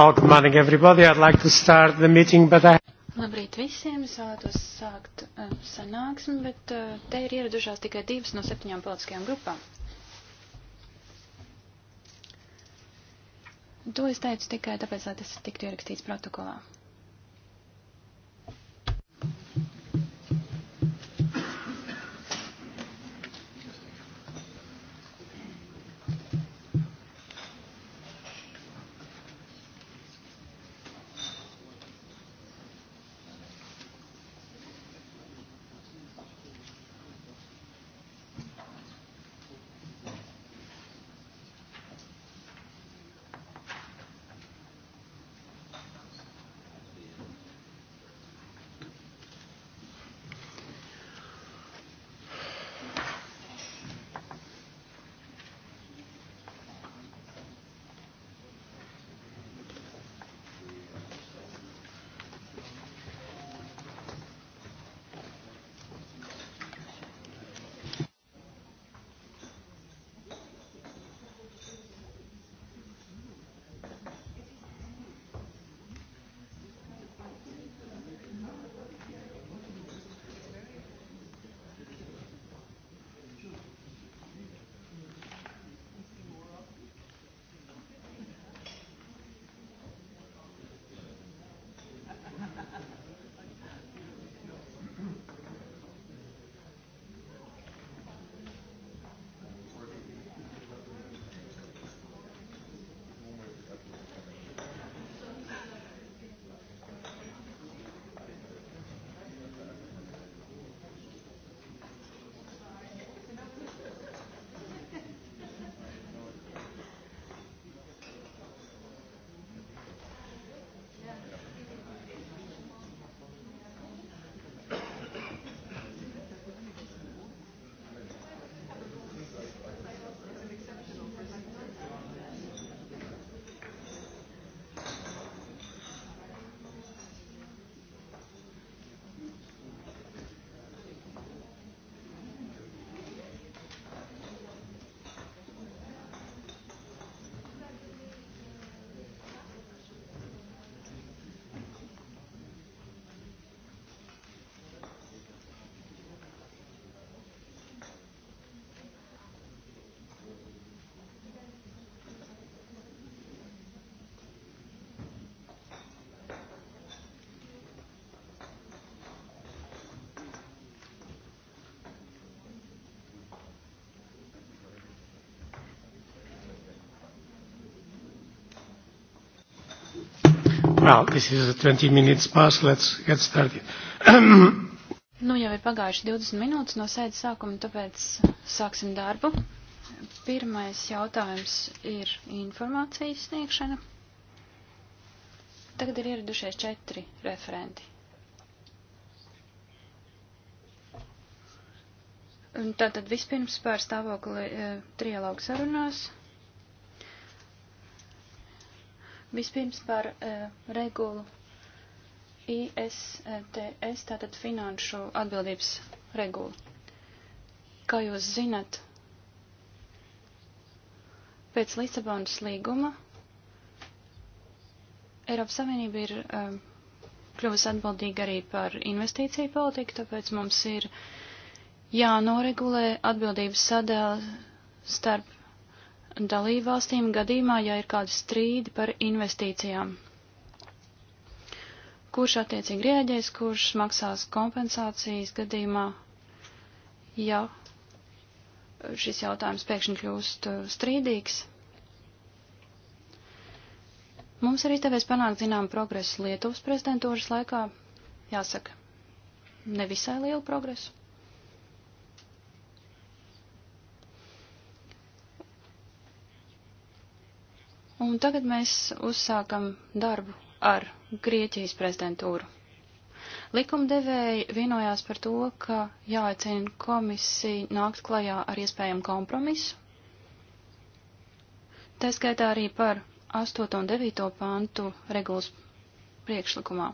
Oh, good morning, everybody. I'd like to start the meeting, but I... Labrīt visiem, es vēlētos sākt uh, sanāksmi, bet uh, te ir ieradušās tikai divas no septiņām politiskajām grupām. To es teicu tikai tāpēc, lai tas tiktu ierakstīts protokolā. Now, this is 20 minutes past, let's get started. nu, jau ir pagājuši 20 minūtes no sēdes sākuma, tāpēc sāksim darbu. Pirmais jautājums ir informācijas sniegšana. Tagad ir ieradušies četri referenti. Un tātad vispirms pār stāvokli e, eh, trialogu sarunās Vispirms par uh, regulu ISTS, tātad finanšu atbildības regulu. Kā jūs zinat, pēc Lisabonas līguma Eiropas Savienība ir um, kļuvusi atbildīga arī par investīciju politiku, tāpēc mums ir jānoregulē atbildības sadēle starp dalībvalstīm gadījumā, ja ir kādi strīdi par investīcijām. Kurš attiecīgi rieģēs, kurš maksās kompensācijas gadījumā, ja šis jautājums pēkšņi kļūst uh, strīdīgs? Mums arī tevies panākt zinām progresu Lietuvas prezidentūras laikā, jāsaka, nevisai lielu progresu. Un tagad mēs uzsākam darbu ar Grieķijas prezidentūru. Likumdevēji vienojās par to, ka jāaicina komisija nākt klajā ar iespējamu kompromisu. Tā skaitā arī par 8 un 9 pantu regulas priekšlikumā.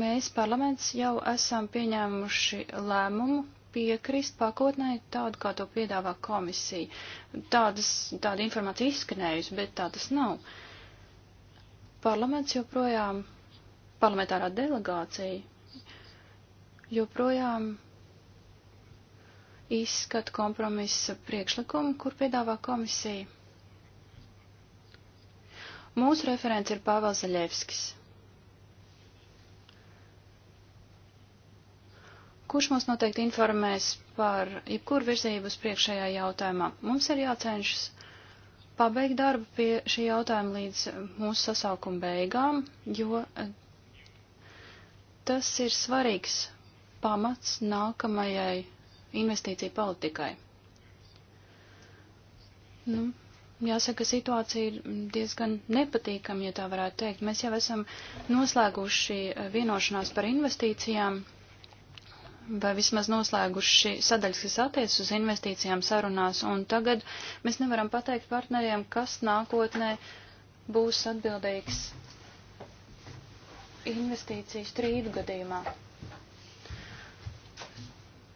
Mēs parlaments jau esam pieņēmuši lēmumu piekrist pakotnē tādu, kā to piedāvā komisija. Tādas, tāda informācija izskanējusi, bet tā tas nav. Parlaments joprojām, parlamentārā delegācija joprojām izskata kompromisa priekšlikumu, kur piedāvā komisija. Mūsu referents ir Pāvils Zaļevskis. kurš mums noteikti informēs par jebkuru virzību uz priekšējā jautājumā. Mums ir jācenšas pabeigt darbu pie šī jautājuma līdz mūsu sasaukuma beigām, jo eh, tas ir svarīgs pamats nākamajai investīciju politikai. Nu, jāsaka, situācija ir diezgan nepatīkama, ja tā varētu teikt. Mēs jau esam noslēguši vienošanās par investīcijām vai vismaz noslēguši sadaļas, kas attiecas uz investīcijām sarunās, un tagad mēs nevaram pateikt partneriem, kas nākotnē būs atbildīgs investīciju strīdu gadījumā.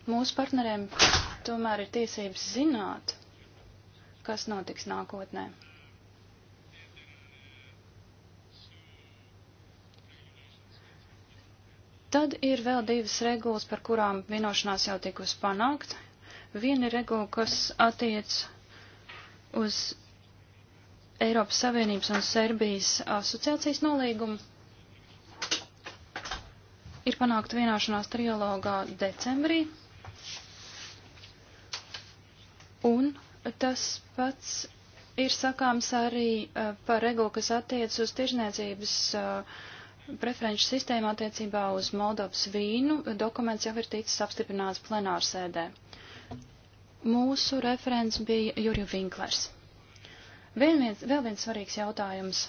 Mūsu partneriem tomēr ir tiesības zināt, kas notiks nākotnē. Tad ir vēl divas regulas, par kurām vienošanās jau tikus panākt. Viena ir regula, kas attiec uz Eiropas Savienības un Serbijas asociācijas nolīgumu. Ir panākta vienošanās trialogā decembrī. Un tas pats ir sakāms arī eh, par regulu, kas attiec uz tirzniecības uh, preferenču sistēma attiecībā uz Moldovas vīnu dokuments jau ir ticis apstiprināts plenārsēdē. Mūsu referents bija Jurju Vinklers. Vien viens, vēl viens svarīgs jautājums,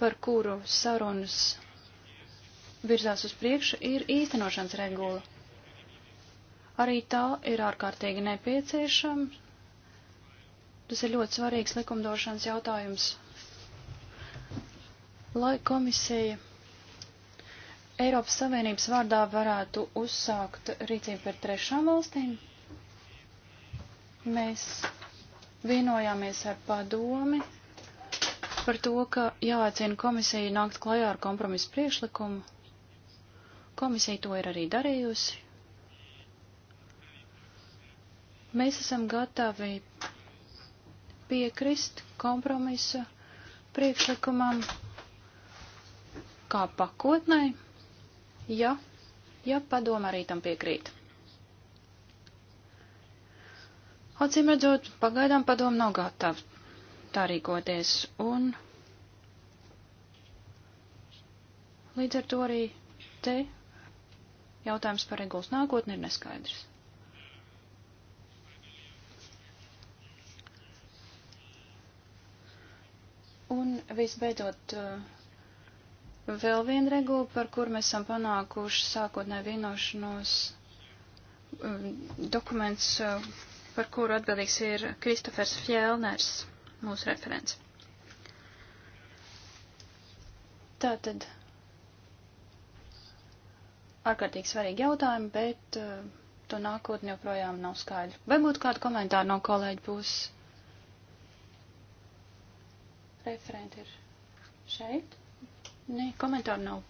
par kuru sarunas virzās uz priekšu, ir īstenošanas regula. Arī tā ir ārkārtīgi nepieciešama. Tas ir ļoti svarīgs likumdošanas jautājums lai komisija Eiropas Savienības vārdā varētu uzsākt rīcību par trešām valstīm. Mēs vienojāmies ar padomi par to, ka jāaicina komisija nākt klajā ar kompromisu priekšlikumu. Komisija to ir arī darījusi. Mēs esam gatavi piekrist kompromisa priekšlikumam kā pakotnei, ja, ja padoma arī tam piekrīt. Acīm redzot, pagaidām padoma nav gatava tā rīkoties, un līdz ar to arī te jautājums par regulas nākotni ir neskaidrs. Un visbeidzot, uh, Vēl viena regula, par kur mēs esam panākuši sākotnē vienošanos um, dokuments, uh, par kuru atbildīgs ir Kristofers Fjēlners, mūsu referents. Tātad ārkārtīgi svarīgi jautājumi, bet uh, to nākotni joprojām nav skaidri. Vai būtu kādi komentāri no kolēģi būs? Referenti ir šeit. Nē, komentāru nav.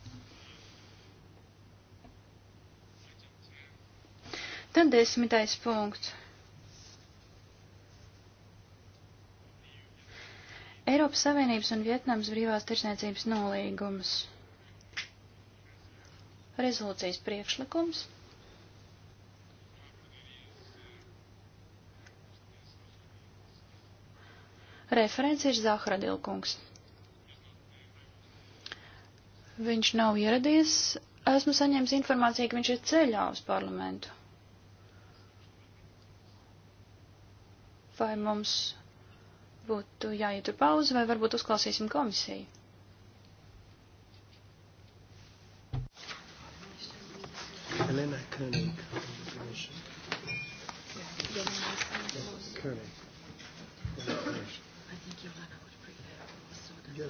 Tad desmitais punkts. Eiropas Savienības un Vietnams brīvās tirsniecības nolīgums. Rezolūcijas priekšlikums. Referents ir Zahradilkungs. Viņš nav ieradies. Esmu saņēmis informāciju, ka viņš ir ceļā uz parlamentu. Vai mums būtu jāietur pauze, vai varbūt uzklausīsim komisiju? Elena Koenig. Koenig.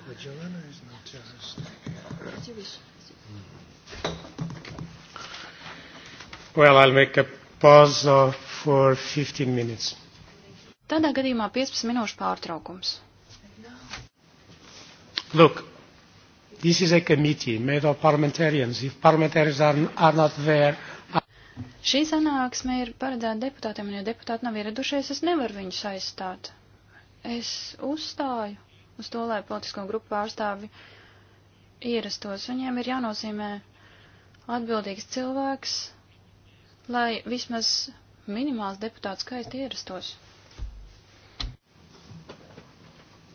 But Joanna is not terrorist. Jewish. Well, I'll make a pause uh, for 15 minutes. Tādā gadījumā 15 minūšu pārtraukums. Look, this is a committee made of parliamentarians. If parliamentarians are, are not there, I... Šī sanāksme ir paredzēta deputātiem, un ja deputāti nav ieradušies, es nevaru viņus aizstāt. Es uzstāju uz to, lai politisko grupu pārstāvi ierastos. Viņiem ir jānozīmē atbildīgs cilvēks, lai vismaz minimāls deputāts skaits ierastos.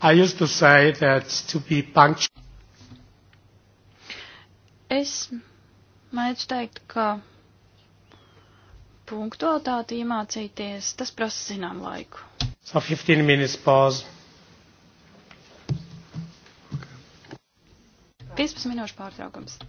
I used to say that to be punctual. Es mēģinu teikt, ka punktualitāti iemācīties, tas prasa zinām laiku. So 15 minutes pause. 15 minūšu pārtraukums.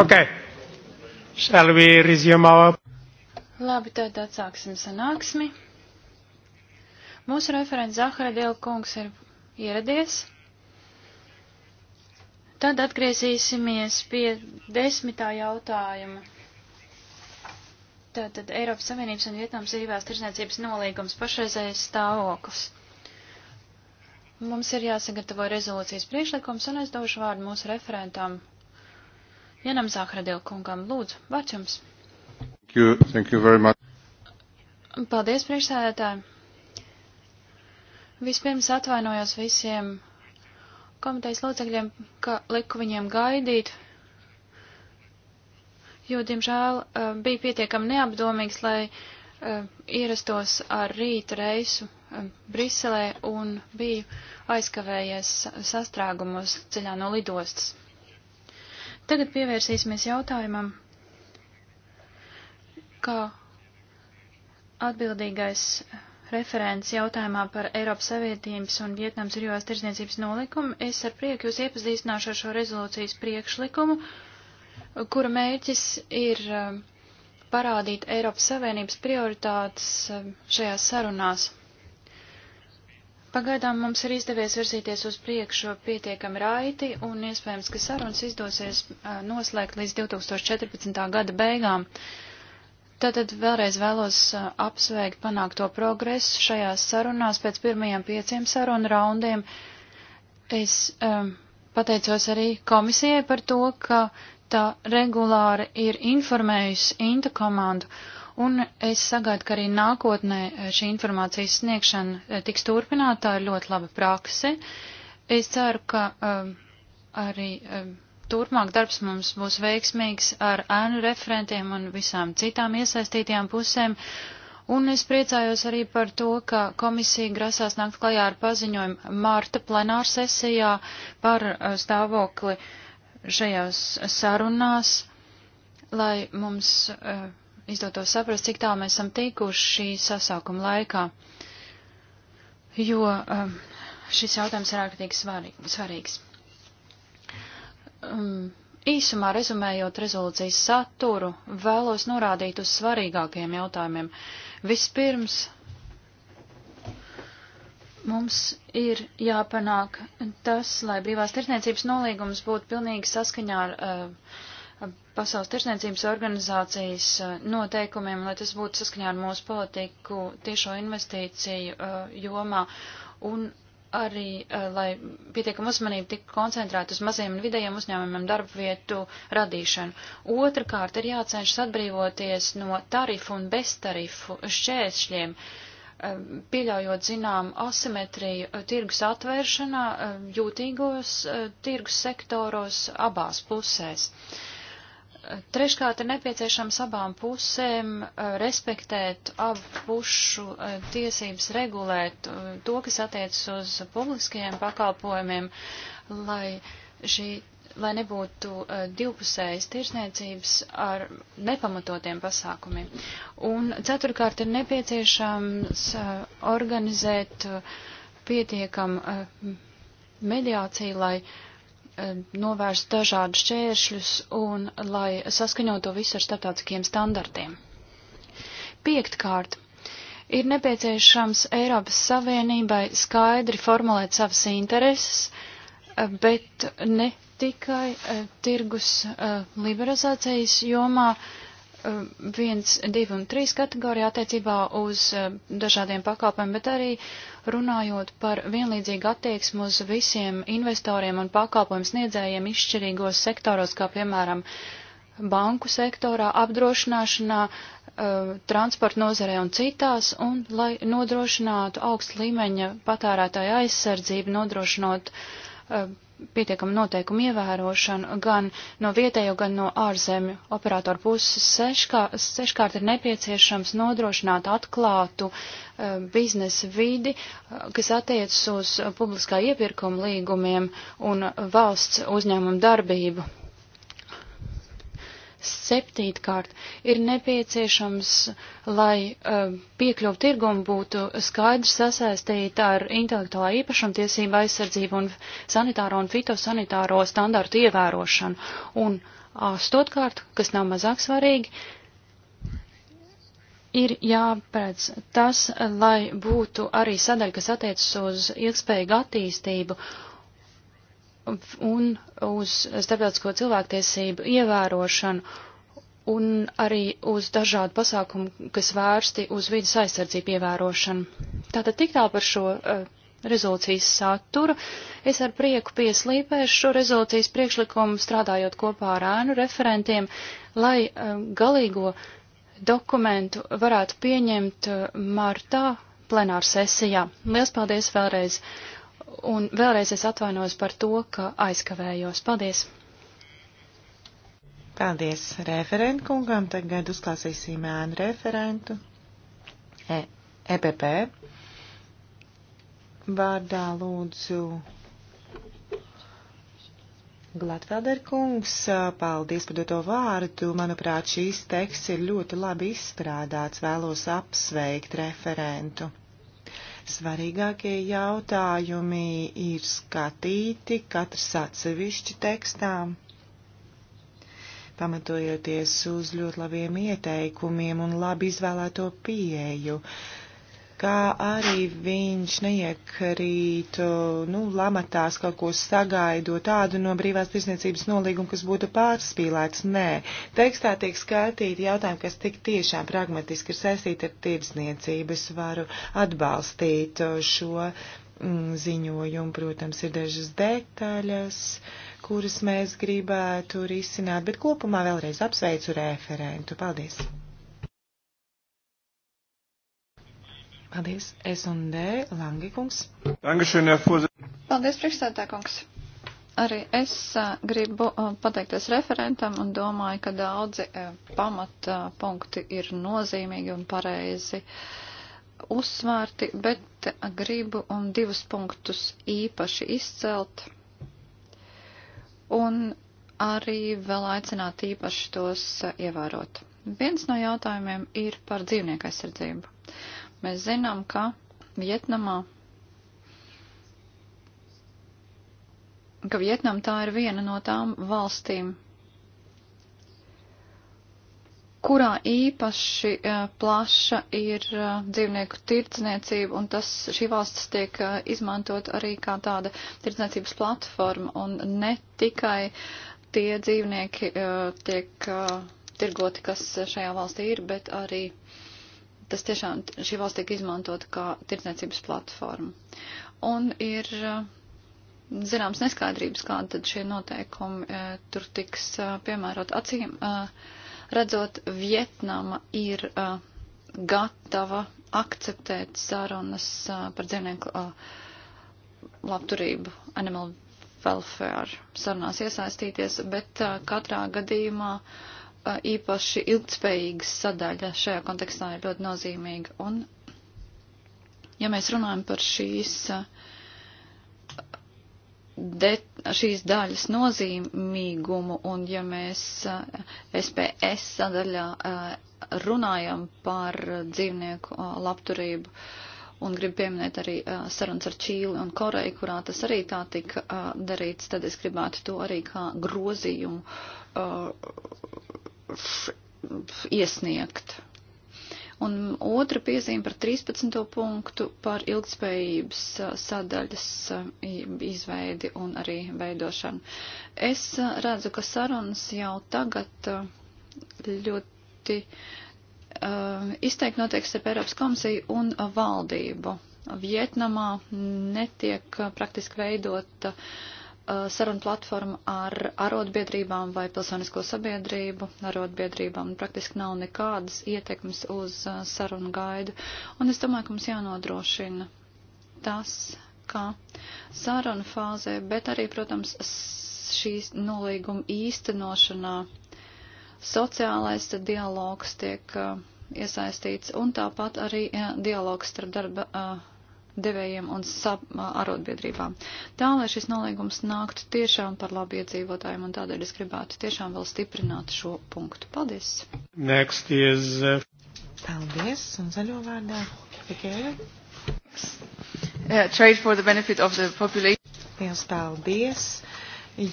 Okay. Shall we resume our... Labi, tad atsāksim sanāksmi. Mūsu referents Zahara Diela kungs ir ieradies. Tad atgriezīsimies pie desmitā jautājuma. Tātad Eiropas Savienības un Vietnams brīvās tirsniecības nolīgums pašreizējais stāvoklis. Mums ir jāsagatavo rezolūcijas priekšlikums, un es došu vārdu mūsu referentam Janam Zāhradil kungam, lūdzu, vārds jums. Thank you, thank you very much. Paldies, priekšsēdētāji. Vispirms atvainojos visiem komitejas locekļiem, ka liku viņiem gaidīt, jo, diemžēl, eh, bija pietiekami neapdomīgs, lai eh, ierastos ar rīta reisu eh, Briselē un biju aizkavējies sastrēgumos ceļā no lidostas. Tagad pievērsīsimies jautājumam, kā atbildīgais referents jautājumā par Eiropas Savietības un Vietnams brīvās tirdzniecības nolikumu. Es ar prieku jūs iepazīstināšu ar šo rezolūcijas priekšlikumu, kura mērķis ir um, parādīt Eiropas Savienības prioritātes um, šajās sarunās. Pagaidām mums ir izdevies virzīties uz priekšu pietiekami raiti, un iespējams, ka sarunas izdosies noslēgt līdz 2014. gada beigām. Tātad vēlreiz vēlos apsveikt panākto progresu šajās sarunās pēc pirmajiem pieciem sarunu raundiem. Es um, pateicos arī komisijai par to, ka tā regulāri ir informējusi Inta komandu Un es sagaidu, ka arī nākotnē eh, šī informācijas sniegšana eh, tiks turpināta, tā ir ļoti laba prakse. Es ceru, ka um, arī um, turpmāk darbs mums būs veiksmīgs ar ēnu referentiem un visām citām iesaistītajām pusēm. Un es priecājos arī par to, ka komisija grasās nākt klajā ar paziņojumu Marta plenārsesijā par stāvokli šajās sarunās, lai mums. Uh, izdotos saprast, cik tālu mēs esam tikuši šī sasaukuma laikā, jo um, šis jautājums ir ārkārtīgi svarīgs. Um, īsumā rezumējot rezolūcijas saturu, vēlos norādīt uz svarīgākajiem jautājumiem. Vispirms mums ir jāpanāk tas, lai brīvās tirtniecības nolīgums būtu pilnīgi saskaņā ar uh, Pasaules tirsniecības organizācijas eh, noteikumiem, lai tas būtu saskaņā ar mūsu politiku tiešo investīciju eh, jomā un arī, eh, lai pietiekam uzmanību tik koncentrēt uz maziem un vidējiem uzņēmumiem darba vietu radīšanu. Otrakārt ir jācenšas atbrīvoties no tarifu un beztarifu šķēršļiem pieļaujot zinām asimetriju tirgus atvēršanā jūtīgos tirgus sektoros abās pusēs. Uh, Treškārt ir nepieciešams abām pusēm eh, respektēt abu pušu eh, tiesības regulēt eh, to, kas attiecas uz publiskajiem pakalpojumiem, lai, šī, lai nebūtu divpusējas tirsniecības ar nepamatotiem pasākumiem. Un ceturkārt ir nepieciešams organizēt pietiekam mediāciju, lai Um, novērst dažādu šķēršļus un lai saskaņot to visu ar starptautiskiem standartiem. Piektkārt, ir nepieciešams Eiropas Savienībai skaidri formulēt savas intereses, uh, bet ne tikai uh, tirgus uh, liberalizācijas jomā, viens, divi un trīs kategorijā attiecībā uz dažādiem pakalpojumiem, bet arī uh, runājot par vienlīdzīgu attieksmu uz visiem investoriem un pakalpojumu sniedzējiem izšķirīgos sektoros, kā piemēram banku sektorā, apdrošināšanā, eh, transporta nozarē un citās, un lai nodrošinātu augstu līmeņa patērētāja aizsardzību, nodrošinot uh, pietiekama noteikuma ievērošanu gan no vietējo, gan no ārzemju operātoru puses. Seškā, seškārt ir nepieciešams nodrošināt atklātu uh, biznesa vidi, uh, kas attiecas uz publiskā iepirkuma līgumiem un valsts uzņēmuma darbību. Septītkārt, ir nepieciešams, lai uh, piekļuvu tirgumu būtu skaidrs sasaistīta ar intelektuālā īpašuma tiesību aizsardzību un sanitāro un fitosanitāro standartu ievērošanu. Un astotkārt, kas nav mazāk svarīgi, ir jāpēc tas, lai būtu arī sadaļa, kas attiecas uz ilgspējīgu attīstību un uz starptautisko cilvēktiesību ievērošanu un arī uz dažādu pasākumu, kas vērsti uz vidas aizsardzību ievērošanu. Tātad tik tā par šo uh, rezolūcijas saturu. Es ar prieku pieslīpēšu šo rezolūcijas priekšlikumu strādājot kopā ar ēnu referentiem, lai uh, galīgo dokumentu varētu pieņemt uh, martā plenāra sesijā. Lielas paldies vēlreiz! un vēlreiz es atvainojos par to, ka aizkavējos. Paldies! Paldies referentkungam. Tagad uzklāsīsim ēnu referentu. E, EPP. Vārdā lūdzu. Glatfelder kungs, paldies par doto vārdu. Manuprāt, šīs teksts ir ļoti labi izstrādāts. Vēlos apsveikt referentu. Svarīgākie jautājumi ir skatīti katrs atsevišķi tekstām, pamatojoties uz ļoti labiem ieteikumiem un labi izvēlēto pieeju. Uh, kā arī viņš neiekrītu, nu, lamatās kaut ko sagaidot tādu no brīvās tirsniecības nolīguma, kas būtu pārspīlēts. Nē, tekstā tiek skatīti jautājumi, kas tik tiešām pragmatiski ir saistīti ar tirsniecību. Es varu atbalstīt šo mm, ziņojumu, protams, ir dažas detaļas kuras mēs gribētu risināt, bet kopumā vēlreiz apsveicu referentu. Paldies! Paldies, S un D, Langikungs. Paldies, priekšstādākungs. Arī es gribu pateikties referentam un domāju, ka daudzi pamatpunkti ir nozīmīgi un pareizi uzsvērti, bet gribu un um, divus punktus īpaši izcelt. Un arī vēl aicināt īpaši tos ievērot. Viens no jautājumiem ir par dzīvnieku aizsardzību. Mēs zinām, ka Vietnamā, ka Vietnam tā ir viena no tām valstīm, kurā īpaši uh, plaša ir uh, dzīvnieku tirdzniecība, un tas šī valsts tiek uh, izmantot arī kā tāda tirdzniecības platforma, un ne tikai tie dzīvnieki tiek tirgoti, kas šajā valstī ir, bet arī uh, tas tiešām šī valsts tiek izmantota kā tirdzniecības platforma. Un ir eh, zināms neskaidrības, kāda tad šie noteikumi eh, tur tiks eh, piemērot. Acīm redzot, Vietnama ir gatava akceptēt sarunas par dzīvnieku labturību, animal welfare sarunās iesaistīties, bet katrā gadījumā uh, īpaši ilgtspējīgas sadaļa šajā kontekstā ir ļoti nozīmīga. Un, ja mēs runājam par šīs, de, šīs daļas nozīmīgumu un ja mēs SPS sadaļā runājam par dzīvnieku labturību, un gribu pieminēt arī uh, sarunas ar Čīli un Koreju, kurā tas arī tā tika uh, darīts, tad es gribētu to arī kā grozījumu uh, iesniegt. Un otra piezīme par 13. punktu par ilgspējības sadaļas izveidi un arī veidošanu. Es redzu, ka sarunas jau tagad ļoti uh, izteikti notiek starp Eiropas komisiju un valdību. Vietnamā netiek praktiski veidota uh, Uh, sarunu platformu ar arotbiedrībām vai pilsonisko sabiedrību, arotbiedrībām praktiski nav nekādas ietekmes uz uh, sarunu gaidu. Un es domāju, ka mums jānodrošina tas, ka sarunu fāzē, bet arī, protams, šīs nolīguma īstenošanā sociālais dialogs tiek uh, iesaistīts un tāpat arī dialogs starp darba devējiem un arotbiedrībām. Tā, lai šis nolīgums nāktu tiešām par labu iedzīvotājiem, un tādēļ es gribētu tiešām vēl stiprināt šo punktu. Paldies! Next is... Uh, paldies, un zaļo vārdā. Pikēļa. Uh, trade for the benefit of the population. Liels paldies!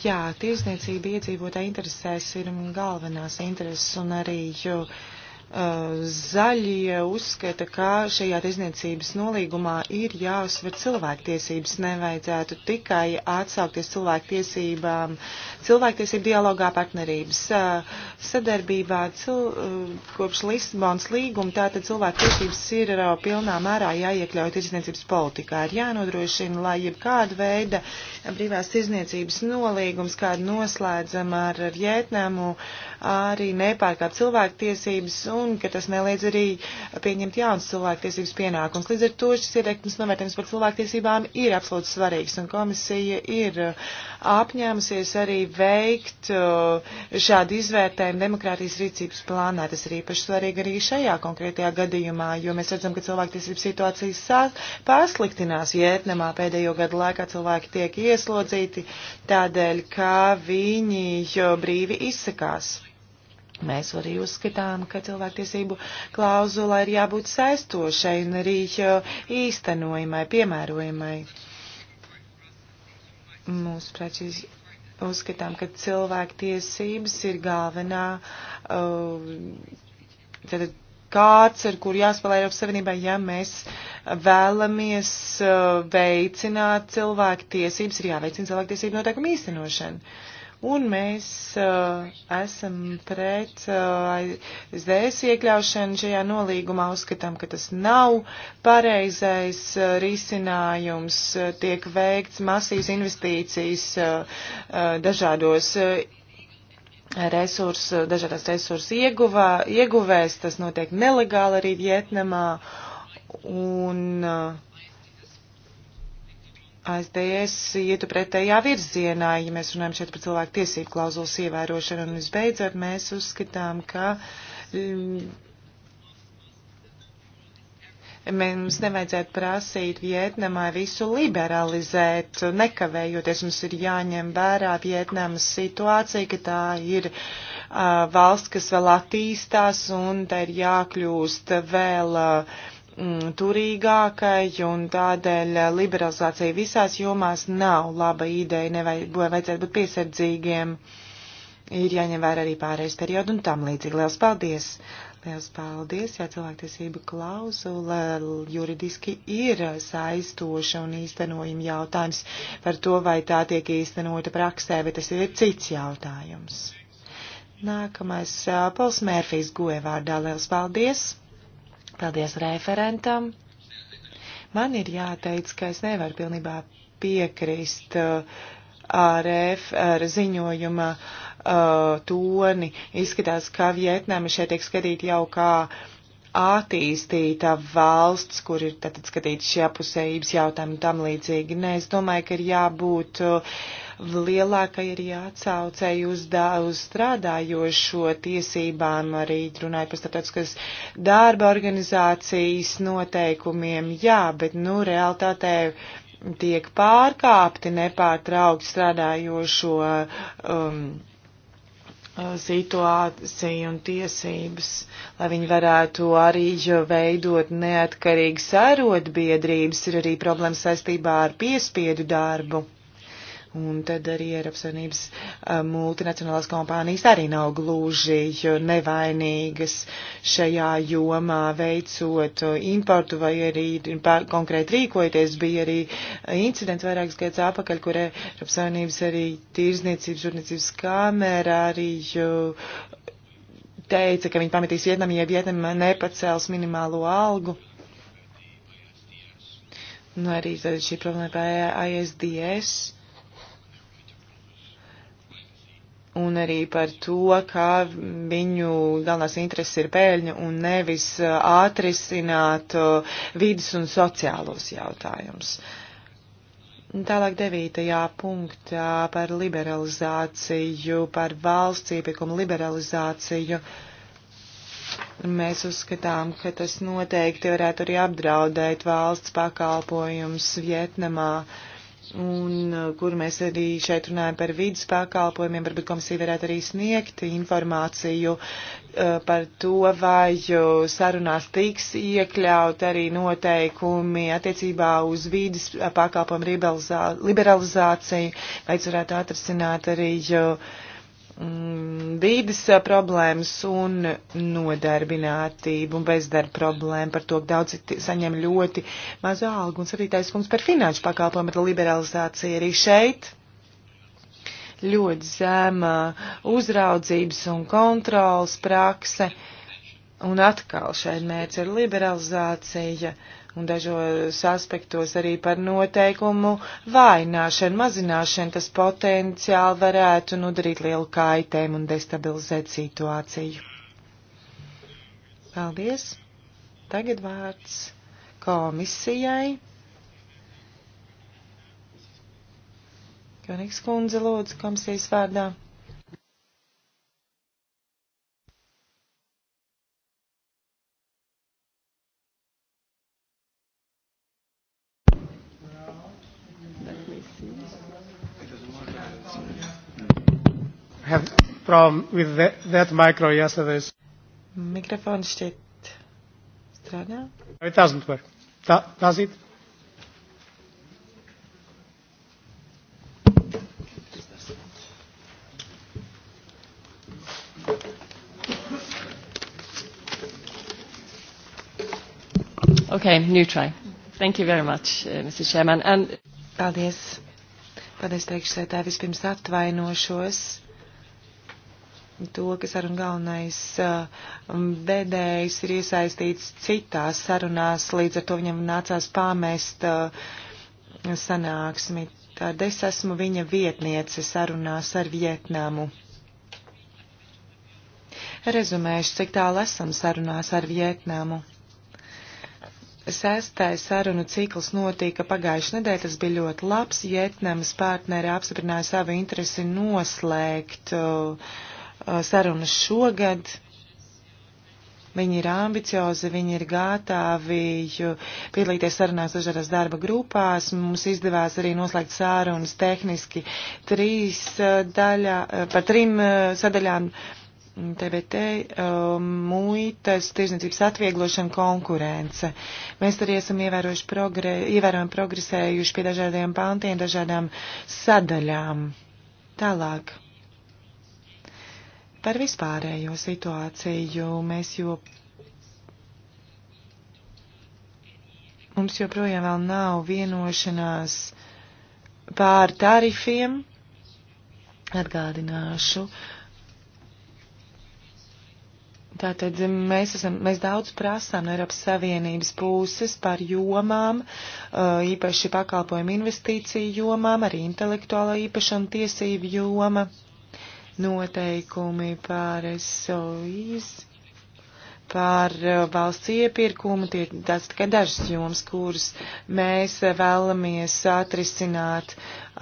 Jā, tiesniecība iedzīvotāji interesēs ir galvenās intereses un arī, jo. Uh, Eh, zaļie uzskata, ka šajā tirzniecības nolīgumā ir jāuzsver cilvēktiesības, nevajadzētu tikai atsaukties cilvēktiesībām, cilvēktiesību dialogā partnerības eh, sadarbībā cil, eh, kopš Lisbonas līguma, tātad cilvēktiesības ir pilnā mērā jāiekļauj tirzniecības politikā, ir jānodrošina, lai jebkāda veida brīvās tirzniecības nolīgums, kādu noslēdzam ar Vietnamu, arī nepārkāp cilvēktiesības un ka tas neliedz arī pieņemt jaunas cilvēktiesības pienākums. Līdz ar to šis ieteikums novērtējums par cilvēktiesībām ir absolūti svarīgs, un komisija ir uh, apņēmusies arī veikt uh, šādu izvērtējumu demokrātijas rīcības plānā. Tas ir īpaši svarīgi arī šajā konkrētajā gadījumā, jo mēs redzam, ka cilvēktiesību situācijas pasliktinās Vietnamā pēdējo gadu laikā cilvēki tiek ieslodzīti tādēļ, ka viņi uh, brīvi izsakās. Mēs arī uzskatām, ka cilvēktiesību klauzula ir jābūt saistošai un arī īstenojumai, piemērojumai. Mūsu prečīs uzskatām, ka cilvēktiesības ir galvenā uh, kārts, ar kur jāspēlē Eiropas Savienībā, ja mēs vēlamies uh, veicināt cilvēktiesības, ir jāveicina cilvēktiesību noteikumu īstenošanu. Uh, un mēs uh, esam pret uh, ZS iekļaušanu šajā nolīgumā, uzskatām, ka tas nav pareizais uh, risinājums, uh, tiek veikts masīvas investīcijas uh, uh, dažādos. Uh, resursu, dažādās resursu ieguvā, ieguvēs, tas notiek nelegāli arī Vietnamā, un uh, ASDS ietu pretējā virzienā, ja mēs runājam šeit par cilvēku tiesību klauzulas ievērošanu. Un visbeidzot, mēs uzskatām, ka mm, mums nevajadzētu prasīt Vietnamā visu liberalizēt, nekavējoties. Mums ir jāņem vērā Vietnamas situācija, ka tā ir uh, valsts, kas vēl attīstās un tā ir jākļūst vēl. Uh, mm, turīgākai, un tādēļ eh, liberalizācija visās jomās nav laba ideja, nevajadzētu nevajad, būt piesardzīgiem. Ir jāņem vērā arī pārējais periodu un tam līdzīgi. Liels paldies! Liels paldies, ja cilvēktiesība klauzula juridiski ir saistoša un īstenojuma jautājums par to, vai tā tiek īstenota praksē, bet tas ir cits jautājums. Nākamais eh, Pols Mērfijs Goevārdā. Liels paldies! Paldies referentam. Man ir jāteic, ka es nevaru pilnībā piekrist ARF uh, ar ziņojuma uh, toni. Izskatās, ka Vietnama šeit tiek skatīta jau kā attīstīta valsts, kur ir tātad skatīts šī apusējības jautājumi tam līdzīgi. Nē, es domāju, ka ir jābūt uh, lielākai ir jāatsaucēji uz, dā, uz strādājošo tiesībām, arī runāja par starptautiskas darba organizācijas noteikumiem, jā, bet, nu, realtātē tiek pārkāpti nepārtraukti strādājošo um, situāciju un tiesības, lai viņi varētu arī veidot neatkarīgas arotbiedrības, ir arī problēmas saistībā ar piespiedu darbu. Un tad arī Eiropas Savienības eh, multinacionālās kompānijas arī nav gluži nevainīgas šajā jomā veicot importu vai arī konkrēti rīkojoties. Bija arī incidents vairākas gadus atpakaļ, kur Eiropas Savienības arī tīrzniecības, žurnācības kamera arī teica, ka viņi pametīs Vietnamu, ja Vietnama nepacels minimālo algu. Nu, arī tad šī problēma par ISDS. un arī par to, kā viņu galvenās intereses ir pēļņa un nevis ātrisināt uh, uh, vidas un sociālos jautājumus. Tālāk devītajā punktā par liberalizāciju, par valsts iepirkumu liberalizāciju. Mēs uzskatām, ka tas noteikti varētu arī apdraudēt valsts pakalpojums Vietnamā. Uh, un uh, kur mēs arī šeit runājam par vidas pakalpojumiem, varbūt komisija varētu arī sniegt informāciju uh, par to, vai uh, sarunās tiks iekļaut arī noteikumi attiecībā uz vidas pakalpojumu liberalizāciju, vai varētu atrasināt arī uh, Mm, vīdes problēmas un nodarbinātību un bezdarba problēmu par to, ka daudzi saņem ļoti mazu algu. Un septītais punkts par finanšu pakalpojumu liberalizāciju arī šeit. Ļoti zema uzraudzības un kontrolas prakse. Uh, Un atkal šeit mērķis ir liberalizācija un dažos aspektos arī par noteikumu vājināšanu, mazināšanu, kas potenciāli varētu nodarīt lielu kaitēm un destabilizēt situāciju. Paldies. Tagad vārds komisijai. Konigs kundze lūdzu komisijas vārdā. problem with that, that micro yesterday. Mikrofons šķiet strādā. It doesn't work. Da, does it? Okay, new try. Thank you very much, uh, Mr. Chairman. And... Paldies. Paldies, priekšsētāji. Vispirms atvainošos to, ka saruna galvenais vedējs uh, ir iesaistīts citās sarunās, līdz ar to viņam nācās pāmest uh, sanāksmi. Tad es esmu viņa vietniece sarunās ar Vietnamu. Rezumēšu, cik tālu esam sarunās ar Vietnamu. Sestais sarunu cikls notika pagājušajā nedēļā. Tas bija ļoti labs. Vietnamas partneri apstiprināja savu interesi noslēgt uh, Eh, sarunas šogad. Viņi ir ambiciozi, viņi ir gatavi piedalīties sarunās dažādās darba grupās. Mums izdevās arī noslēgt sārunas tehniski trīs eh, daļā, eh, par trim sadaļām TBT, muitas, tirzniecības atvieglošana, konkurence. Mēs arī esam ievērojuši progre, ievērojami progresējuši pie dažādiem pantiem, dažādām sadaļām. Tālāk Par vispārējo situāciju mēs jau. Mums joprojām vēl nav vienošanās pār tarifiem. Atgādināšu, Tātad mēs, esam, mēs daudz prasām no Eiropas Savienības puses par jomām, uh, īpaši pakalpojumu investīciju jomām, arī intelektuālo īpašumu tiesību joma noteikumi par SOIs, par uh, valsts iepirkumu, tie tās tikai dažas jomas, kuras mēs vēlamies atrisināt.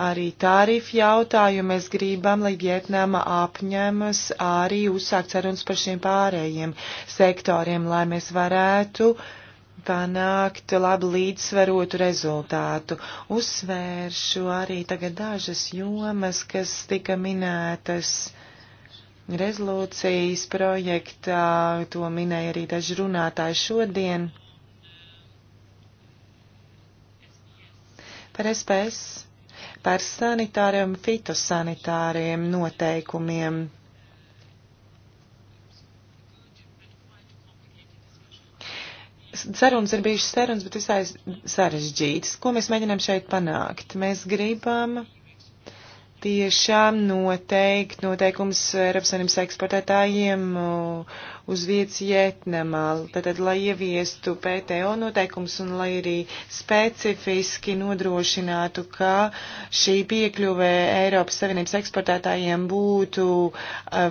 Arī tarifu jautājumu mēs gribam, lai Vietnama apņemas arī uzsākt sarunas par šiem pārējiem sektoriem, lai mēs varētu uh, panākt labu līdzsvarotu rezultātu. Uzsvēršu arī tagad dažas jomas, kas tika minētas rezolūcijas projektā, to minēja arī daži runātāji šodien. Par SPS, par sanitāriem, fitosanitāriem noteikumiem sarunas ir bijušas sarunas, bet visai sarežģītas. Ko mēs mēģinām šeit panākt? Mēs gribam tiešām noteikt noteikums Eiropas Savienības eksportētājiem uz vietas Vietnamā, tātad, lai ieviestu PTO noteikums un lai arī specifiski nodrošinātu, ka šī piekļuve Eiropas Savienības eksportētājiem būtu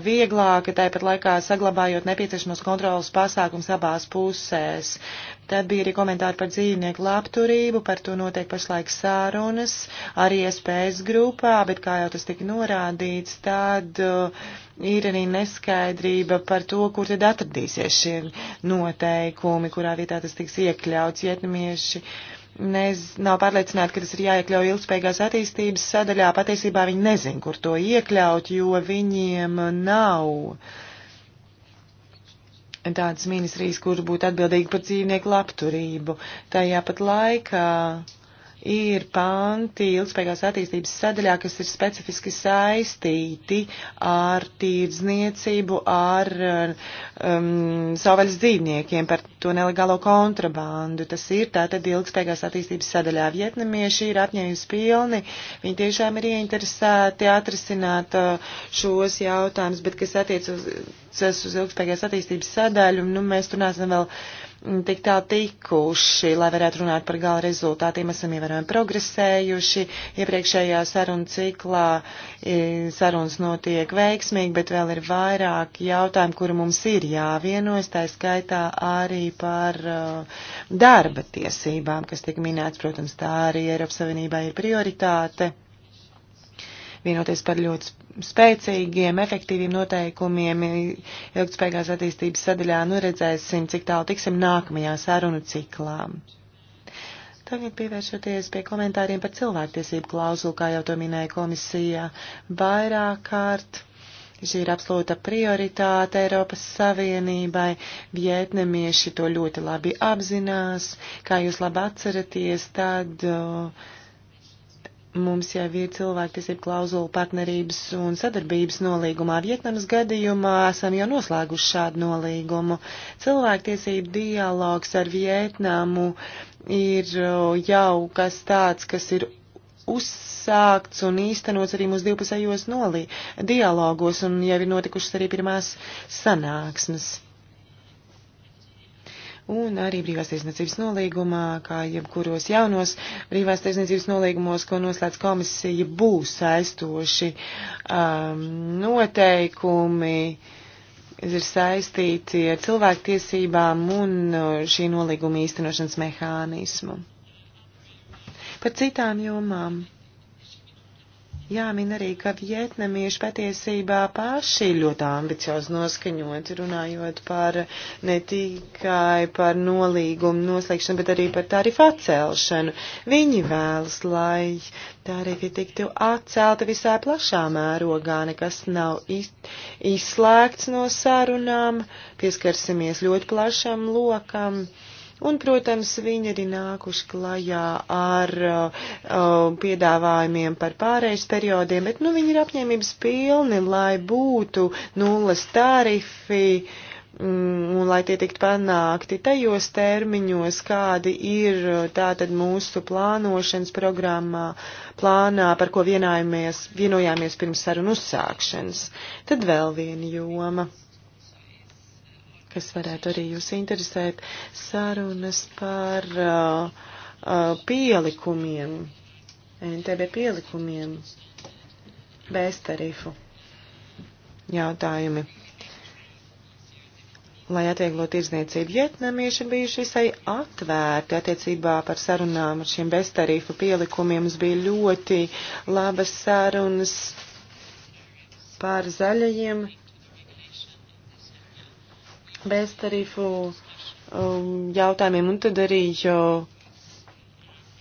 vieglāka, tāpat laikā saglabājot nepieciešamos kontrolas pasākums abās pusēs. Tad bija arī komentāri par dzīvnieku labturību, par to notiek pašlaik sārunas, arī SPS grupā, bet kā jau tas tika norādīts, tad uh, ir arī neskaidrība par to, kur tad atradīsies šie noteikumi, kurā vietā tas tiks iekļauts vietnamieši. Nez, nav pārliecināti, ka tas ir jāiekļauj ilgspējīgās attīstības sadaļā. Patiesībā viņi nezin, kur to iekļaut, jo viņiem nav tādas ministrijas, kur būtu atbildīgi par dzīvnieku labturību. Tajā pat laikā uh, ir panti ilgspējīgās attīstības sadaļā, kas ir specifiski saistīti ar tīrdzniecību, ar um, savvaļas dzīvniekiem, par to nelegālo kontrabandu. Tas ir tātad ilgspējīgās attīstības sadaļā. Vietnamieši ir apņēmis pilni, viņi tiešām ir ieinteresēti atrisināt uh, šos jautājumus, bet kas attiec uz, uz ilgspējīgās attīstības sadaļu, nu mēs tur nesam vēl tik tā tikuši, lai varētu runāt par gala rezultātiem. Esam ievērojami progresējuši. Iepriekšējā saruna ciklā sarunas notiek veiksmīgi, bet vēl ir vairāk jautājumu, kuri mums ir jāvienojas, tā skaitā arī par uh, darba tiesībām, kas tika minēts. Protams, tā arī Eiropas Savienībā ir prioritāte vienoties par ļoti spēcīgiem, efektīviem noteikumiem ilgspējīgās attīstības sadaļā. Nu, redzēsim, cik tālu tiksim nākamajā sarunu ciklā. Tagad pievēršoties pie komentāriem par cilvēktiesību klauzulu, kā jau to minēja komisija vairāk kārt. Šī ir absolūta prioritāte Eiropas Savienībai. Vietnamieši to ļoti labi apzinās. Kā jūs labi atceraties, tad uh, Mums jau ir cilvēktiesību klauzula partnerības un sadarbības nolīgumā. Vietnamas gadījumā esam jau noslēguši šādu nolīgumu. Cilvēktiesību dialogs ar Vietnamu ir jau kas tāds, kas ir uzsākts un īstenots arī mūsu divpusējos nolī dialogos, un jau ir notikušas arī pirmās sanāksmes un arī brīvās tiesniecības nolīgumā, kā jebkuros jaunos brīvās tiesniecības nolīgumos, ko noslēdz komisija, būs saistoši um, noteikumi, kas ir saistīti ar cilvēktiesībām un uh, šī nolīguma īstenošanas mehānismu. Par citām jomām Jāmin arī, ka vietnamieši patiesībā paši ļoti ambiciozi noskaņoti, runājot par ne tikai par nolīgumu noslēgšanu, bet arī par tarifu atcelšanu. Viņi vēlas, lai tarifi tiktu atcelti visā plašā mērogā, nekas nav iz, izslēgts no sarunām, pieskarsimies ļoti plašam lokam. Uh, Un, protams, viņi arī nākuši klajā ar uh, uh, piedāvājumiem par pārējais periodiem, bet, nu, viņi ir apņēmības pilni, lai būtu nulles tarifi mm, un lai tie tiktu panākti tajos termiņos, kādi ir uh, tātad mūsu plānošanas programmā, plānā, par ko vienojāmies pirms sarunu uzsākšanas. Tad vēl viena joma kas varētu arī jūs interesēt, sarunas par uh, uh, pielikumiem, NTB pielikumiem, bez tarifu jautājumi. Lai atvieglo tirdzniecību, vietnamieši ir bijuši visai atvērti attiecībā par sarunām ar šiem beztarifu pielikumiem. Mums bija ļoti labas sarunas par zaļajiem bez tarifu um, jautājumiem, un tad arī jau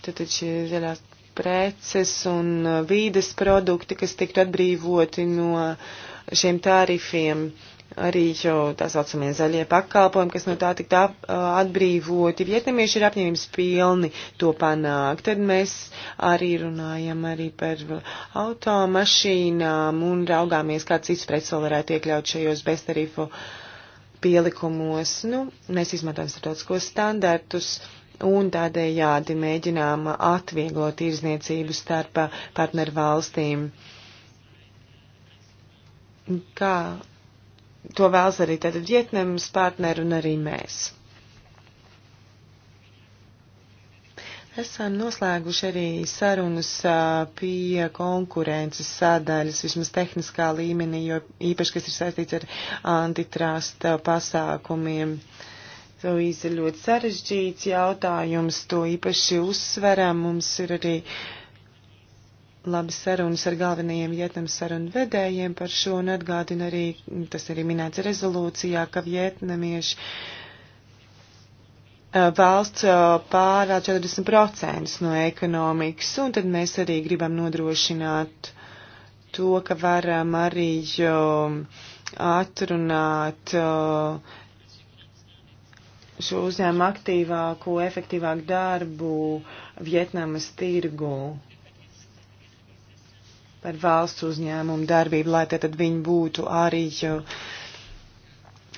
tad šie zaļās preces un uh, vīdes produkti, kas tiktu atbrīvoti no šiem tarifiem, arī jau tā saucamie zaļie pakalpojumi, kas no tā tiktu uh, atbrīvoti. Vietnamieši ir apņēmības pilni to panākt. Tad mēs arī runājam arī par automašīnām un raugāmies, kāds cits prets vēl varētu iekļaut šajos beztarifu uh, pielikumos. Nu, mēs izmantojam starptautiskos standartus un tādējādi mēģinām atvieglot tirzniecību starp partneru valstīm. Kā to vēlas arī tātad Vietnamas partneri un arī mēs. Esam noslēguši arī sarunas pie konkurences sadaļas, vismaz tehniskā līmenī, jo īpaši, kas ir saistīts ar antitrasta pasākumiem. To ir ļoti sarežģīts jautājums, to īpaši uzsveram. Mums ir arī labi sarunas ar galvenajiem Vietnams sarunu vedējiem par šo un atgādina arī, tas arī minēts rezolūcijā, ka vietnamieši Eh, valsts eh, pārā 40% no ekonomikas, un tad mēs arī gribam nodrošināt to, ka varam arī atrunāt eh, šo uzņēmumu aktīvāku, efektīvāku darbu Vietnamas tirgu par valsts uzņēmumu darbību, lai tad viņi būtu arī uh,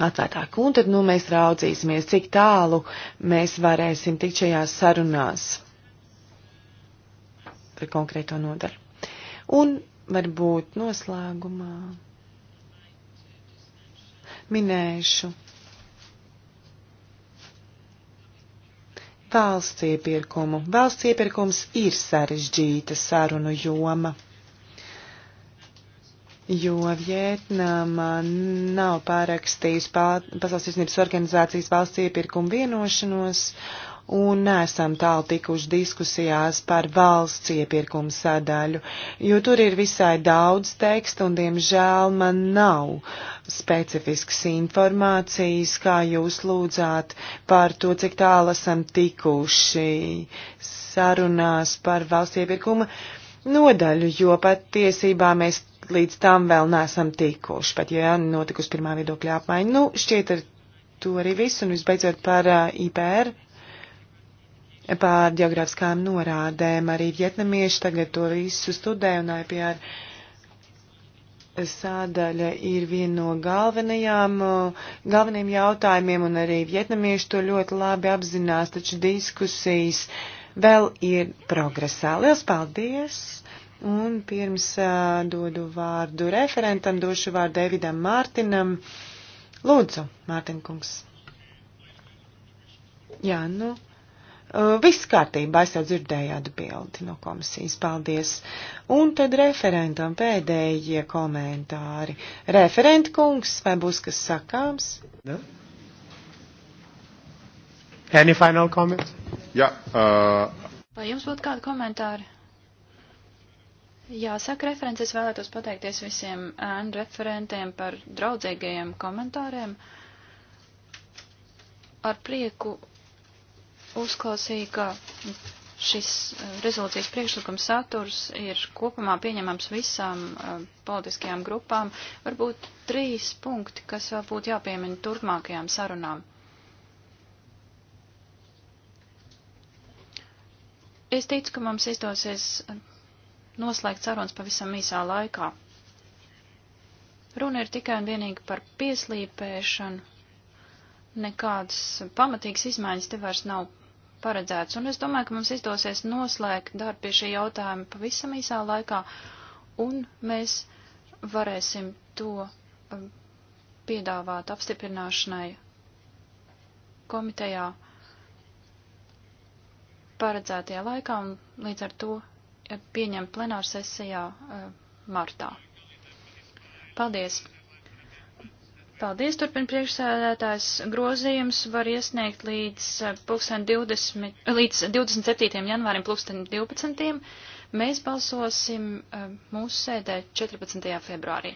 atvērtāk. Un tad, nu, mēs raudzīsimies, cik tālu mēs varēsim tikt šajās sarunās par konkrēto nodaru. Un varbūt noslēgumā minēšu valsts iepirkumu. Valsts iepirkums ir sarežģīta sarunu joma jo Vietnama nav pārakstījusi Pasaules tirsniecības organizācijas valsts iepirkuma vienošanos un nesam tālu tikuši diskusijās par valsts iepirkumu sadaļu, jo tur ir visai daudz teksta un, diemžēl, man nav specifiskas informācijas, kā jūs lūdzāt par to, cik tālu esam tikuši sarunās par valsts iepirkuma nodaļu, jo patiesībā mēs līdz tam vēl neesam tikuši, bet ja notikusi pirmā viedokļa apmaiņa, nu, šķiet ar to arī viss, un visbeidzot par uh, IPR, par geogrāfiskām norādēm, arī vietnamieši tagad to visu studē, un IPR sādaļa ir viena no galvenajām, galvenajiem jautājumiem, un arī vietnamieši to ļoti labi apzinās, taču diskusijas vēl ir progresā. Liels paldies! Un pirms uh, dodu vārdu referentam, došu vārdu Davidam Mārtinam. Lūdzu, Mārtin kungs. Jā, nu. Uh, viss kārtībā, es jau dzirdēju atbildi no komisijas, paldies. Un tad referentam pēdējie komentāri. Referent kungs, vai būs kas sakāms? No? Any final comments? Jā. Yeah, uh... Vai jums būtu kādi komentāri? Jā, saka referents, es vēlētos pateikties visiem ēnu referentiem par draudzīgajiem komentāriem. Ar prieku uzklausīju, ka šis eh, rezolūcijas priekšlikums saturs ir kopumā pieņemams visām uh, politiskajām grupām. Varbūt trīs punkti, kas vēl būtu jāpiemina turpmākajām sarunām. Es ticu, ka mums izdosies noslēgt sarunas pavisam īsā laikā. Runa ir tikai un vienīgi par pieslīpēšanu, nekādas pamatīgas izmaiņas te vairs nav paredzēts, un es domāju, ka mums izdosies noslēgt darbu pie šī jautājuma pavisam īsā laikā, un mēs varēsim to um, piedāvāt apstiprināšanai komitejā paredzētajā laikā, un līdz ar to pieņemt plenāru sesijā eh, martā. Paldies! Paldies, turpin priekšsēdētājs. Grozījums var iesniegt līdz, 20, eh, līdz 27. janvārim 2012. Mēs balsosim eh, mūsu sēdē 14. februārī.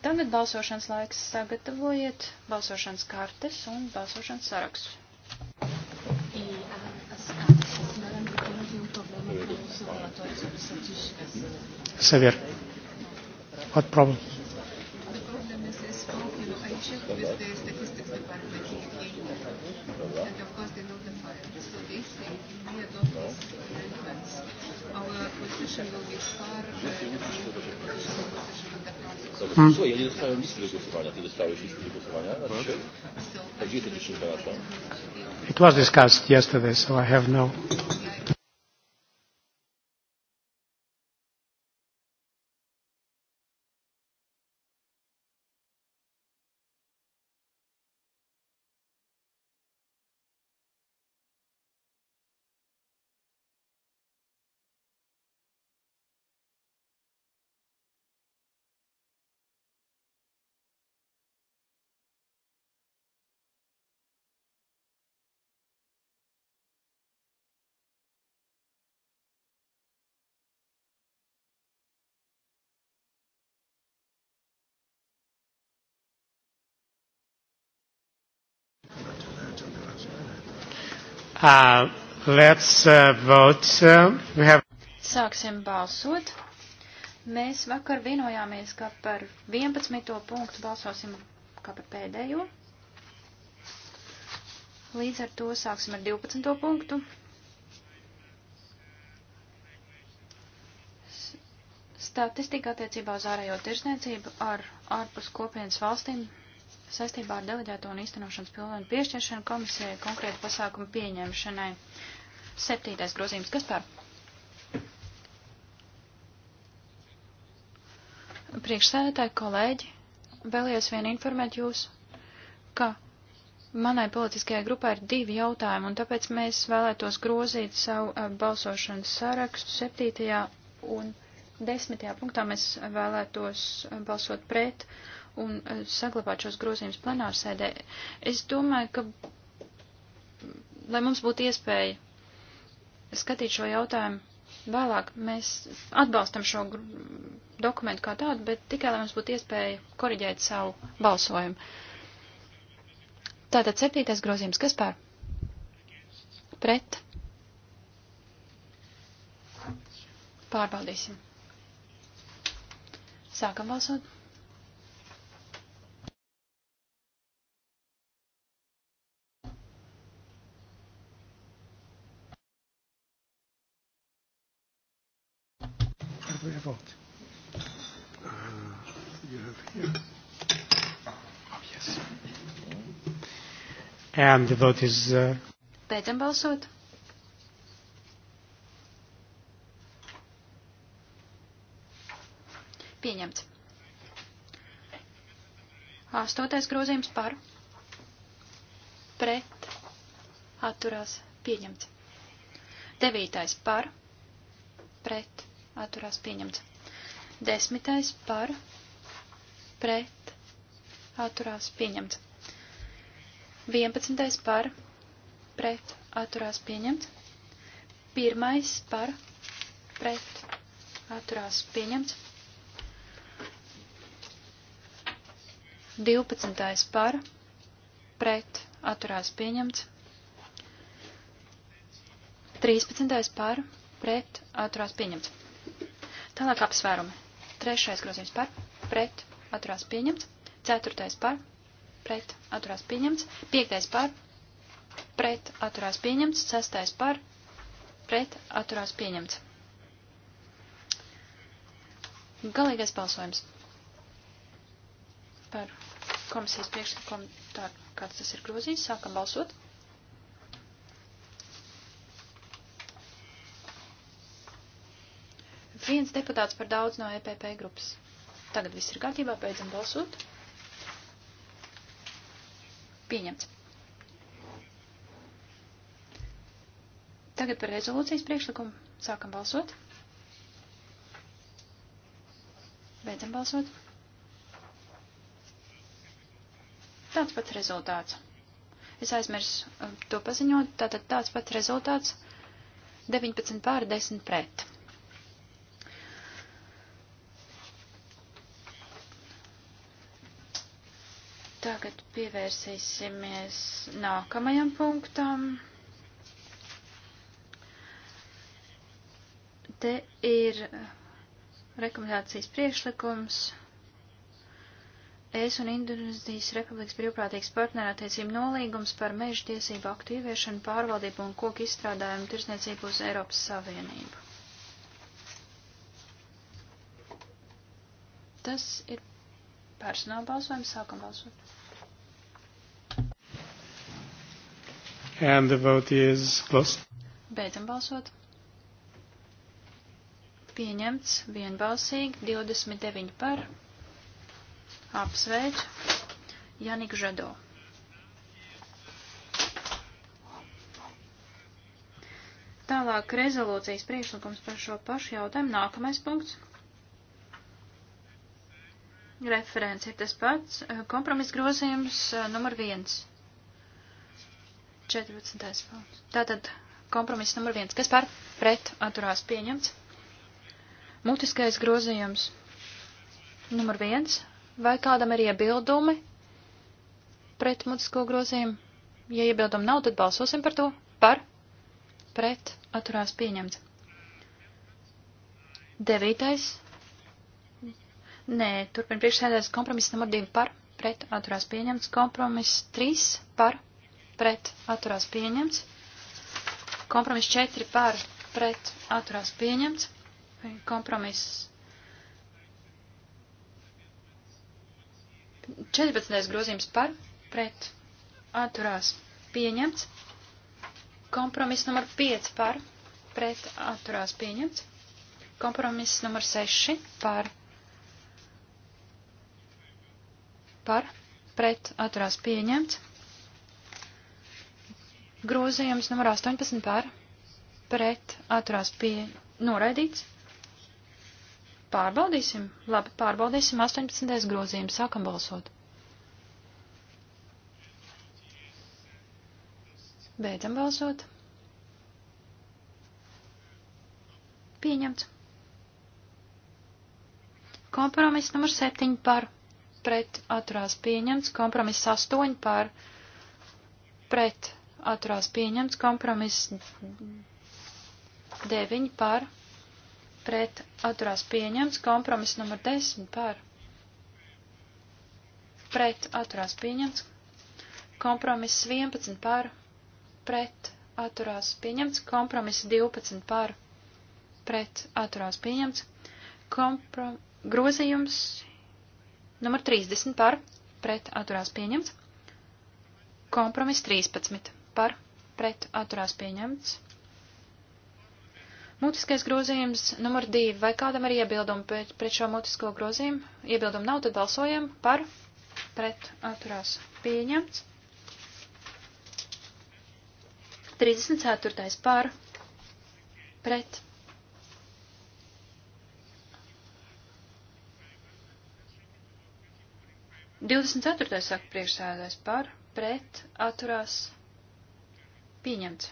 Tagad balsošanas laiks sagatavojiet balsošanas kartes un balsošanas sarakstu. Severe. What problem? The problem is, is how, you know, I checked with the statistics department in Kenya, and of course they know the file. So they say if we adopt these amendments, our position will be far uh, position of the council. Hmm. Słuchaj, ja nie dostałem listy do głosowania. Ty dostałeś listy do głosowania na dzisiaj? Gdzie te 10 lat? It was discussed yesterday, so I have no... Uh, let's uh, vote. Uh, we have... Sāksim balsot. Mēs vakar vienojāmies, ka par 11. punktu balsosim kā par pēdējo. Līdz ar to sāksim ar 12. punktu. Statistika attiecībā uz ārējo tirsniecību ar ārpus kopienas valstīm saistībā ar delegēto un īstenošanas pilnvaru piešķiršanu komisijai konkrētu pasākumu pieņemšanai. Septītais grozījums. Kas par? Priekšsēdētāji, kolēģi, vēlējos vien informēt jūs, ka manai politiskajai grupai ir divi jautājumi, un tāpēc mēs vēlētos grozīt savu eh, balsošanas sarakstu septītajā un desmitajā punktā mēs vēlētos eh, balsot pret. Uh, un e, saglabāt šos grozījumus plenārsēdē, es domāju, ka, lai mums būtu iespēja skatīt šo jautājumu vēlāk, mēs atbalstam šo dokumentu kā tādu, bet tikai, lai mums būtu iespēja koriģēt savu balsojumu. Tātad septītais grozījums, kas pār? Pret. Pārbaudīsim. Sākam balsot. vote. Uh, you have here. Oh, yes. And the vote is. Uh... Beidzam balsot. Pieņemts. Astotais grozījums par, pret, atturās, pieņemts. Devītais par, pret, atturās pieņemts. Desmitais par pret atturās pieņemts. Vienpadsmitais par pret atturās pieņemts. Pirmais par pret atturās pieņemts. Divpadsmitais par pret atturās pieņemts. 13. pār pret atturās pieņemts. Tālāk apsvērumi. Trešais grozījums par, pret, atturās pieņemts. Ceturtais par, pret, atturās pieņemts. Piektais par, pret, atturās pieņemts. Sestais par, pret, atturās pieņemts. Galīgais balsojums par komisijas priekšlikumu tā, kāds tas ir grozījis. Sākam balsot. Viens deputāts par daudz no EPP grupas. Tagad viss ir gatībā, beidzam balsot. Pieņemts. Tagad par rezolūcijas priekšlikumu sākam balsot. Beidzam balsot. Tāds pats rezultāts. Es aizmirsu um, to paziņot, tātad tāds pats rezultāts 19 pār 10 pret. pievērsīsimies nākamajam punktam. Te ir rekomendācijas priekšlikums. Es un Indonēzijas Republikas brīvprātīgs partnerattiecību nolīgums par meža tiesību aktu ieviešanu, pārvaldību un koku izstrādājumu tirsniecību uz Eiropas Savienību. Tas ir personāla balsojums. Sākam balsot. And the vote is closed. Beidzam balsot. Pieņemts vienbalsīgi 29 par. Apsveic Janik Žado. Tālāk rezolūcijas priekšlikums par šo pašu jautājumu. Nākamais punkts. Referents ir tas pats. Kompromiss grozījums eh, numur viens. 14. punkts. Tātad kompromiss numur viens. Kas par pret atturās pieņemts? Mutiskais grozījums numur viens. Vai kādam ir iebildumi pret mutisko grozījumu? Ja iebildumi nav, tad balsosim par to. Par pret atturās pieņemts. Devītais. Nē, turpin priekšsēdēs kompromiss numur divi par pret atturās pieņemts. Kompromiss trīs par pret pret atturās pieņemts. Kompromis 4 par pret atturās pieņemts. Kompromis 14. grozījums par pret atturās pieņemts. Kompromis numur 5 par pret atturās pieņemts. Kompromis numur 6 par par pret atturās pieņemts. Grozījums numur 18 par pret atturās pie noraidīts. Pārbaudīsim. Labi, pārbaudīsim 18. grozījumu. Sākam balsot. Beidzam balsot. Pieņemts. Kompromiss numur 7 par pret atturās pieņemts. Kompromiss 8 par pret atturās pieņemts kompromiss 9 par, pret atturās pieņemts kompromiss numur 10 par, pret atturās pieņemts kompromiss 11 par, pret atturās pieņemts kompromiss 12 par, pret atturās pieņemts komprom... grozījums numur 30 par, pret atturās pieņemts kompromiss 13 par pret atturās pieņemts. Mutiskais grozījums numur divi. Vai kādam ir iebildumi pret, pret šo mutisko grozījumu? Iebildumi nav, tad balsojam par pret atturās pieņemts. 34. par pret. Divdesmit ceturtais saka priekšsēdājs par, pret, atturās, Pieņemts.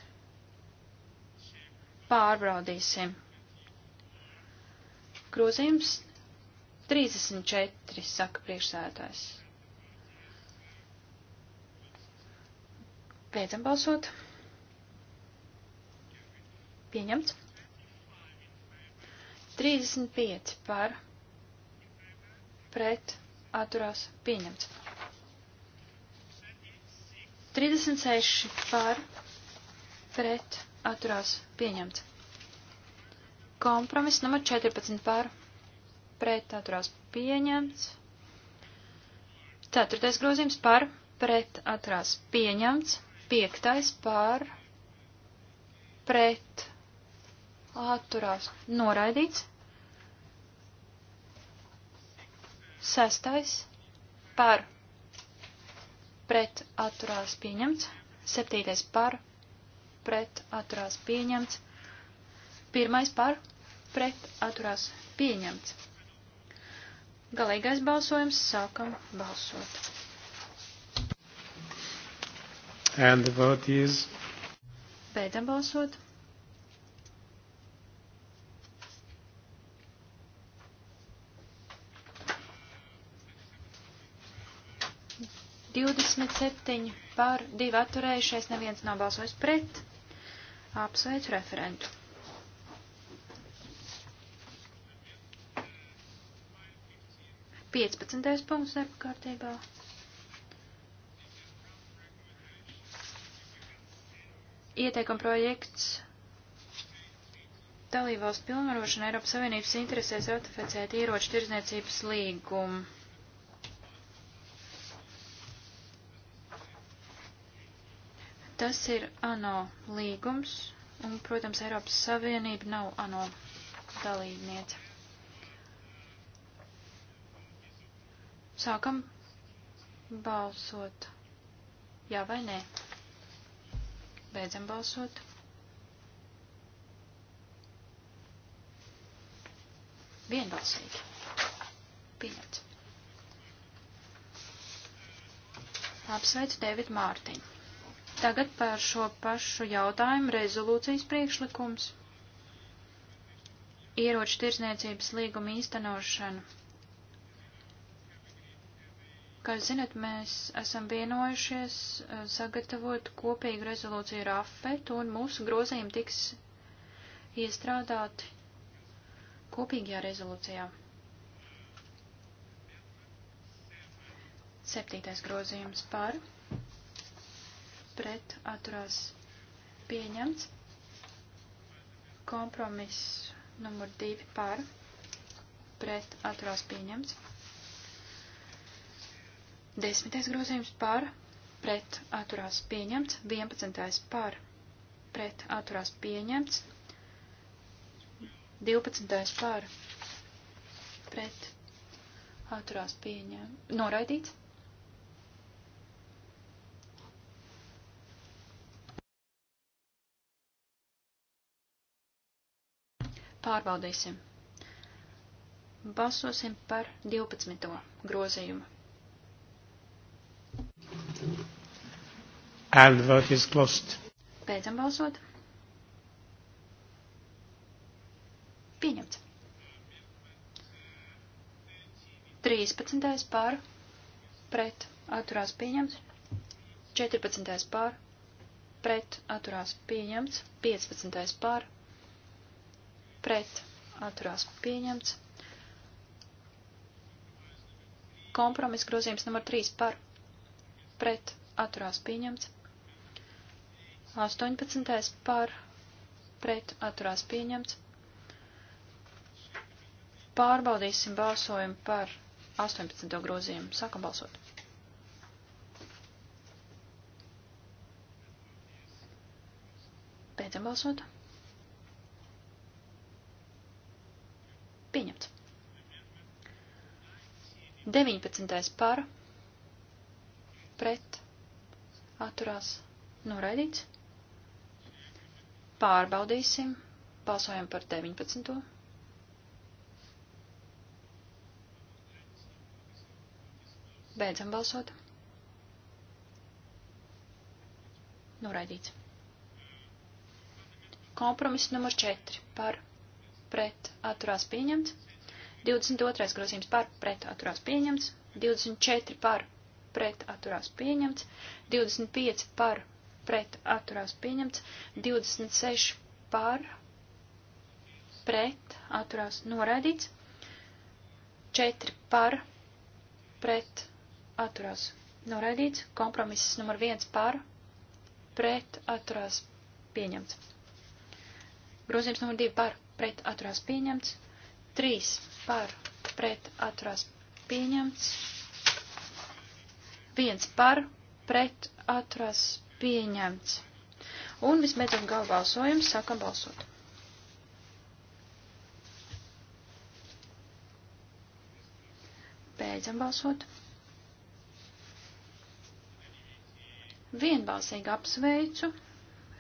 Pārbaudīsim. Grozījums 34, saka priekšsēdājs. Beidzam balsot. Pieņemts. 35 par pret atturās pieņemts. 36 par pret atturās pieņemts. Kompromiss numur 14 par pret atturās pieņemts. Ceturtais grozījums par pret atturās pieņemts. Piektais par pret atturās noraidīts. Sestais par pret atturās pieņemts. Septītais par pret atturās pieņemts. Pirmais par pret atturās pieņemts. Galīgais balsojums sākam balsot. And the vote is. Beidzam balsot. Divdesmit septiņi pār divi atturējušies, neviens nav balsojis pret. Apsveicu referentu. Piecpadsmitais punkts darba kārtībā. Ieteikuma projekts dalībvalsts pilnvarošana Eiropas Savienības interesēs ratificēt ieroču tirzniecības līgumu. Tas ir ANO līgums, un, protams, Eiropas Savienība nav ANO dalībniece. Sākam balsot. Jā vai nē? Beidzam balsot. Vienbalsīgi. Pieņemts. Apsveicu Davidu Mārtiņu. Tagad par šo pašu jautājumu rezolūcijas priekšlikums. Ieroču tirzniecības līguma īstenošana. Kā zinat, mēs esam vienojušies eh, sagatavot kopīgu rezolūciju ar AFET, un mūsu grozījumi tiks iestrādāti kopīgajā rezolūcijā. Septītais grozījums par pret atturās pieņemts. Kompromiss numur 2 par pret atturās pieņemts. Desmitais grozījums par pret atturās pieņemts. Vienpadsmitais par pret atturās pieņemts. Divpadsmitais par pret atturās pieņemts. Noraidīts. Pārbaudīsim. Balsosim par 12. grozījumu. And vote is closed. Beidzam balsot. Pieņemts. 13. pār pret atturās pieņemts. 14. pār pret atturās pieņemts. 15. pār pret pret atturās pieņemts. Kompromis grozījums numur 3 par pret atturās pieņemts. 18. par pret atturās pieņemts. Pārbaudīsim balsojumu par 18. grozījumu. Sākam balsot. Beidzam balsot. 19. par, pret, atturās, noraidīts. Pārbaudīsim, balsojam par 19. Beidzam balsot. Noraidīts. Kompromiss numur 4 par pret atturās pieņemts. 22. grozījums par pret atturās pieņemts, 24 par pret atturās pieņemts, 25 par pret atturās pieņemts, 26 par pret atturās noraidīts, 4 par pret atturās noraidīts, kompromiss numur 1 par pret atturās pieņemts. Grozījums numur 2 par pret atturās pieņemts, 3 par pret atturās pieņemts. Viens par pret atturās pieņemts. Un vismēdzot galvu balsojumu, sākam balsot. Beidzam balsot. Vienbalsīgi apsveicu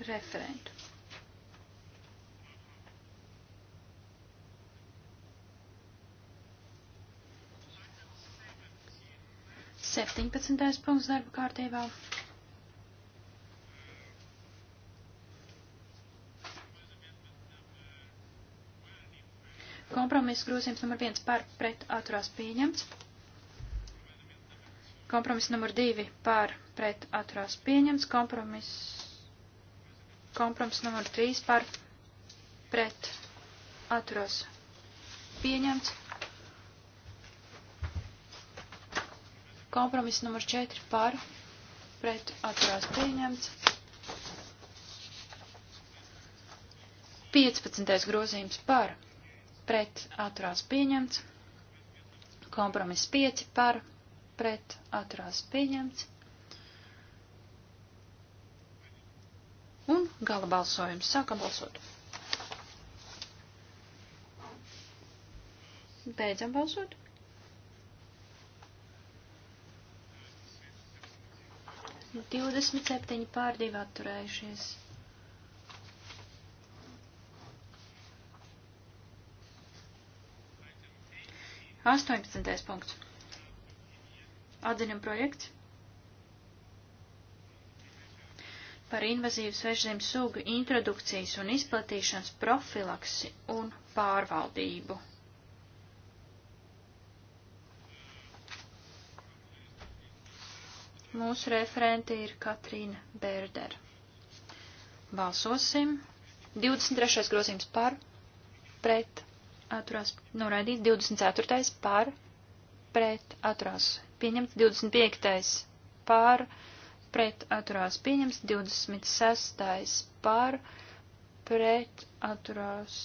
referentu. 17. punkts darba kārtībā. Kompromiss grozījums numur 1 par pret atturās pieņemts. Kompromiss numur 2 par pret atturās pieņemts. Kompromiss, kompromiss numur 3 par pret atturās pieņemts. Kompromiss numur 4 par pret atturās pieņemts. 15. grozījums par pret atturās pieņemts. Kompromiss 5 par pret atturās pieņemts. Un gala balsojums. Sākam balsot. Beidzam balsot. 27 pār 2 atturējušies. Astoņpadsmitais punkts. Atziņam projekts par invazīvu svežzemes sugu introdukcijas un izplatīšanas profilaksi un pārvaldību. Mūsu referente ir Katrīna Berder. Balsosim. 23. grozījums par, pret, atturās, noraidīt. 24. par, pret, atturās, pieņemts. 25. par, pret, atturās, pieņemts. 26. par, pret, atturās,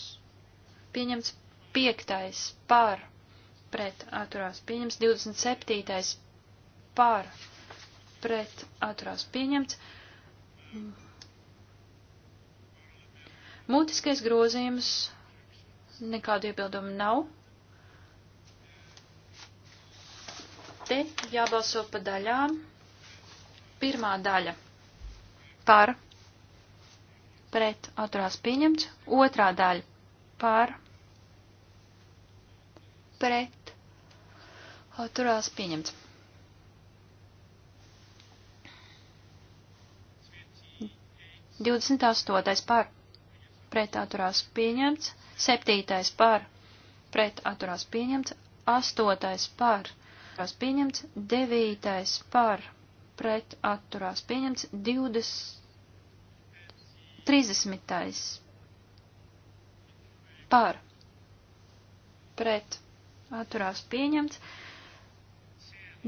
pieņemts. 5. par, pret, atturās, pieņemts. 27. par, pret, atturās, pieņemts pret atturās pieņemts. Mūtiskais grozījums nekādu iebildumu nav. Te jābalso pa daļām. Pirmā daļa par pret atturās pieņemts. Otrā daļa par pret atturās pieņemts. 28. par pret atturās pieņemts, 7. par pret atturās pieņemts, 8. par atturās pieņemts, 9. par pret atturās pieņemts, 20. 30. par pret atturās pieņemts,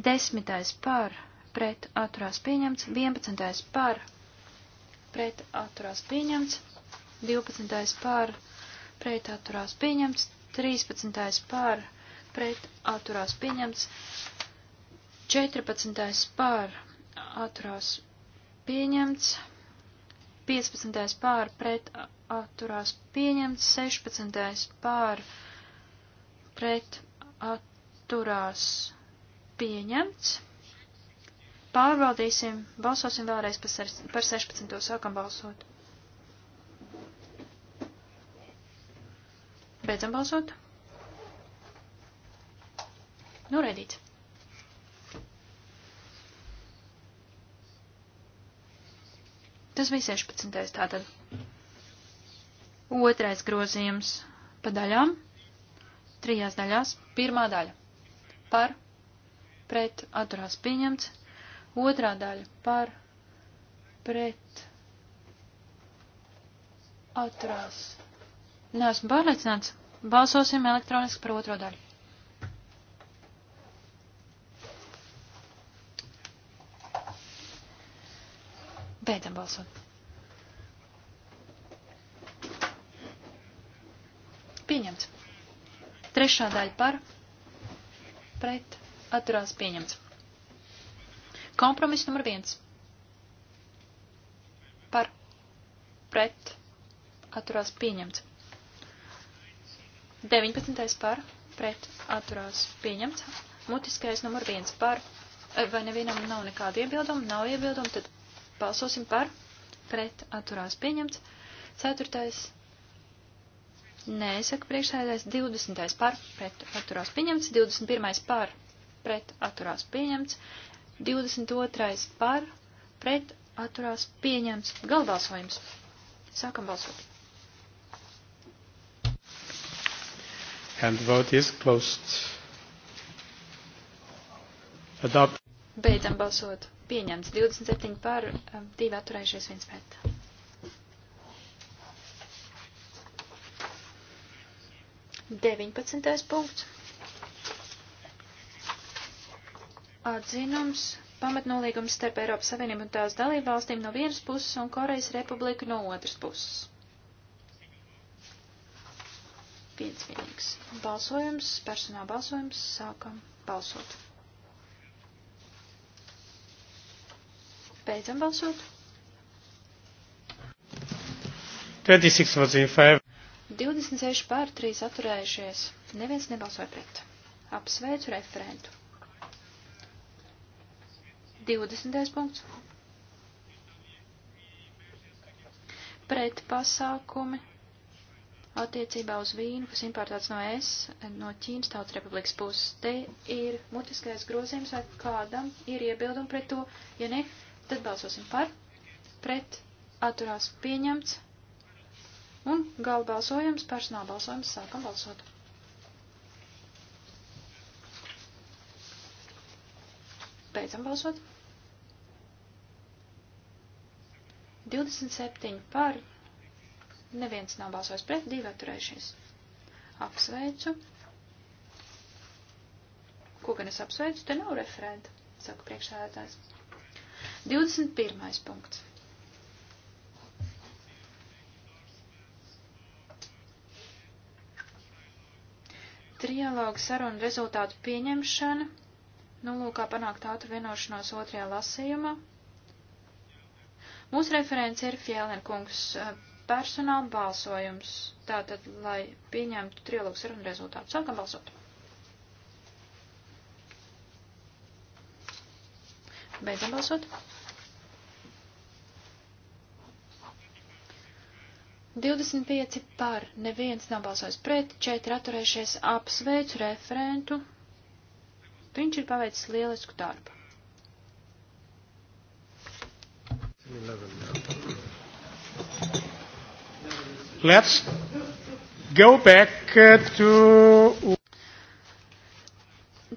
10. par pret atturās pieņemts, 11. par pret pret atturās pieņemts, 12. pār pret atturās pieņemts, 13. pār pret atturās pieņemts, 14. pār atturās pieņemts, 15. pār pret atturās pieņemts, 16. pār pret atturās pieņemts. Pārbaudīsim, balsosim vēlreiz par 16. sākam balsot. Beidzam balsot. Noraidīts. Tas bija 16. tātad. Otrais grozījums pa daļām. Trijās daļās. Pirmā daļa. Par. Pret. Atturās pieņemts. Otrā daļa par pret atturās. Neesmu pārliecināts. Balsosim elektroniski par otro daļu. Beidzam balsot. Pieņemts. Trešā daļa par pret atturās pieņemts. Kompromiss numur viens. Par pret atturās pieņemts. 19. par pret atturās pieņemts. Mutiskais numur viens par. Eh, vai nevienam nav nekāda iebilduma? Nav iebilduma, tad balsosim par. Pret atturās pieņemts. Ceturtais. Nē, saka priekšsēdētājs. 20. par. Pret atturās pieņemts. 21. par. Pret atturās pieņemts. 22. par, pret, atturās, pieņemts. Galvbalsojums. Sākam balsot. And vote is closed. Adopt. Beidzam balsot. Pieņemts. 27 par, 2 um, atturējušies, 1 pret. Deviņpadsmitais punkts. Atzinums pamatnolīgums starp Eiropas Savienību un tās dalībvalstīm no vienas puses un Korejas Republiku no otras puses. Piecvienīgs. Balsojums, personāla balsojums, sākam balsot. Beidzam balsot. 26 was in favor. 26 pār 3 atturējušies. Neviens nebalsoja pret. Apsveicu referentu. 20. punkts. Pretpasākumi attiecībā uz vīnu, kas importēts no es, no Ķīnas tautas republikas puses. Te ir mutiskais grozījums, vai kādam ir iebildumi pret to. Ja ne, tad balsosim par, pret, atturās pieņemts. Un gala balsojums, personāla balsojums, sākam balsot. Beidzam balsot. 27 par, neviens nav balsojis pret, divi atturējušies. Apsveicu. Ko gan es apsveicu, te nav referenta, saka priekšsēdētājs. 21. punkts. Trialoga saruna rezultātu pieņemšana nolūkā nu, panākt ātru vienošanos otrajā lasījumā Mūsu referents ir Fjellner kungs eh, personāla balsojums. Tātad, lai pieņemtu trilogu sarunu rezultātu, sākam balsot. Beidzam balsot. 25 par, neviens nav balsojis pret, 4 atturējušies, apsveicu referentu. Viņš ir paveicis lielisku darbu. Let's go back uh, to.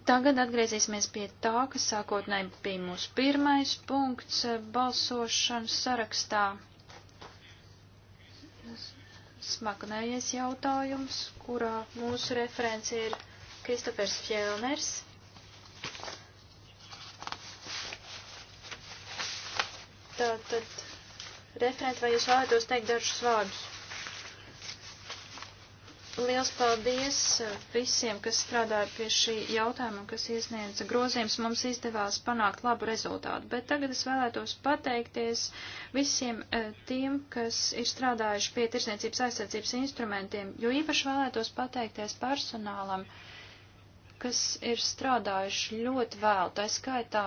Tagad atgriezīsimies pie tā, kas sākotnēji bija mūsu pirmais punkts uh, balsošanas sarakstā. Smagnējies jautājums, kurā mūsu referents ir Kristofers Fjellners. Tātad, referent, vai jūs vēlētos teikt dažus vārdus? Liels paldies uh, visiem, kas strādāja pie šī jautājuma, kas iesniedza grozījums. Mums izdevās panākt labu rezultātu, bet tagad es vēlētos pateikties visiem uh, tiem, kas ir strādājuši pie tirsniecības aizsardzības instrumentiem, jo īpaši vēlētos pateikties personālam. Uh, kas ir strādājuši ļoti vēl, tā skaitā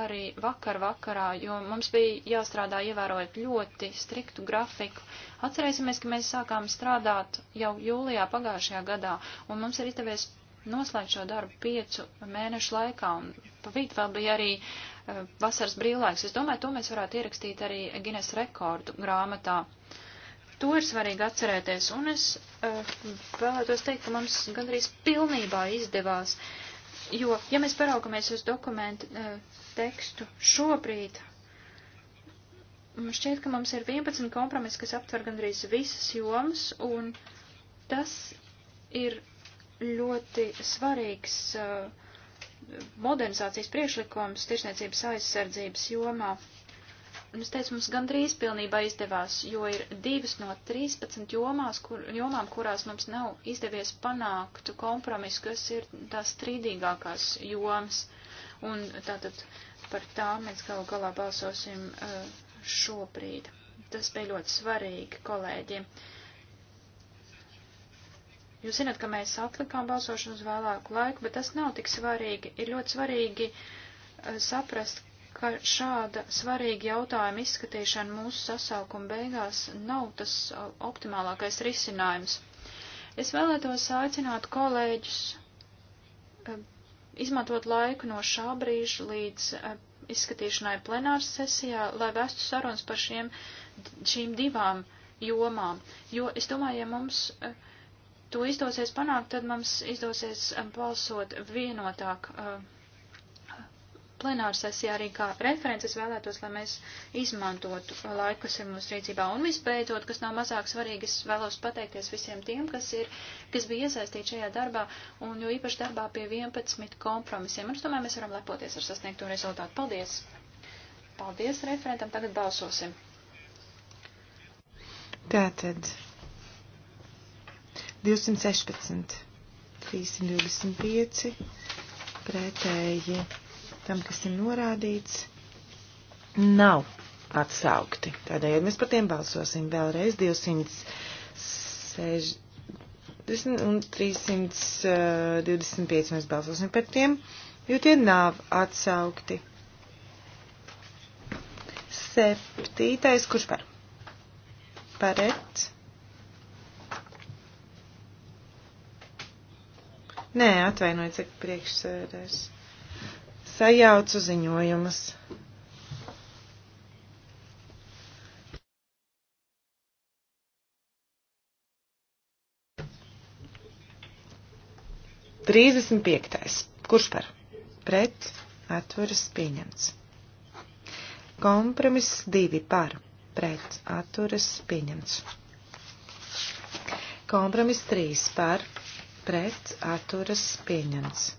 arī vakar vakarā, jo mums bija jāstrādā ievērojot ļoti striktu grafiku. Atcerēsimies, ka mēs sākām strādāt jau jūlijā pagājušajā gadā, un mums ir izdevies noslēgt šo darbu piecu mēnešu laikā, un pavīt vēl bija arī eh, vasaras brīvlaiks. Es domāju, to mēs varētu ierakstīt arī Gines rekordu grāmatā. Uh, To ir svarīgi atcerēties, un es uh, vēlētos teikt, ka mums gandrīz pilnībā izdevās, jo, ja mēs paraugamies uz dokumentu uh, tekstu šobrīd, šķiet, ka mums ir 11 kompromisi, kas aptver gandrīz visas jomas, un tas ir ļoti svarīgs uh, modernizācijas priekšlikums tirsniecības aizsardzības jomā. Uh, Es teicu, mums gandrīz pilnībā izdevās, jo ir divas no 13 jomās, kur, jomām, kurās mums nav izdevies panākt kompromisu, kas ir tās strīdīgākās jomas. Un tātad par tām mēs galu galā balsosim uh, šobrīd. Tas bija ļoti svarīgi kolēģiem. Jūs zināt, ka mēs atlikām balsošanu uz vēlāku laiku, bet tas nav tik svarīgi. Ir ļoti svarīgi uh, saprast, ka šāda svarīga jautājuma izskatīšana mūsu sasaukuma beigās nav tas uh, optimālākais risinājums. Es vēlētos aicināt kolēģus uh, izmantot laiku no šā brīža līdz uh, izskatīšanai plenāras sesijā, lai vestu sarunas par šiem, šīm divām jomām. Jo es domāju, ja mums to izdosies panākt, tad mums izdosies um, balsot vienotāk plenāru sesijā arī kā references vēlētos, lai mēs izmantotu laiku, kas ir mūsu rīcībā. Un visbeidzot, kas nav mazāk svarīgi, es vēlos pateikties visiem tiem, kas, ir, kas bija iesaistīti šajā darbā, un jo īpaši darbā pie 11 kompromisiem. Un es domāju, mēs varam lepoties ar sasniegto rezultātu. Paldies! Paldies referentam, tagad balsosim. Tātad 216, 325 pretēji tam, kas ir norādīts, nav atsaukti. Tādējādi mēs par tiem balsosim vēlreiz 260 un 325 mēs balsosim par tiem, jo tie nav atsaukti. Septītais, kurš par? Paret. Nē, atvainojiet, cik priekšsēdēs sajaucu ziņojumus. Trīsdesmit piektais. Kurš par? Pret atturas pieņemts. Kompromiss divi par. Pret atturas pieņemts. Kompromiss trīs par. Pret atturas pieņemts.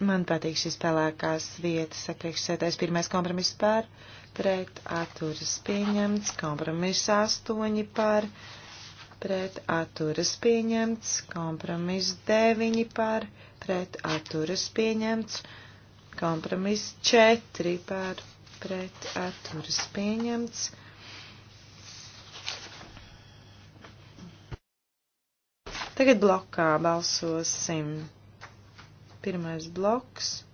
Man patīk šis pelēkās vietas, priekšsēdājs pirmais kompromiss pār, pret atturas pieņemts, kompromiss astoņi pār, pret atturas pieņemts, kompromiss deviņi pār, pret atturas pieņemts, kompromiss četri pār, pret atturas pieņemts. Tagad blokā balsosim. Pirmais bloks.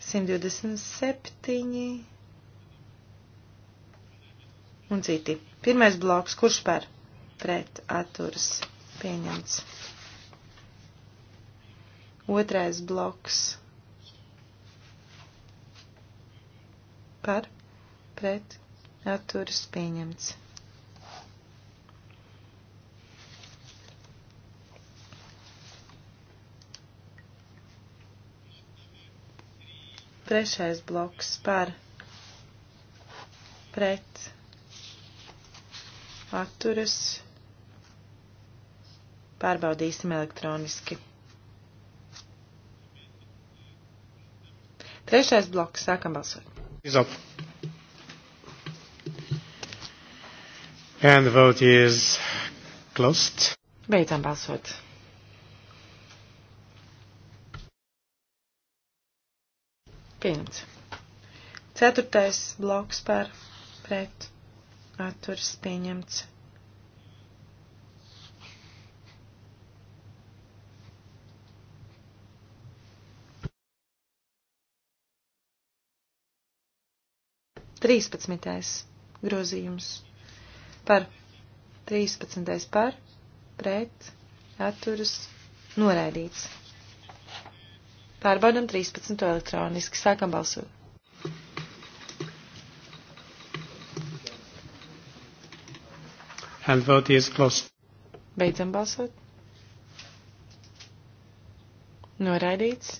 127 un citi. Pirmais bloks, kurš par pret atturas pieņemts. Otrais bloks par pret atturas pieņemts. Trešais bloks par pret atturas. Pārbaudīsim elektroniski. Trešais bloks. Sākam balsot. Is up. And the vote is closed. Beidzam balsot. pieņemts. Ceturtais bloks par pret atturs pieņemts. Trīspadsmitais grozījums par 13. par pret atturas noraidīts. Pārbaudam 13. elektroniski. Sākam balsot. And vote is closed. Beidzam balsot. Noraidīts.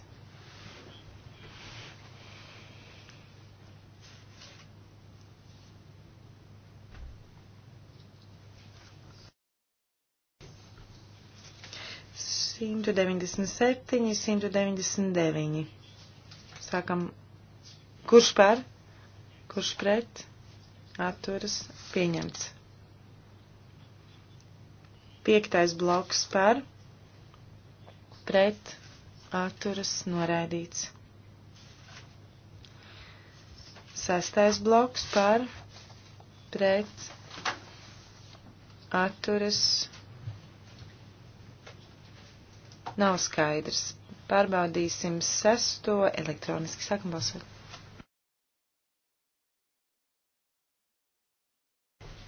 197, 199. Sākam, kurš par, kurš pret, atturas, pieņemts. Piektais bloks par, pret, atturas, noraidīts. Sestais bloks par, pret, atturas, noraidīts nav skaidrs. Pārbaudīsim sesto elektroniski. Sākam balsot.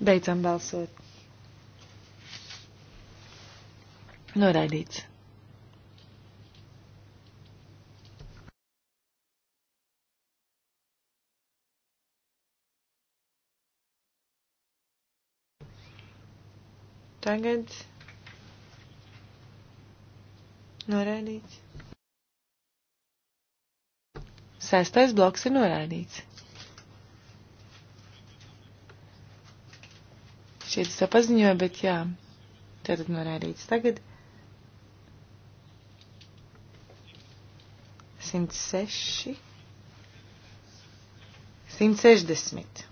Beidzam balsot. Noraidīts. Tagad Noraidīts. Sestais bloks ir noraidīts. Šeit es apaziņoju, bet jā, tātad noraidīts tagad. 106. 160.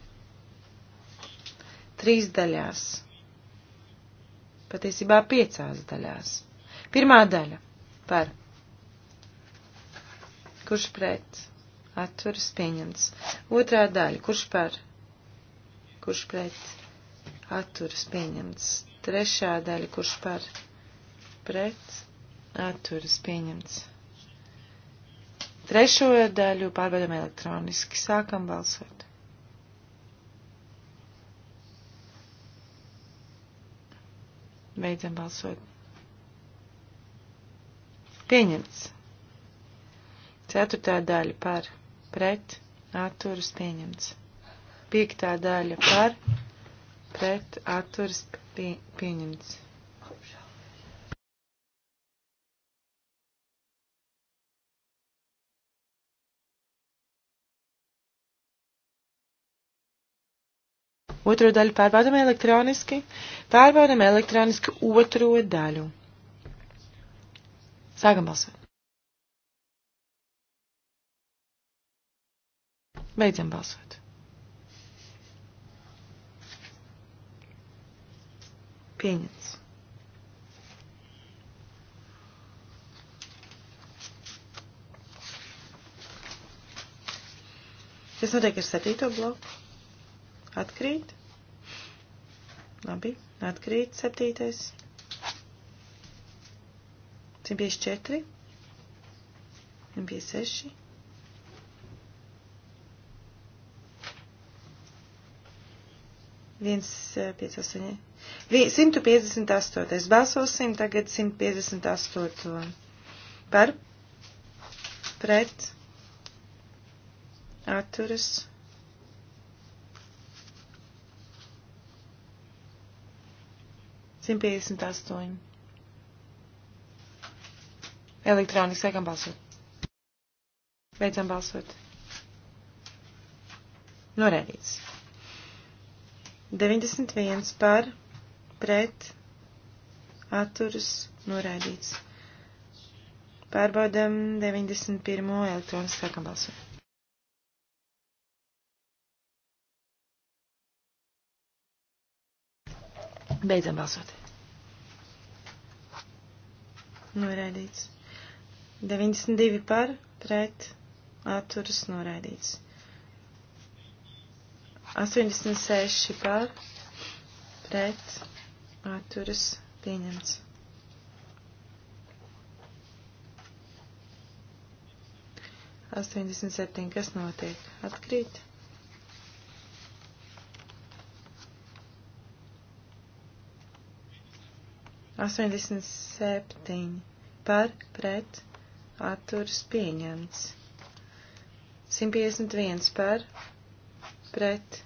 Trīs daļās. Patiesībā piecās daļās. Pirmā daļa par. Kurš pret? Atturas pieņemts. Otrā daļa. Kurš par? Kurš pret? Atturas pieņemts. Trešā daļa. Kurš par? Pret? Atturas pieņemts. Trešo daļu pārbaudām elektroniski. Sākam balsot. Beidzam balsot. Pieņemts. Ceturtā daļa par pret atturas pieņemts. Piektā daļa par pret atturas pie, pieņemts. Otro daļu pārbaudam elektroniski. Pārbaudam elektroniski otro daļu. Sākam balsot. Beidzam balsot. Pieņemts. Kas notiek ar septīto bloku? Atkrīt. Labi, atkrīt septītais. 154, 156. viens, eh, pieci, astoņi. 158. Balsosim tagad 158. Par, pret, atturas. Simt piecdesmit astoņi. Elektroniski sākam balsot. Beidzam balsot. Norēdīts. 91 par, pret, atturas, norēdīts. Pārbaudam 91. elektroniski sākam balsot. Beidzam balsot. Noraidīts. 92 par pret atturas noraidīts. 86 par pret atturas pieņemts. 87. Kas notiek? Atkrīt. Astoņdesmit septiņi par pret atturas pieņemts. 151 par, pret,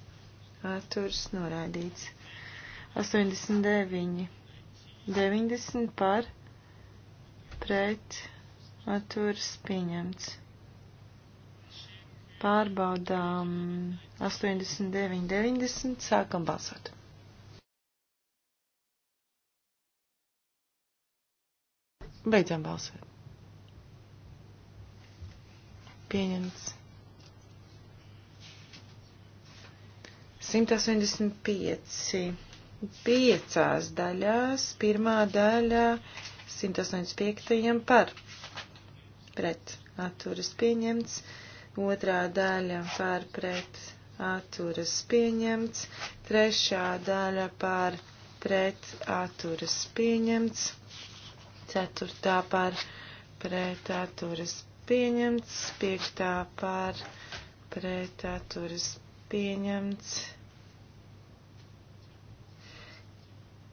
atturas noraidīts. 89, 90 par, pret, atturas pieņemts. Pārbaudām 89, 90, sākam balsot. Beidzam balsot pieņemts. 185. Piecās daļās. Pirmā daļā 185. par. Pret. Atturas pieņemts. Otrā daļa par pret. Atturas pieņemts. Trešā daļa par pret. Atturas pieņemts. Ceturtā par pret. Atturas pieņemts pieņemts, piektā par pret atturas pieņemts.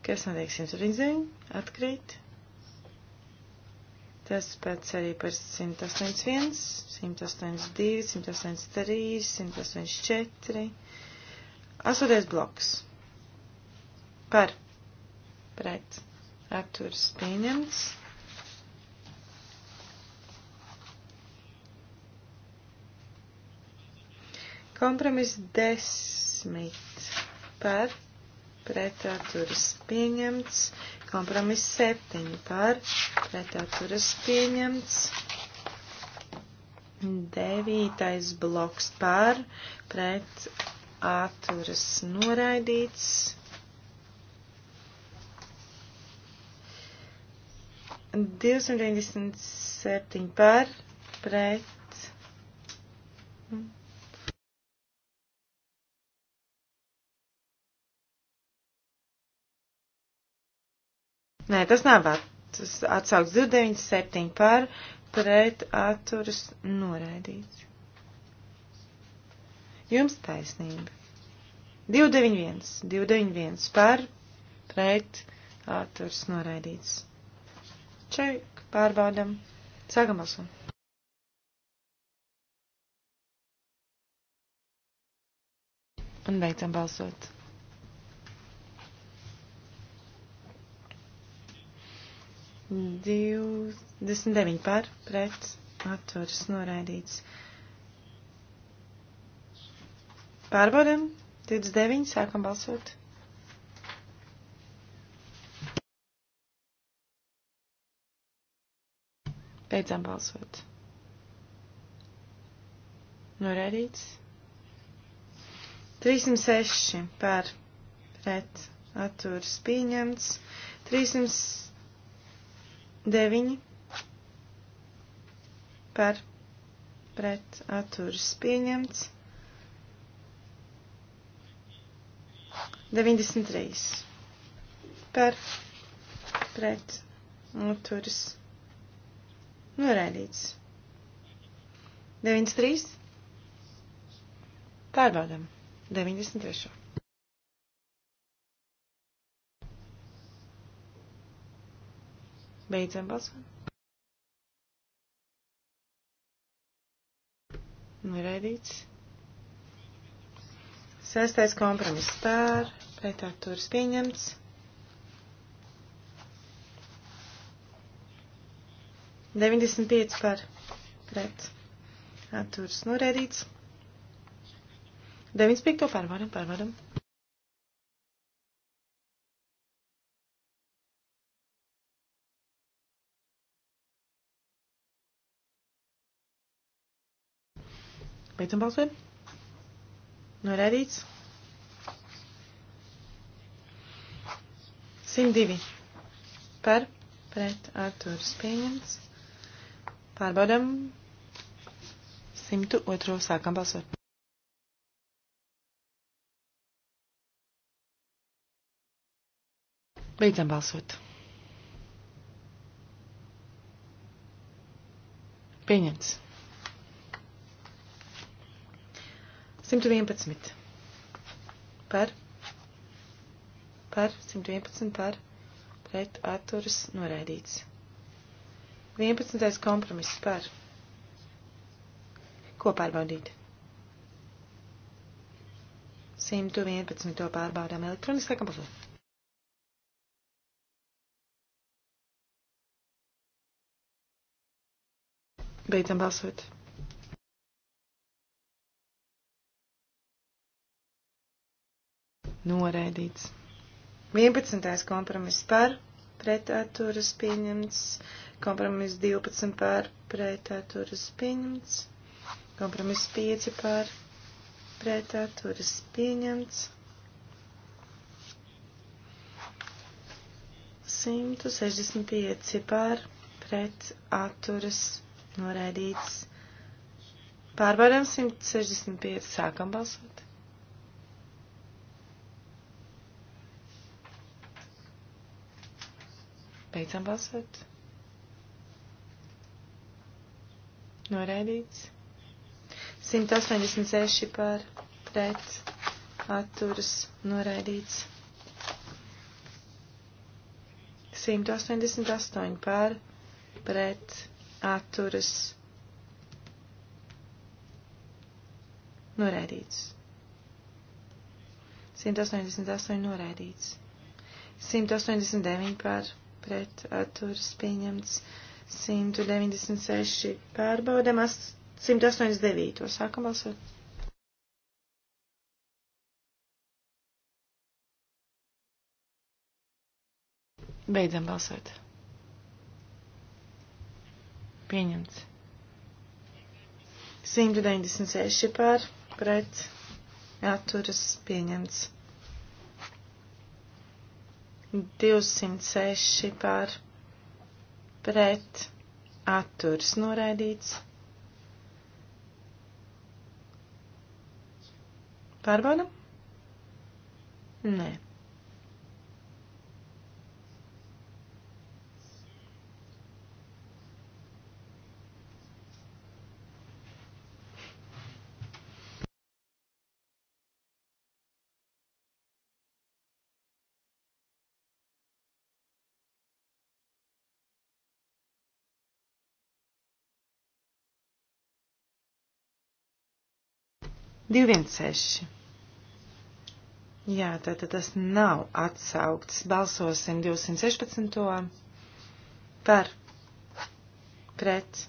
Kas notiek 109? Atkrīt. Tas pats arī par 181, 182, 183, 184. Asoties bloks. Par. Pret. Atturs pieņemts. Kompromiss desmit par pretaturas pieņemts. Kompromiss septiņi par pretaturas pieņemts. Devītais bloks par pretaturas noraidīts. Divsimt deviņdesmit septiņi par pret. Mm Nē, tas nav atsaugs 297 par pret atturas noraidīts. Jums taisnība. 291, 291 par pret atturas noraidīts. Čeik, pārbaudam, sākam balsot. Un beidzam balsot. 29 par pret atturas noraidīts. Pārbaudam. 29. Sākam balsot. Beidzam balsot. Norēdīts. 306 par pret atturs pieņemts. 300. 9 par pret atturas pieņemts. 93 par pret atturas noraidīts. 93 pārbaudam 93. Beidzam balsot. Noraidīts. Sestais kompromiss pār, pretatūras pieņemts. Deviņdesmit pieci par pret. Atturs norēdīts. Deviņdesmit piekto pārvaram, pārvaram. Beidzam balsot. Norēdīts. 102 par pret Arturas pieņemts. Pārbaudam 102. Sākam balsot. Beidzam balsot. Pieņemts. 111 par, par, 111 par, pret atturas noraidīts. 11. kompromiss par. Ko pārbaudīt? 111. pārbaudām elektroniskā kampaļā. Beidzam balsot. noraidīts. 11. kompromiss par pretaturas pieņemts, kompromiss 12 par pretaturas pieņemts, kompromiss 5 par pretaturas pieņemts. 165 par pret atturas noraidīts. Pārbaudām 165, sākam balsot. Beidzam balsot. Noraidīts. 186 par pret atturas noraidīts. 188 par pret atturas noraidīts. 188 noraidīts. 189 par pret pret atturas pieņemts 196. Pārbaudam 189. Sākam balsot. Beidzam balsot. Pieņemts. 196 pār pret atturas pieņemts. 206 par pret atturs noraidīts. Pārbaudam? Nē. 216. Jā, tātad tas nav atsaukts. Balsosim 216. par pret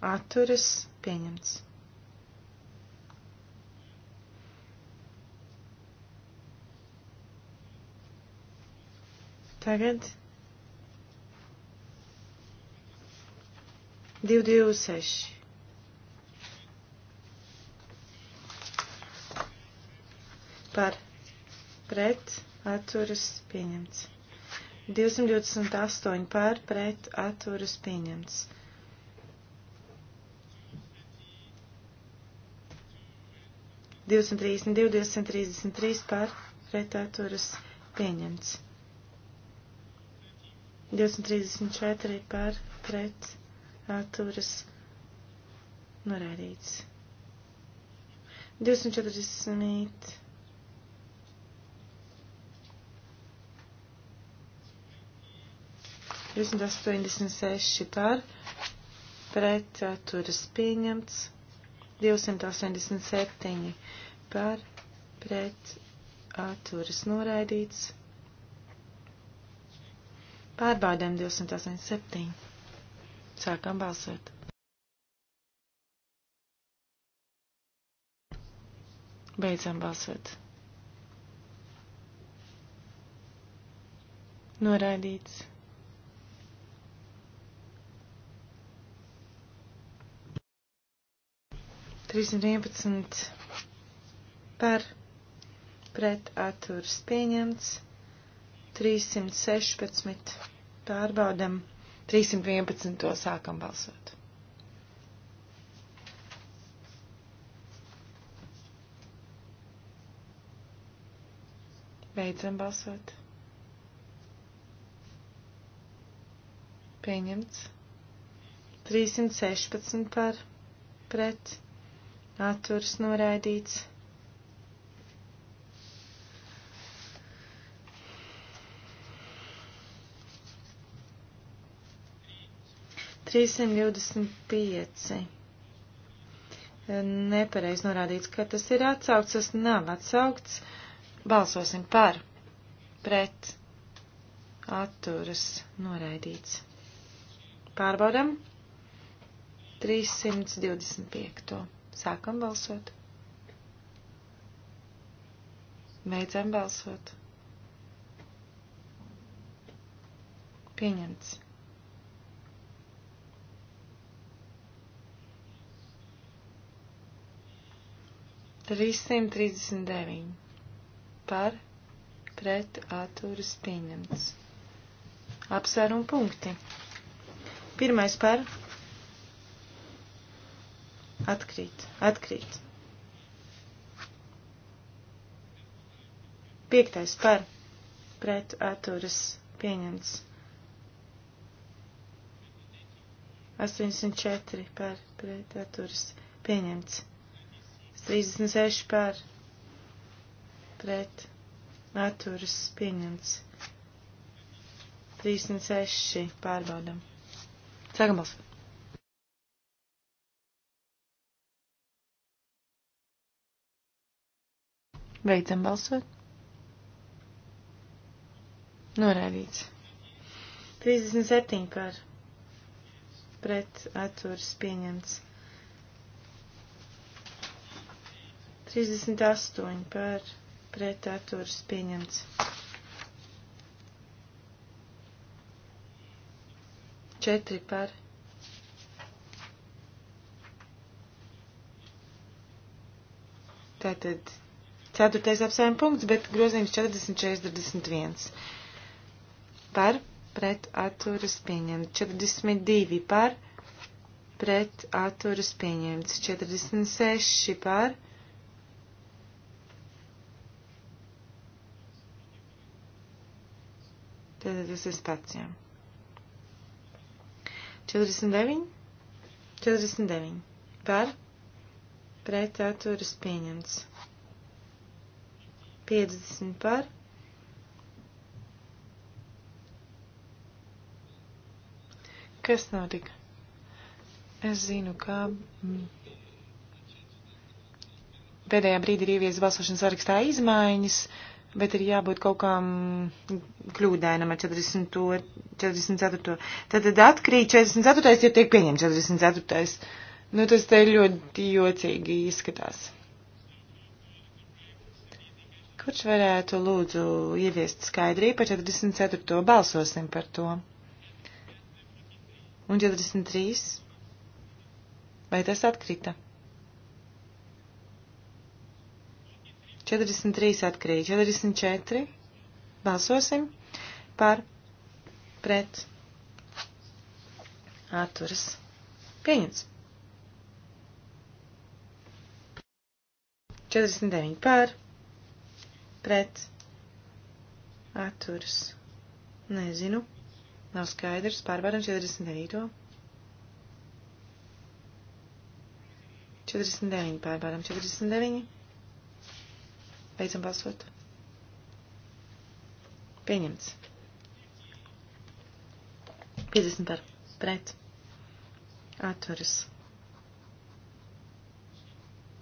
atturas pieņemts. Tagad 226 par pret atturas pieņemts. 228 par pret atturas pieņemts. Divdesmit trīsdesmit divi, divdesmit trīsdesmit trīs par pretāturas pieņemts. Divdesmit trīsdesmit četri par pretāturas norādīts. Divdesmit četrdesmit 286 par pret atturas pieņemts. 287 par pret atturas noraidīts. Pārbaudēm 287. Sākam balsot. Beidzam balsot. Noraidīts. 311 par pret atturs pieņemts, 316 pārbaudam, 311 to sākam balsot. Beidzam balsot. Pieņemts. 316 par pret atturs noraidīts. Trīsim divdesmit pieci. Nepareiz norādīts, ka tas ir atsaukts, tas nav atsaukts. Balsosim par, pret, atturas, noraidīts. Pārbaudam 325. Sākam balsot. Beidzam balsot. Pieņemts. Trīsimt trīsdesmit deviņi par pret atturas pieņemts. Apsvērumu punkti. Pirmais par Atkrīt, atkrīt. Piektais par pret atturas pieņemts. 84 par pret atturas pieņemts. 36 par pret atturas pieņemts. 36 pārbaudam. Sākam balsot. Beidzam balsot. Norādīts. 37 par pret atturs pieņemts. 38 par pret atturs pieņemts. 4 par. Tātad Ceturtais apsvērums punkts, bet grozījums 40-41. Par pret atturas pieņemts. 42 par pret atturas pieņemts. 46 par. Tad tas ir pats, jā. 49? 49. Par pret atturas pieņemts. 50 par. Kas notika? Es zinu, ka mm, pēdējā brīdī ir ievies balsošanas sarakstā izmaiņas, bet ir jābūt kaut kām kļūdainam ar 40, 44. Tad, tad atkrīt 44. jau tiek pieņemts 44. Nu, tas te ļoti jocīgi izskatās. Kurš varētu lūdzu ieviest skaidrību par 44. balsosim par to. Un 43. Vai tas atkrita? 43 atkrīt, 44. Balsosim par pret atturas pieņems. 49 par pret atturas. Nezinu. Nav skaidrs. Pārbaudam 49. 49 pārbaudam 49. Beidzam balsot. Pieņemts. 50 par pret. Atturas.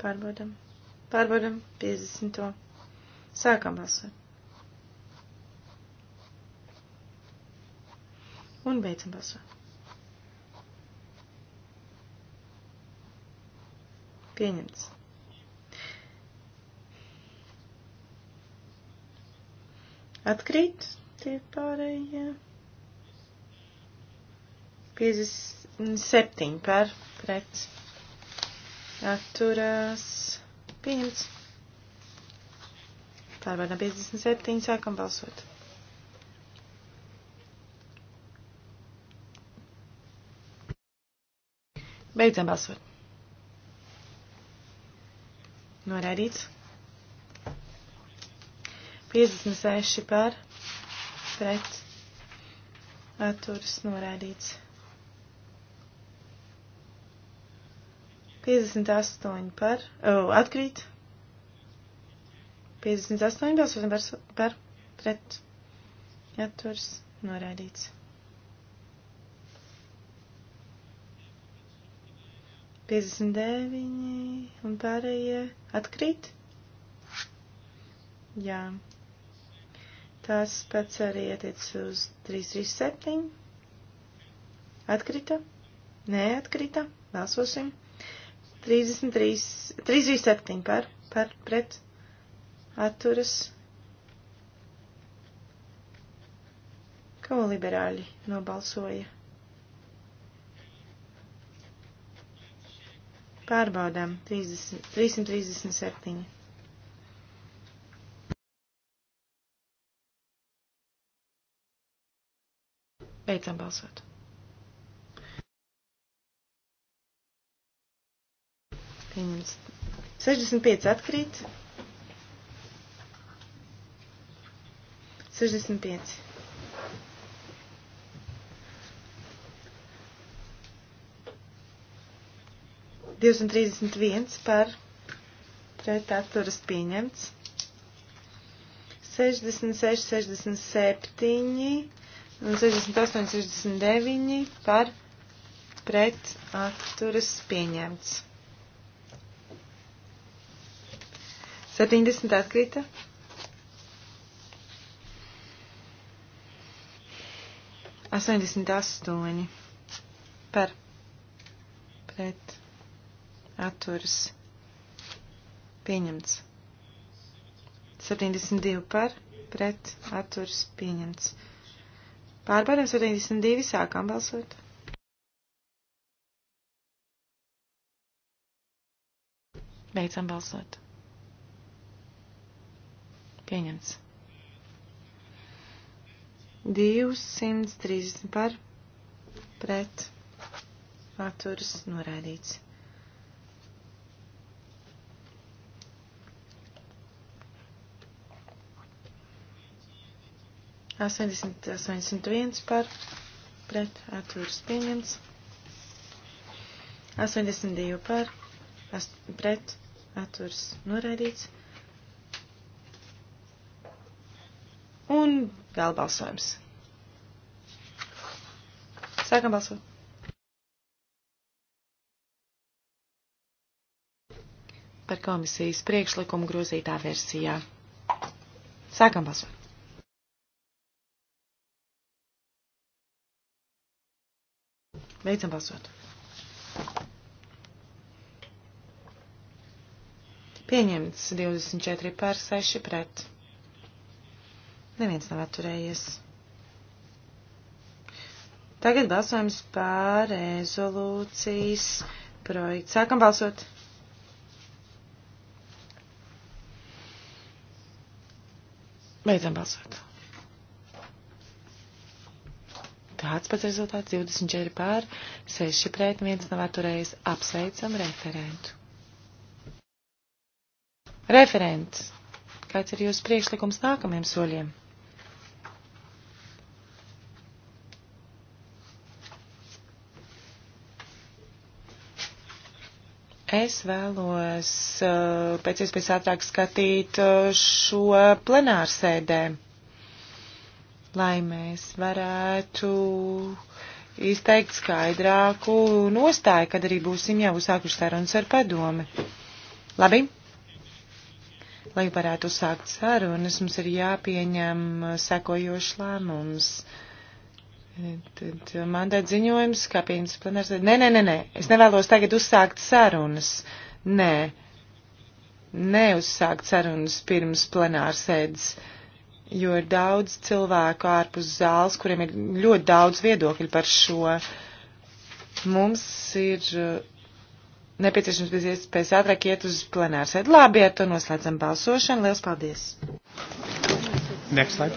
Pārbaudam. Pārbaudam 50. Sākam balsot. Un beidzam balsot. Pieņemts. Atkrīt tie pārējie. 57 par pret. Atturās. Pieņemts. Pārbaudām 57. Sākam balsot. Beidzam balsot. Noraidīts. 56 par pret atturas noraidīts. 58 par, o, oh, atkrīt. 58 balsosim par, par pret atturs norādīts. Piecdesmit deviņi un pārējie atkrīt? Jā. Tas pats arī attiec uz 337. Atkrita? Nē, atkrita. Balsosim. 33, 337 par, par pret atturas. Ko liberāļi nobalsoja? Pārbaudām 30, 337. Beidzam balsot. Pieņems. 65 atkrīt. 65. Divsimt trīsdesmit viens par pret atturas pieņemts. 66, 67 un 68, 69 par pret atturas pieņemts. 70 atkrita. 88 par pret atturas pieņemts. 72 par pret atturas pieņemts. Pārbaudām 72 sākām balsot. Beidzam balsot. Pieņemts. 230 par pret atturas norādīts. Astoņdesmit, astoņdesmit viens par pret atturas pieņemts. Astoņdesmit divi par ast, pret atturas norādīts. Un Gala balsojums. Sākam balsot. Par komisijas priekšlikumu grozītā versijā. Sākam balsot. Beidzam balsot. Pieņemts 24 pār 6 pret. Neviens nav atturējies. Tagad balsojums pār rezolūcijas projektu. Sākam balsot. Beidzam balsot. Tāds pats rezultāts 24 pār, 6 pret, 1 nav atturējis. Apsveicam referentu. Referents, kāds ir jūsu priekšlikums nākamajiem soļiem? Es vēlos eh, pēc iespējas ātrāk skatīt eh, šo plenārsēdē, lai mēs varētu izteikt skaidrāku nostāju, kad arī būsim jau uzsākuši sarunas ar padomi. Labi? Lai varētu uzsākt sarunas, mums ir jāpieņem sekojošs lēmums. Uh, Tad eh, mandāt ziņojums, kā pieņems plenārs. Nē, nē, nē, nē, es nevēlos tagad uzsākt sarunas. Nē, neuzsākt sarunas pirms plenārsēdes. sēdes jo ir daudz cilvēku ārpus zāles, kuriem ir ļoti daudz viedokļu par šo. Mums ir eh, nepieciešams pēc iespējas ātrāk iet uz plenāru sēdi. Labi, ar to noslēdzam balsošanu. Lielas paldies! Next slide.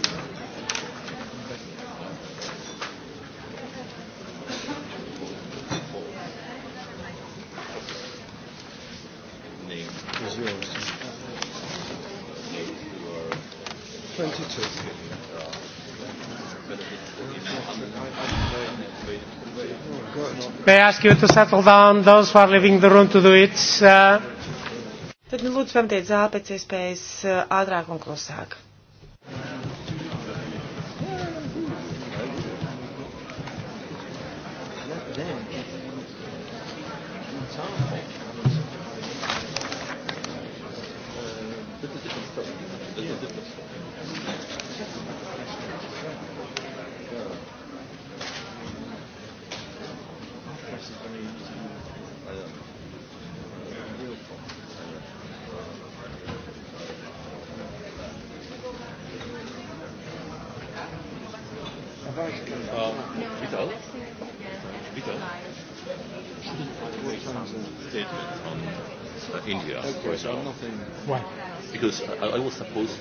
ask you to settle down, those who are leaving the room to do it. Uh... Tad, nu, lūdzu, pamatiet zāli pēc iespējas uh, ātrāk un klusāk.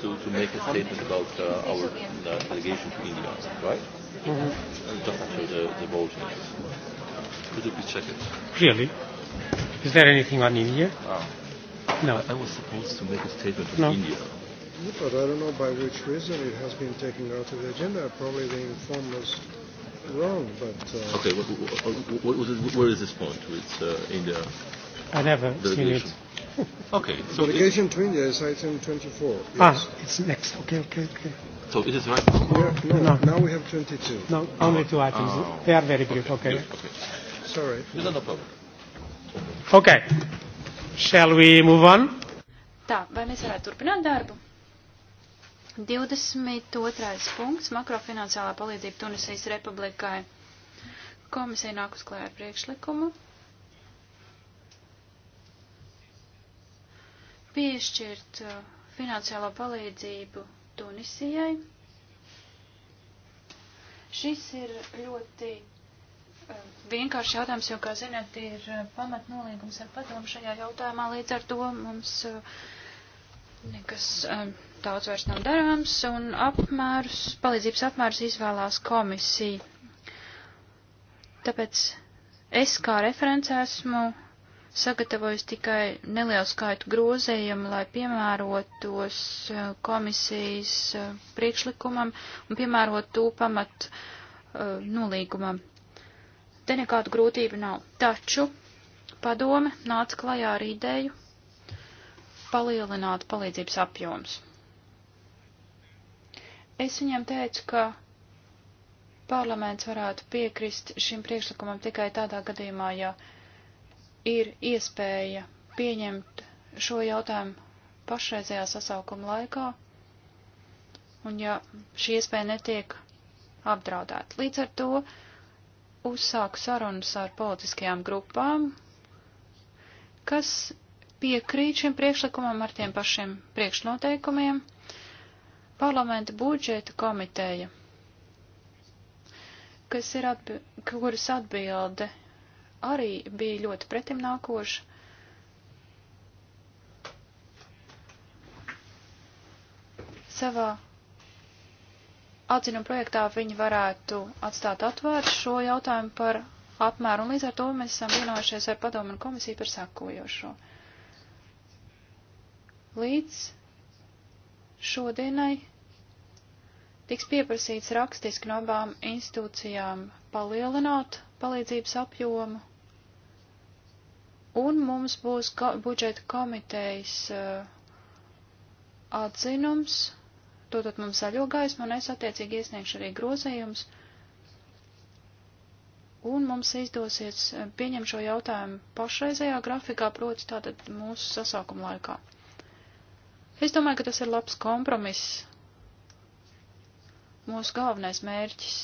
to, to make a statement about uh, our uh, delegation to India, right? Mm-hmm. Just after the, the vote. Could you please check it? Really? Is there anything on India? Ah. No. I, I was supposed to make a statement on no. India. Yeah, but I don't know by which reason it has been taken out of the agenda. Probably they informed us wrong, but... Uh, okay, what, what, what, what, where is this point? It's uh, India... I never delegation. seen it. Okay. So Delegation to India is item 24. Yes. Ah, it's next. Okay, okay, okay. So it is right now? Yeah, no, no, now we have 22. No, only two items. Oh. They are very brief. Okay. okay. Yes, okay. Sorry. No, no problem. Okay. Shall we move on? Tā, vai mēs varētu turpināt darbu? 22. punkts - makrofinansiālā palīdzība Tunisijas republikai. Komisija nāk uz klāju ar priekšlikumu. piešķirt uh, finansiālo palīdzību Tunisijai. Šis ir ļoti uh, vienkārši jautājums, jo, kā zināt, ir uh, pamatnolīgums ar padomu šajā jautājumā, līdz ar to mums nekas daudz vairs nav darāms, un apmērus, palīdzības apmērus izvēlās komisija. Tāpēc es kā referents esmu sagatavojis tikai nelielu skaitu grozējumu, lai piemērotos eh, komisijas eh, priekšlikumam un piemērot to pamat uh, nolīgumam. Te nekādu grūtību nav. Taču padome nāca klajā ar ideju palielināt palīdzības apjoms. Es viņam teicu, ka parlaments varētu piekrist šim priekšlikumam tikai tādā gadījumā, ja uh, ir iespēja pieņemt šo jautājumu pašreizējā sasaukuma laikā, un ja šī iespēja netiek apdraudēta. Līdz ar to uzsāku sarunas ar politiskajām grupām, kas piekrīt šim priekšlikumam ar tiem pašiem priekšnoteikumiem. Parlamenta budžeta komiteja, kas ir atbi kuras atbilde arī bija ļoti pretimnākoša. Savā atzinuma projektā viņi varētu atstāt atvērtu šo jautājumu par apmēru, un līdz ar to mēs esam vienojušies ar padomu un komisiju par sakojošo. Līdz šodienai tiks pieprasīts rakstiski no abām institūcijām palielināt palīdzības apjomu, Un mums būs ko, budžeta komitejas uh, atzinums, tātad mums zaļo gaismu, un es attiecīgi iesniegšu arī grozējumus. Un mums izdosies uh, pieņemt šo jautājumu pašreizējā grafikā, proti tātad mūsu sasaukuma laikā. Es domāju, ka tas ir labs kompromiss. Mūsu galvenais mērķis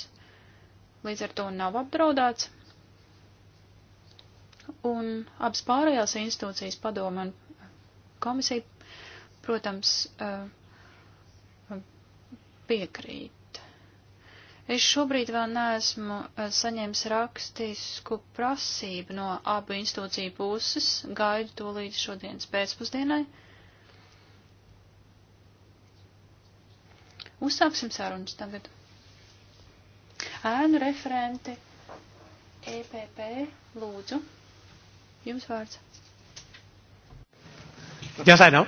līdz ar to nav apdraudēts un abas pārējās institūcijas padoma un komisija, protams, uh, piekrīt. Es šobrīd vēl neesmu uh, saņēmis rakstisku prasību no abu institūciju puses, gaidu to līdz šodienas pēcpusdienai. Uzsāksim sarunas tagad. Ēnu referenti EPP lūdzu. Jums vārds. Yes, I know.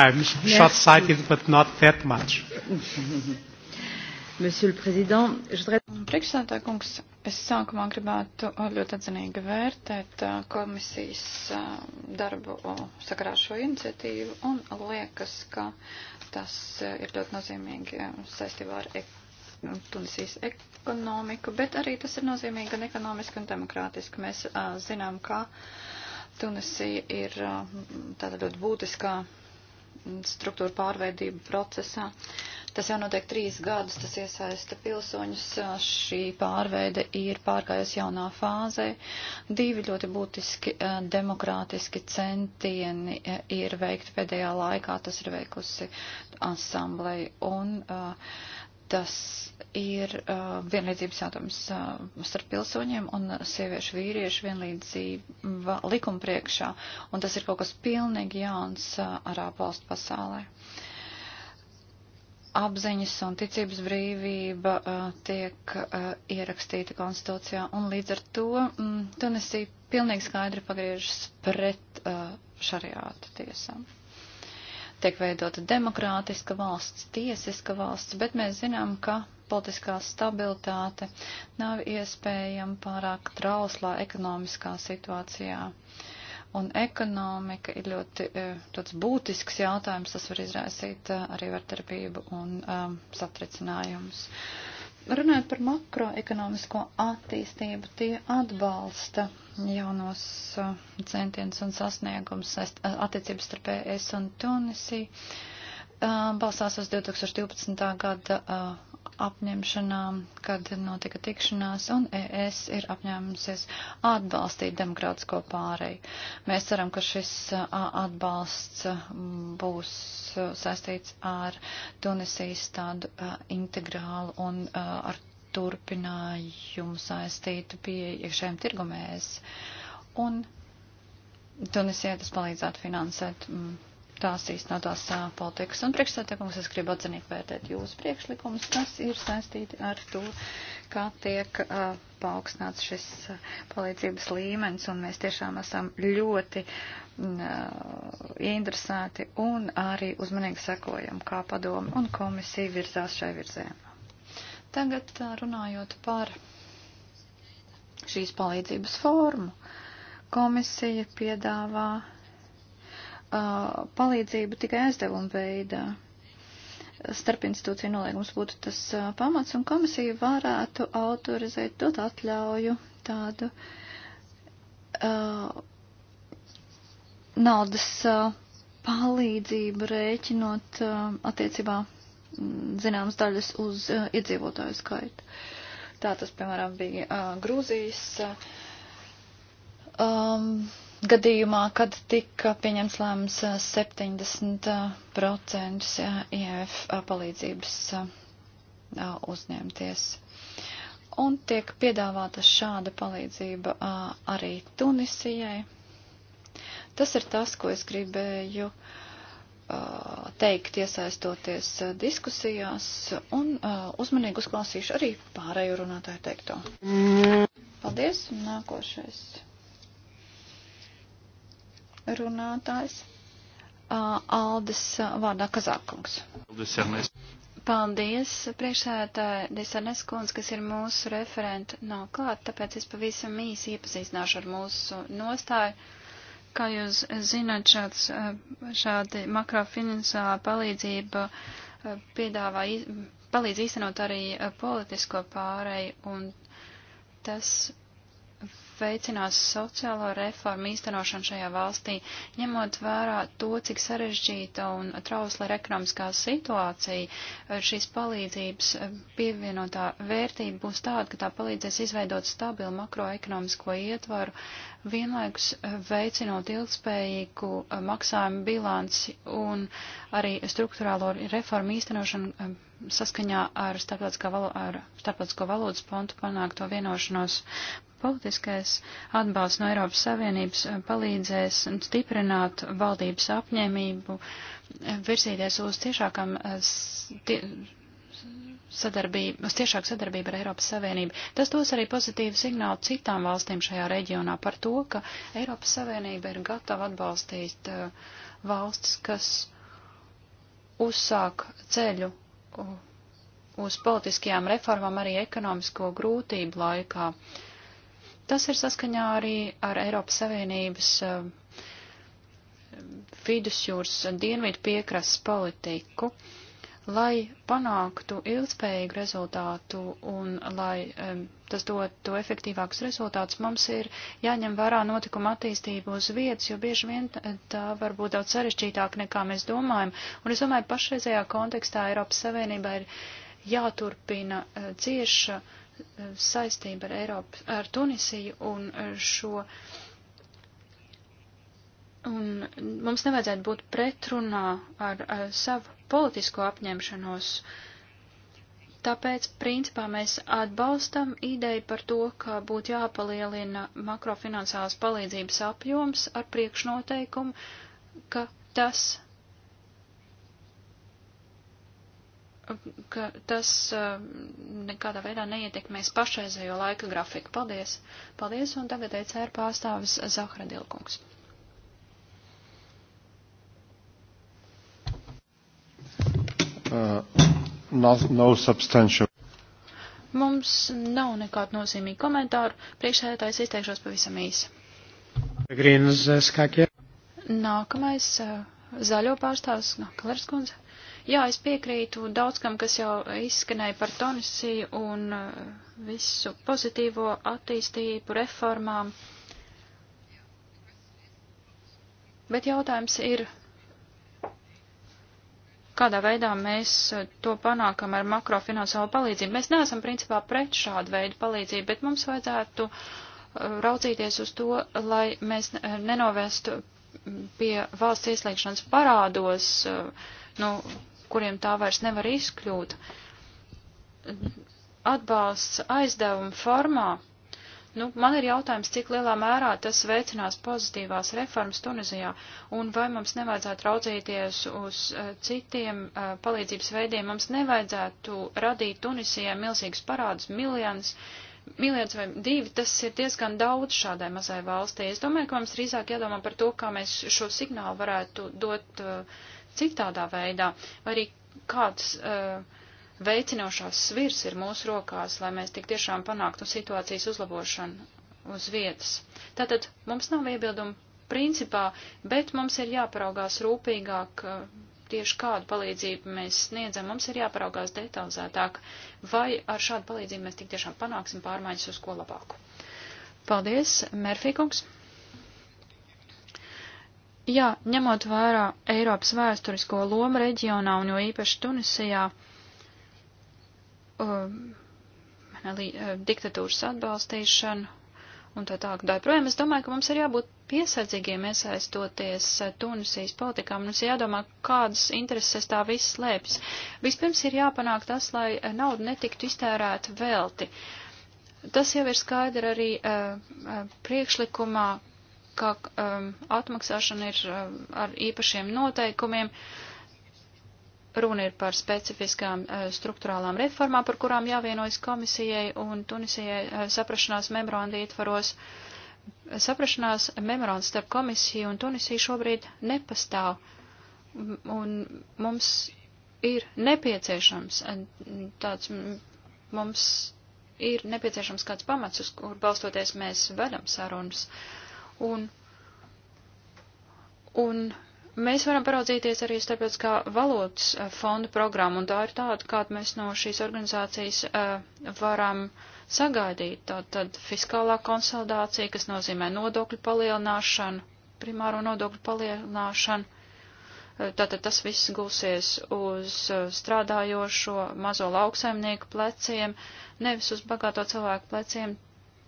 I'm short-sighted, but not that much. Monsieur le Président, je voudrais... Priekšsēdētāj kungs, es sākumā gribētu uh, ļoti atzinīgi vērtēt uh, komisijas uh, darbu sakarā šo iniciatīvu un liekas, ka tas ir ļoti nozīmīgi saistībā ar ekonomiku Nu, Tunisijas ekonomiku, bet arī tas ir nozīmīgi gan ekonomiski, gan demokrātiski. Mēs uh, zinām, ka Tunisija ir uh, tāda ļoti būtiskā struktūra pārveidība procesā. Tas jau notiek trīs gadus, tas iesaista pilsoņus. Šī pārveide ir pārgājusi jaunā fāzē. Divi ļoti būtiski demokrātiski centieni ir veikti pēdējā laikā, tas ir veikusi asambleja un tas ir uh, vienlīdzības jautājums uh, starp pilsoņiem un sieviešu vīriešu vienlīdzība likuma priekšā, un tas ir kaut kas pilnīgi jauns uh, arābu valstu pasaulē. Apziņas un ticības brīvība uh, tiek uh, ierakstīta konstitūcijā, un līdz ar to mm, Tunisija pilnīgi skaidri pagriežas pret uh, šariātu tiesām tiek veidota demokrātiska valsts, tiesiska valsts, bet mēs zinām, ka politiskā stabilitāte nav iespējama pārāk trauslā ekonomiskā situācijā. Un ekonomika ir ļoti e, tāds būtisks jautājums, tas var izraisīt e, arī vardarbību un um, satricinājumus. Uh, Runājot par makroekonomisko attīstību, tie atbalsta jaunos uh, centienus un sasniegums uh, attiecības starp ES un Tunisiju. Uh, balstās uz 2012. gada apņemšanām, kad notika tikšanās, un ES ir apņēmusies atbalstīt demokrātisko pāreju. Mēs ceram, ka šis atbalsts būs saistīts ar Tunisijas tādu integrālu un ar turpinājumu saistītu pie iekšējiem tirgumēs. Un Tunisija tas palīdzētu finansēt. Mm, tās īstenotās politikas. Un priekšsētiekums es gribu atzinīgi vērtēt jūsu priekšlikumus, kas ir saistīti ar to, kā tiek uh, paaugstināts šis palīdzības līmenis, un mēs tiešām esam ļoti uh, interesēti un arī uzmanīgi sekojam, kā padomi un komisija virzās šai virzē. Tagad uh, runājot par šīs palīdzības formu, komisija piedāvā palīdzību tikai aizdevuma veidā. Starp institūciju nolīgums būtu tas pamats, un komisija varētu autorizēt, dot atļauju tādu uh, naudas uh, palīdzību rēķinot uh, attiecībā zināmas daļas uz uh, iedzīvotāju skaitu. Tā tas, piemēram, bija uh, Grūzijas. Um, gadījumā, kad tika pieņemts lēmums 70% IEF palīdzības uzņemties. Un tiek piedāvāta šāda palīdzība arī Tunisijai. Tas ir tas, ko es gribēju teikt, iesaistoties diskusijās, un uzmanīgi uzklausīšu arī pārējo runātāju teikto. Mm. Paldies, un nākošais runātājs. Aldis vārdā Kazākungs. Paldies, priekšsēdētāji Desanes kundze, kas ir mūsu referenta, nav klāt, tāpēc es pavisam īsi iepazīstināšu ar mūsu nostāju. Kā jūs zināt, šāds, šādi makrofinansāla palīdzība piedāvā, palīdz īstenot arī politisko pārēju, un tas veicinās sociālo reformu īstenošanu šajā valstī, ņemot vērā to, cik sarežģīta un trausla ir ekonomiskā situācija. Šīs palīdzības pievienotā vērtība būs tāda, ka tā palīdzēs izveidot stabilu makroekonomisko ietvaru, vienlaikus veicinot ilgspējīgu eh, maksājumu bilanci un arī struktūrālo reformu īstenošanu eh, saskaņā ar starptautisko, valo, ar starptautisko valodas pontu panākto vienošanos. Politiskais atbalsts no Eiropas Savienības eh, palīdzēs stiprināt valdības apņēmību, eh, virzīties uz tiešākam eh, tie, sadarbību, uz tiešāku sadarbību ar Eiropas Savienību. Tas dos arī pozitīvu signālu citām valstīm šajā reģionā par to, ka Eiropas Savienība ir gatava atbalstīt valstis, kas uzsāk ceļu uz politiskajām reformām arī ekonomisko grūtību laikā. Uh, Tas ir saskaņā arī ar Eiropas Savienības eh, vidusjūras dienvidu piekrasts politiku, lai panāktu ilgspējīgu rezultātu un lai um, tas dotu efektīvākus rezultātus, mums ir jāņem vērā notikuma attīstību uz vietas, jo bieži vien tā var būt daudz sarežģītāk nekā mēs domājam. Un es domāju, pašreizējā kontekstā Eiropas Savienībā ir jāturpina uh, cieša uh, saistība ar, Eiropu, ar Tunisiju un ar šo. Un mums nevajadzētu būt pretrunā ar, ar savu politisko apņemšanos. Tāpēc, principā, mēs atbalstam ideju par to, ka būtu jāpalielina makrofinansālās palīdzības apjoms ar priekšnoteikumu, ka tas ka tas nekādā veidā neietekmēs pašreizējo laika grafiku. Paldies! Paldies, un tagad ECR pārstāvis Zahra Dilkungs. Uh, no, no substantial. Mums nav nekādu nozīmīgu komentāru. Priekšsēdētājs izteikšos pavisam īsi. Grīnas skākie. Nākamais zaļo pārstāvs, Nakalers no kundze. Jā, es piekrītu daudz kam, kas jau izskanēja par Tunisiju un uh, visu pozitīvo attīstību, reformām. Bet jautājums ir, kādā veidā mēs uh, to panākam ar makrofinansālu palīdzību. Mēs neesam principā pret šādu veidu palīdzību, bet mums vajadzētu uh, raudzīties uz to, lai mēs nenovestu pie valsts ieslēgšanas parādos, nu, kuriem tā vairs nevar izkļūt. Atbalsts aizdevuma formā. Nu, man ir jautājums, cik lielā mērā tas veicinās pozitīvās reformas Tunizijā, un vai mums nevajadzētu raudzīties uz uh, citiem uh, palīdzības veidiem. Mums nevajadzētu radīt Tunisijai milzīgus parādus, miljonus, miljards vai divi, tas ir diezgan daudz šādai mazai valstī. Es domāju, ka mums drīzāk jādomā par to, kā mēs šo signālu varētu dot uh, citādā veidā, vai arī kāds uh, veicinošās svirs ir mūsu rokās, lai mēs tik tiešām panāktu situācijas uzlabošanu uz vietas. Tātad mums nav iebildumu principā, bet mums ir jāparaugās rūpīgāk, eh, tieši kādu palīdzību mēs sniedzam, mums ir jāparaugās detalizētāk, vai ar šādu palīdzību mēs tik tiešām panāksim pārmaiņas uz ko labāku. Paldies, Merfīkungs! Jā, ņemot vērā Eiropas vēsturisko lomu reģionā un jo īpaši Tunisijā, um, uh, diktatūras atbalstīšanu un tā tālāk. Daļprojām es domāju, ka mums ir jābūt piesardzīgiem iesaistoties uh, Tunisijas politikā. Mums ir jādomā, kādas intereses tā viss slēpjas. Vispirms ir jāpanāk tas, lai uh, nauda netiktu iztērēta velti. Tas jau ir skaidri arī uh, priekšlikumā, ka um, atmaksāšana ir um, ar īpašiem noteikumiem. Runa ir par specifiskām uh, struktūrālām reformām, par kurām jāvienojas komisijai un Tunisijai uh, saprašanās memoranda ietvaros. Saprašanās memorands starp komisiju un Tunisiju šobrīd nepastāv. Un mums ir nepieciešams tāds, mums ir nepieciešams kāds pamats, uz kur balstoties mēs vedam sarunas. Uh, Un, un mēs varam paraudzīties arī starptautiskā valodas eh, fonda programmu, un tā ir tāda, kādu mēs no šīs organizācijas uh, varam sagaidīt. Tātad fiskālā konsolidācija, kas nozīmē nodokļu palielināšanu, primāro nodokļu palielināšanu. Eh, tātad tas viss gulsies uz strādājošo mazo lauksaimnieku pleciem, nevis uz bagāto cilvēku pleciem,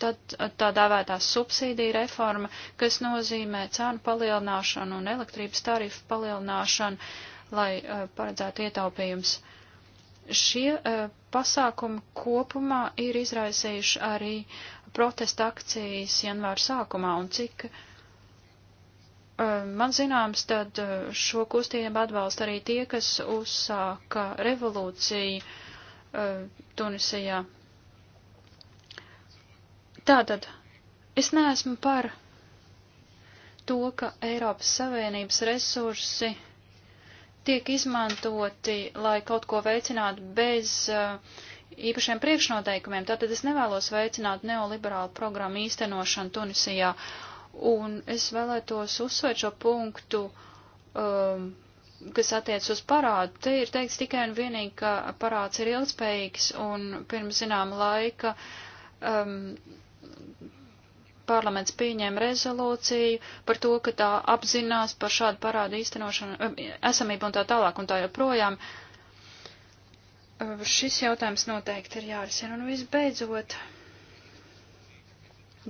Tad tā dēvētā subsīdija reforma, kas nozīmē cenu palielināšanu un elektrības tarifu palielināšanu, lai uh, paredzētu ietaupījums. Šie uh, pasākumi kopumā ir izraisījuši arī protesta akcijas janvāra sākumā, un cik uh, man zināms, tad šo kustību atbalsta arī tie, kas uzsāka revolūciju Tunisijā. Tātad, es neesmu par to, ka Eiropas Savienības resursi tiek izmantoti, lai kaut ko veicinātu bez uh, īpašiem priekšnoteikumiem. Tātad es nevēlos veicināt neoliberālu programmu īstenošanu Tunisijā. Un es vēlētos uzsvērt šo punktu, um, kas attiec uz parādu. Te ir teikts tikai un vienīgi, ka parāds ir ilgspējīgs un pirms zināma laika um, parlaments pieņēma rezolūciju par to, ka tā apzinās par šādu parādu īstenošanu, eh, esamību un tā tālāk un tā joprojām. Eh, šis jautājums noteikti ir jārisina. Un visbeidzot,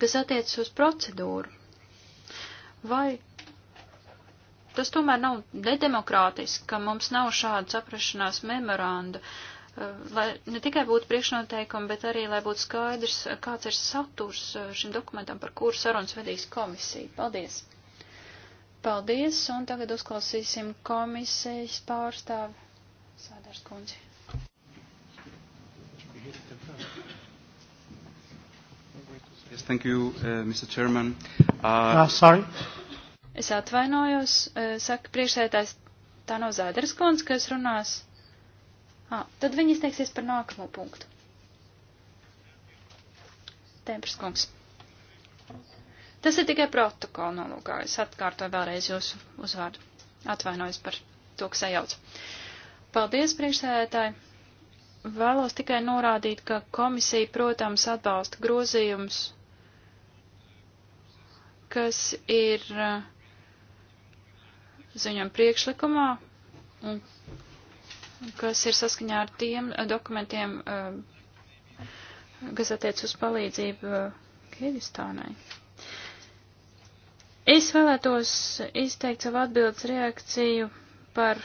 kas attiecas uz procedūru, vai tas tomēr nav nedemokrātiski, ka mums nav šāda saprašanās memoranda, uh, Eh, lai ne tikai būtu priekšnoteikumi, bet arī, lai būtu skaidrs, eh, kāds ir saturs eh, šim dokumentam, par kuru sarunas vedīs komisija. Paldies! Paldies, un tagad uzklausīsim komisijas pārstāvi Sādārs kundzi. Yes, thank you, uh, Mr. Chairman. Uh, uh, sorry. Es atvainojos, uh, saka priekšsētājs, tā nav Zēderes kundze, kas runās. À, tad viņi izteiksies par nākamo punktu. Tempers kungs. Tas ir tikai protokola nolūkā. Es atkārtoju vēlreiz jūsu uzvārdu. Atvainojos par to, ka sajauc. Paldies, priekšsēdētāji. Vēlos tikai norādīt, ka komisija, protams, atbalsta grozījumus, kas ir ziņam priekšlikumā un kas ir saskaņā ar tiem dokumentiem, eh, kas attiec uz palīdzību eh, Kirgistānai. Es vēlētos izteikt savu atbildes reakciju par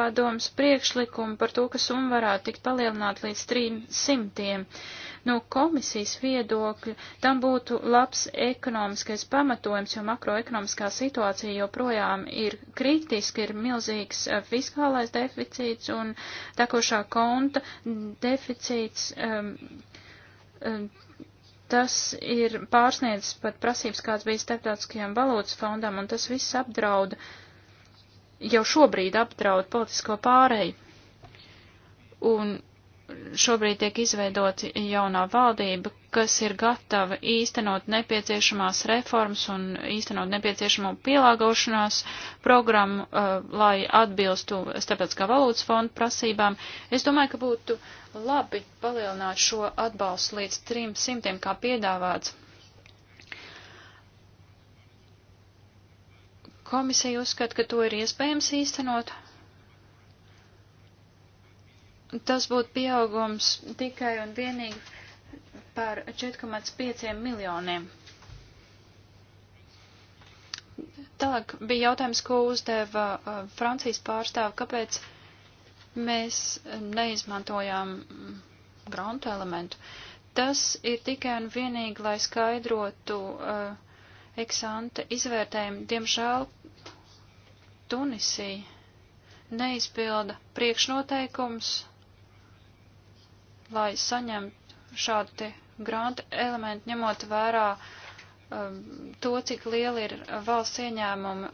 padomas priekšlikumu par to, ka summa varētu tikt palielināta līdz 300. No komisijas viedokļa tam būtu labs ekonomiskais pamatojums, jo makroekonomiskā situācija joprojām ir kritiska, ir milzīgs eh, fiskālais deficīts un tekošā konta deficīts. Um, um, tas ir pārsniedzis pat prasības, kāds bija starptautiskajam valūtas fondam, un tas viss apdraud, jau šobrīd apdraud politisko pārēju. Un šobrīd tiek izveidota jaunā valdība, kas ir gatava īstenot nepieciešamās reformas un īstenot nepieciešamo pielāgošanās programmu, uh, lai atbilstu starptautiskā valūtas fonda prasībām. Es domāju, ka būtu labi palielināt šo atbalstu līdz 300, kā piedāvāts. Komisija uzskata, ka to ir iespējams īstenot, tas būtu pieaugums tikai un vienīgi par 4,5 miljoniem. Tālāk bija jautājums, ko uzdeva uh, Francijas pārstāva, kāpēc mēs neizmantojām grantu elementu. Tas ir tikai un vienīgi, lai skaidrotu uh, eksante izvērtējumu. Diemžēl Tunisija neizpilda priekšnoteikums lai saņemtu šādi grantu elementi, ņemot vērā um, to, cik liela ir valsts ieņēmumi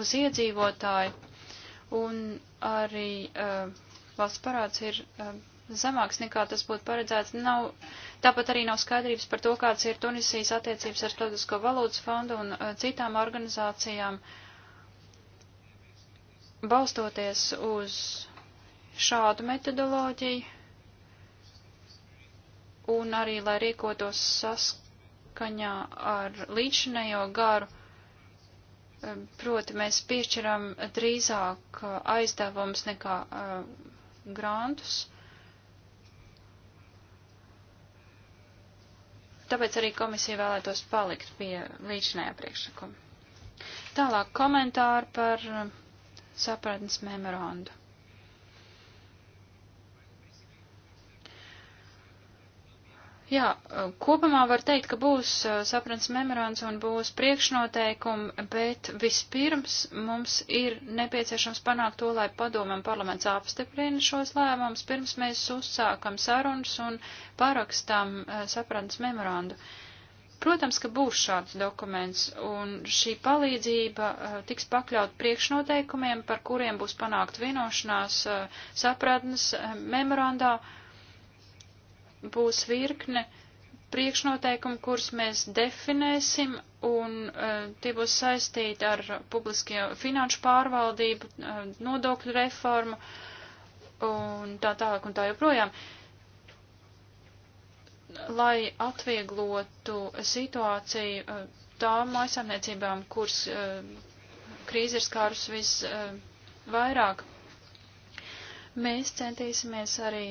uz iedzīvotāju, un arī um, valsts parāds ir um, zemāks nekā tas būtu paredzēts. Nav, tāpat arī nav skaidrības par to, kāds ir Tunisijas attiecības ar Starptautisko valūtas fondu un uh, citām organizācijām. Balstoties uz šādu metodoloģiju, un arī, lai rīkotos saskaņā ar līdzinējo garu, eh, proti mēs piešķiram drīzāk eh, aizdevums nekā uh, grantus. Tāpēc arī komisija vēlētos palikt pie līdzinējā priekšlikuma. Tālāk komentāri par sapratnes memorandu. Jā, kopumā var teikt, ka būs eh, saprants memorands un būs priekšnoteikumi, bet vispirms mums ir nepieciešams panākt to, lai padomam parlaments apstiprina šos lēmumus, pirms mēs uzsākam sarunas un parakstām eh, saprants memorandu. Protams, ka būs šāds dokuments, un šī palīdzība eh, tiks pakļaut priekšnoteikumiem, par kuriem būs panākt vienošanās sapratnes memorandā būs virkne priekšnoteikumu, kurus mēs definēsim, un uh, tie būs saistīti ar publiskie finanšu pārvaldību, uh, nodokļu reformu un tā tālāk un tā joprojām. Lai atvieglotu situāciju uh, tām maisaimniecībām, kuras uh, krīze ir skārus visvairāk, uh, vairāk. mēs centīsimies arī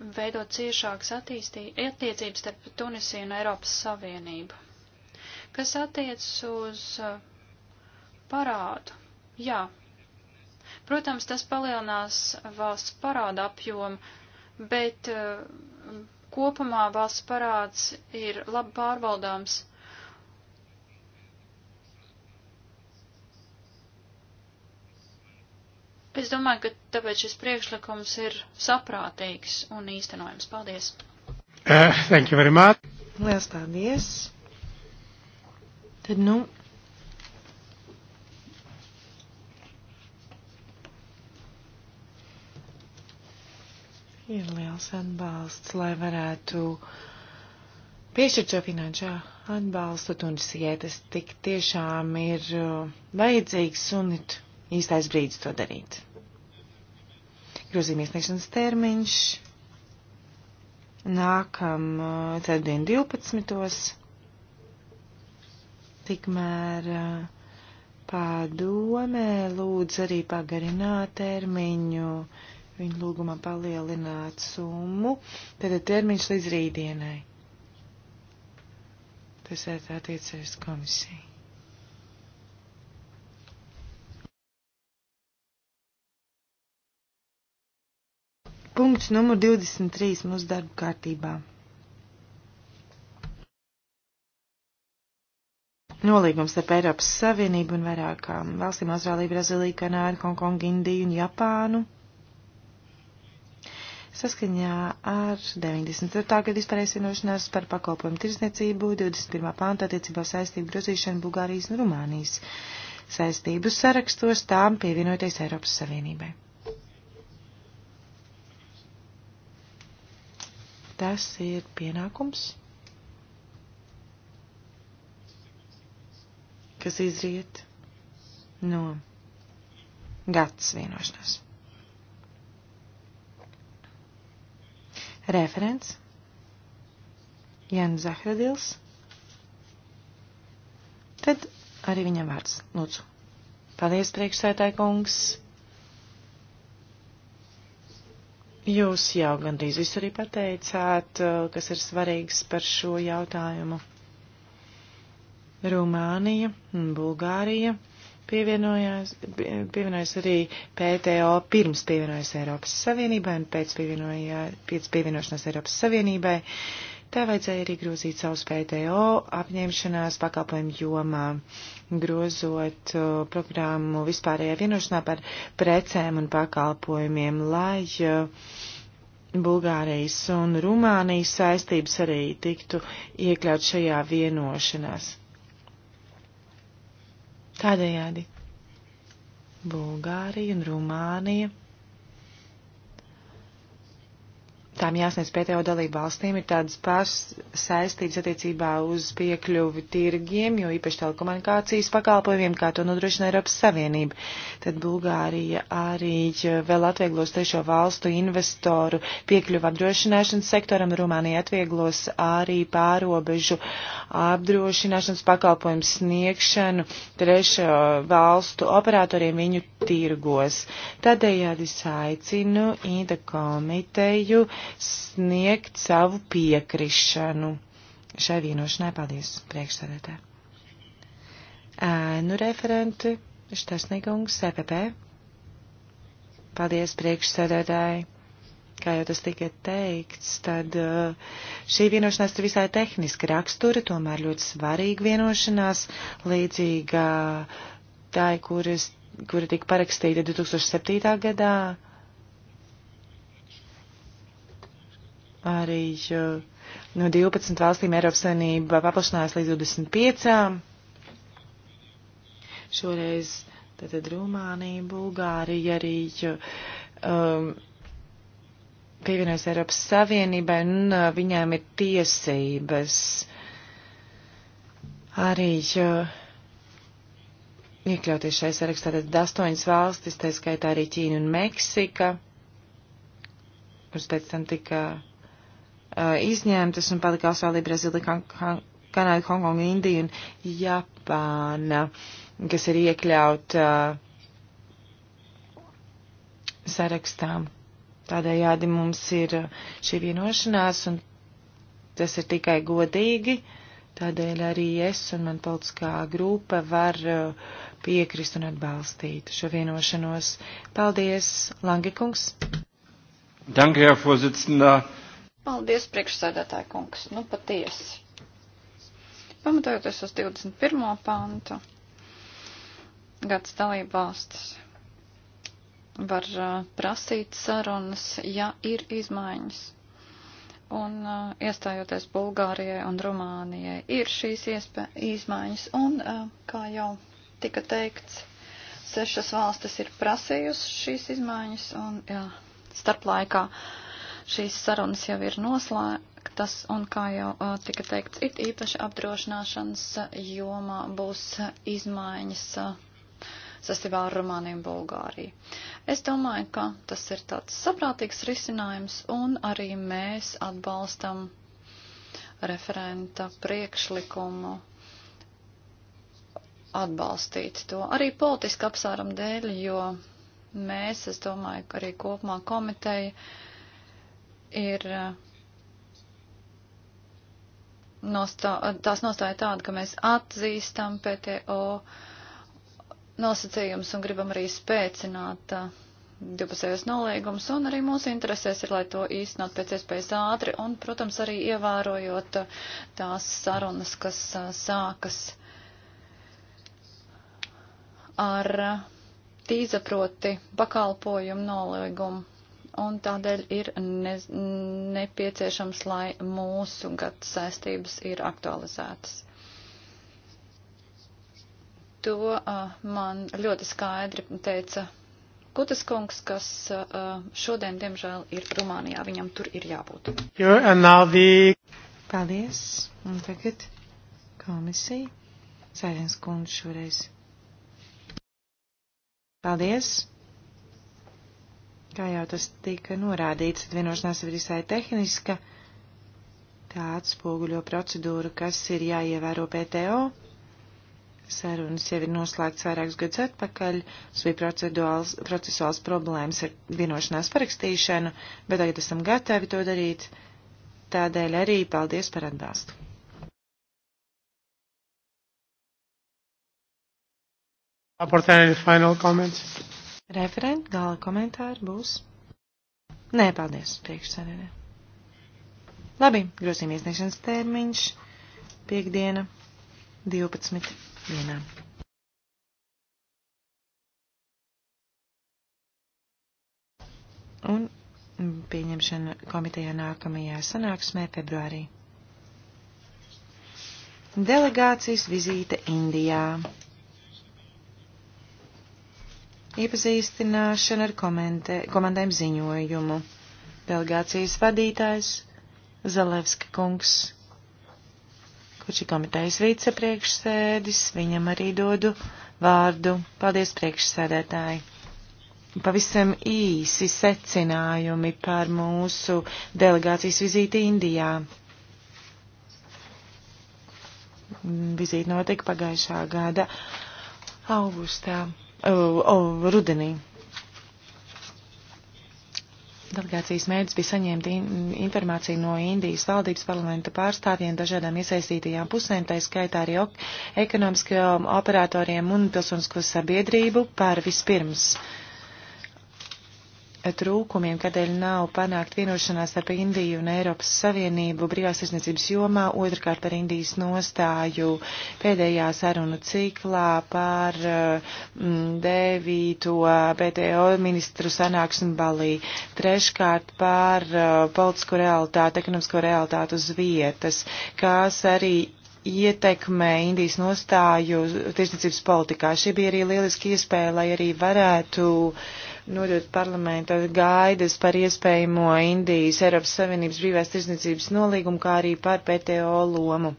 veidot ciešākas attiecības starp Tunisiju un Eiropas Savienību. Kas attiecas uz uh, parādu? Jā. Protams, tas palielinās valsts parāda apjomu, bet uh, kopumā valsts parāds ir labi pārvaldāms. Es domāju, ka tāpēc šis priekšlikums ir saprātīgs un īstenojams. Paldies! Uh, thank you very much! Lielas paldies! Tad, nu, ir liels atbalsts, lai varētu piešķirt šo finanšu atbalstu Tunisijai. Tas tik tiešām ir uh, vajadzīgs un ir īstais brīdis to darīt. Grozījuma iesniegšanas termiņš nākam eh, ceturtdien 12. Tikmēr eh, pārdomē lūdz arī pagarināt termiņu. Viņa lūgumā palielināt summu. Tad termiņš līdz rītdienai. Tas attiecēs komisiju. punkts numur 23 mūsu darba kārtībā. Nolīgums starp Eiropas Savienību un vairākām valstīm - Austrāliju, Brazīliju, Kanādu, Hongkongu, Indiju un Japānu. Saskaņā ar 94. gada vispārējais vienošanās par pakalpojumu tirsniecību 21. pānta attiecībā saistību grozīšanu Bulgārijas un Rumānijas saistību sarakstos tām pievienoties Eiropas Savienībai. tas ir pienākums, kas izriet no gads vienošanās. Referents Jānis Zahradils. Tad arī viņam vārds. Lūdzu. Paldies, priekšsētāji kungs. Jūs jau gandrīz visu arī pateicāt, uh, kas ir svarīgs par šo jautājumu. Rumānija un Bulgārija pievienojās, pievienojas arī PTO pirms pievienojas Eiropas Savienībai un pēc, pievienojā, pēc pievienošanās Eiropas Savienībai. Uh, Tā vajadzēja arī grozīt savus PTO apņemšanās pakalpojumu jomā, grozot uh, programmu vispārējā vienošanā par precēm un pakalpojumiem, lai uh, Bulgārijas un Rumānijas saistības arī tiktu iekļaut šajā vienošanās. Tādējādi Bulgārija un Rumānija tām jāsniedz PTO dalību valstīm, ir tādas pašas saistības attiecībā uz piekļuvi tirgiem, jo īpaši telekomunikācijas pakalpojumiem, kā to nodrošina Eiropas Savienība. Tad Bulgārija arī vēl atvieglos trešo valstu investoru piekļuvu apdrošināšanas sektoram, Rumānija atvieglos arī pārobežu apdrošināšanas pakalpojumu sniegšanu trešo valstu operatoriem viņu tirgos. Tādējādi saicinu Ida komiteju. Uh, sniegt savu piekrišanu šai vienošanai. Paldies, priekšsēdētē. Ēnu referenti, Štasnīgungs, CPP. E Paldies, priekšsēdētāji kā jau tas tika teikts, tad šī vienošanās ir visai tehniska rakstura, tomēr ļoti svarīga vienošanās, līdzīga tai, kuras, kura tika parakstīta 2007. gadā. Arī no 12 nu, valstīm Eiropas Savienība paplašinājās līdz 25. Šoreiz tātad Rumānija, Bulgārija arī um, pievienojas Eiropas Savienībai un uh, viņām ir tiesības arī uh, iekļauties šai sarakstā. Tad astoņas valstis, tā skaitā arī Ķīna un Meksika, kuras pēc tam tika Uh, izņemtas un palika Austrālija, Brazīlija, Kanāda, Hongkonga, Indija un Japāna, kas ir iekļauta uh, sarakstām. Tādējādi mums ir uh, šī vienošanās un tas ir tikai godīgi. Tādēļ arī es un man politiskā grupa var piekrist un atbalstīt šo vienošanos. Paldies, Langekungs! Danke, Herr Vorsitzender! Paldies, priekšsēdētāja kungs. Nu, patiesi. Pamatojoties uz 21. pantu, gads dalībvalstis var uh, prasīt sarunas, ja ir izmaiņas. Un uh, iestājoties Bulgārijai un Rumānijai, ir šīs izmaiņas. Un, uh, kā jau tika teikts, sešas valstis ir prasījusi šīs izmaiņas un jā, starp laikā. Uh, Šīs sarunas jau ir noslēgtas un, kā jau tika teikts, it īpaši apdrošināšanas jomā būs izmaiņas sasībā ar Rumāniju un Bulgāriju. Es domāju, ka tas ir tāds saprātīgs risinājums un arī mēs atbalstam referenta priekšlikumu atbalstīt to arī politiski apsvērumu dēļ, jo mēs, es domāju, arī kopumā komiteja ir eh, nostā, tās nostāja tāda, ka mēs atzīstam PTO nosacījumus un gribam arī spēcināt eh, divpusējos nolīgumus, un arī mūsu interesēs ir, lai to īstenot pēc iespējas ātri, un, protams, arī ievērojot eh, tās sarunas, kas sākas ar tīzaproti pakalpojumu nolīgumu un tādēļ ir ne, nepieciešams, lai mūsu gada saistības ir aktualizētas. To uh, man ļoti skaidri teica Kutas kungs, kas uh, šodien, diemžēl, ir Rumānijā. Viņam tur ir jābūt. Paldies. Un tagad komisija. Sērens kundze šoreiz. Paldies. Kā jau tas tika norādīts, vienošanās ir visai tehniska. Tā atspoguļo procedūru, kas ir jāievēro PTO. Sarunas jau ir noslēgts vairākus gadus atpakaļ. Mums bija procesuāls problēmas ar vienošanās parakstīšanu, bet tagad esam gatavi to darīt. Tādēļ arī paldies par atbalstu. Apportēju final comments. Referent, gala komentāri būs. Nē, paldies, priekšsēdētē. Labi, grozījuma iesniegšanas termiņš piekdiena 12. dienā. Un pieņemšana komitejā nākamajā sanāksmē februārī. Delegācijas vizīte Indijā. Iepazīstināšana ar komentē, komandēm ziņojumu. Delegācijas vadītājs Zalevska kungs, kurš ir komitejas vicepriekšsēdis, viņam arī dodu vārdu. Paldies, priekšsēdētāji! Pavisam īsi secinājumi par mūsu delegācijas vizīti Indijā. Vizīte notika pagājušā gada augustā rudenī. Delegācijas mērķis bija saņemt in informāciju no Indijas valdības parlamenta pārstāvjiem, dažādām iesaistītajām pusēm, tā skaitā arī ok ekonomiskajiem operatoriem un pilsonisko sabiedrību par vispirms uh, trūkumiem, kādēļ nav panākt vienošanās starp Indiju un Eiropas Savienību brīvās tirsniecības jomā, otrkārt par Indijas nostāju pēdējā sarunu ciklā par mm, 9. PTO ministru sanāksmi Balī, treškārt par uh, politisko realitāti, ekonomisko realitāti uz vietas, kas arī ietekmē Indijas nostāju tirsniecības politikā. Šī bija arī lieliski iespēja, lai arī varētu nodot parlamenta gaidas par iespējamo Indijas Eiropas Savienības brīvās tirsniecības nolīgumu, kā arī par PTO lomu uh,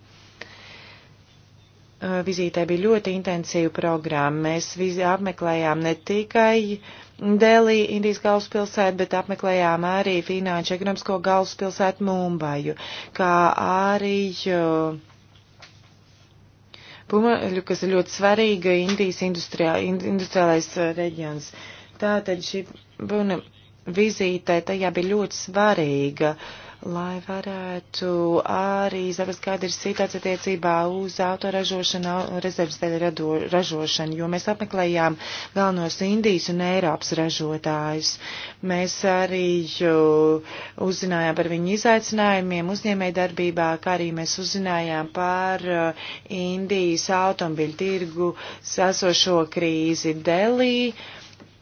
vizītē bija ļoti intensīva programma. Mēs apmeklējām ne tikai Delī, Indijas galvaspilsētu, bet apmeklējām arī finanšu ekonomisko galvaspilsētu Mumbaju, kā arī uh, pumaļu, kas ir ļoti svarīga Indijas industriālais uh, reģions. Tātad šī puna vizītē tajā bija ļoti svarīga. Uh, lai varētu arī saprast, kāda ir situācija attiecībā uz autoražošanu, rezerves daļu ražošanu, jo mēs apmeklējām galvenos Indijas un Eiropas ražotājus. Mēs arī uzzinājām par viņu izaicinājumiem uzņēmēja darbībā, kā arī mēs uzzinājām par uh, Indijas automobiļu tirgu sasošo krīzi Delī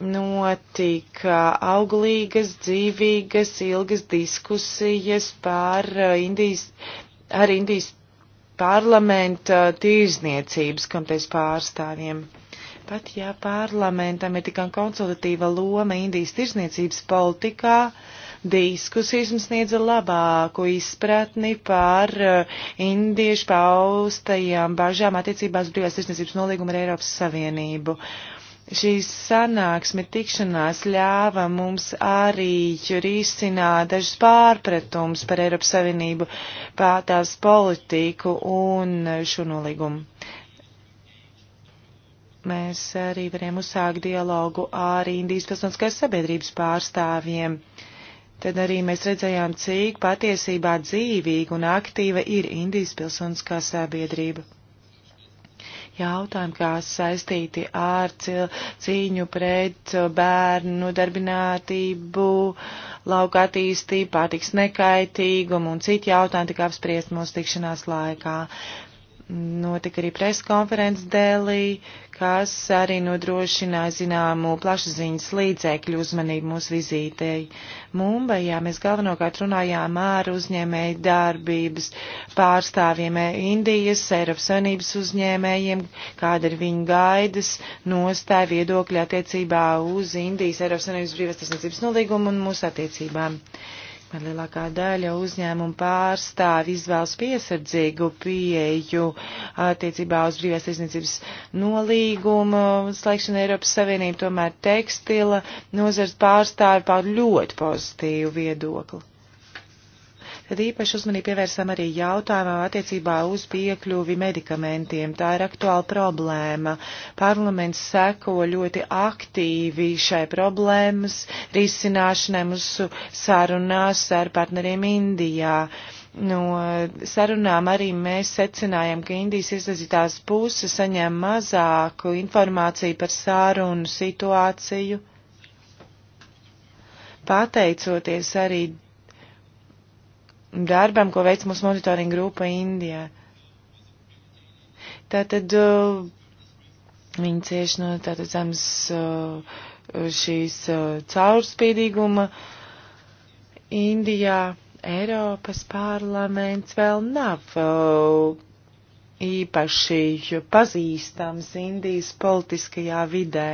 notika auglīgas, dzīvīgas, ilgas diskusijas par uh, Indijas, ar Indijas parlamenta tīrzniecības komitejas pārstāvjiem. Pat ja parlamentam ir tikai konsultatīva loma Indijas tirzniecības politikā, diskusijas mums sniedza labāku izpratni par uh, indiešu paustajām bažām attiecībās brīvās tirsniecības nolīguma ar Eiropas Savienību. Uh, Šī sanāksme tikšanās ļāva mums arī risināt dažus pārpratums par Eiropas Savienību, pār tās politiku un šo nolīgumu. Mēs arī varējām uzsākt dialogu ar Indijas pilsoniskās sabiedrības pārstāvjiem. Tad arī mēs redzējām, cik patiesībā dzīvīga un aktīva ir Indijas pilsoniskā sabiedrība jautājumi, kas saistīti ar cīņu pret bērnu darbinātību, lauka attīstību, pārtiks nekaitīgumu un citi jautājumi tika apspriest mūsu tikšanās laikā. Notika arī preskonferences dēlī, kas arī nodrošināja zināmu plašsaziņas līdzekļu uzmanību mūsu vizītei. Mumbajā mēs galvenokārt runājām ar uzņēmēju darbības pārstāvjiem e, Indijas, Eiropas Savienības uzņēmējiem, kāda ir viņu gaidas, nostāja viedokļa attiecībā uz Indijas, Eiropas Savienības brīvās tiesniecības nolīgumu un mūsu attiecībām. Uh, Man lielākā daļa uzņēmumu pārstāv izvēlas piesardzīgu pieeju attiecībā uz brīvās izniecības nolīgumu slēgšanu Eiropas Savienību, tomēr tekstila nozars pārstāvi pār ļoti pozitīvu viedokli. Tad īpaši uzmanību pievērsām arī jautājumam attiecībā uz piekļuvi medikamentiem. Tā ir aktuāla problēma. Parlaments seko ļoti aktīvi šai problēmas risināšanai mūsu sarunās ar partneriem Indijā. No sarunām arī mēs secinājām, ka Indijas iesaistītās puses saņem mazāku informāciju par sārunu situāciju, pateicoties arī darbam, ko veic mūsu monitoringa grupa Indijā. Tātad uh, viņi cieši no tātad zemes uh, šīs uh, caurspīdīguma Indijā. Eiropas parlaments vēl nav uh, īpaši pazīstams Indijas politiskajā vidē.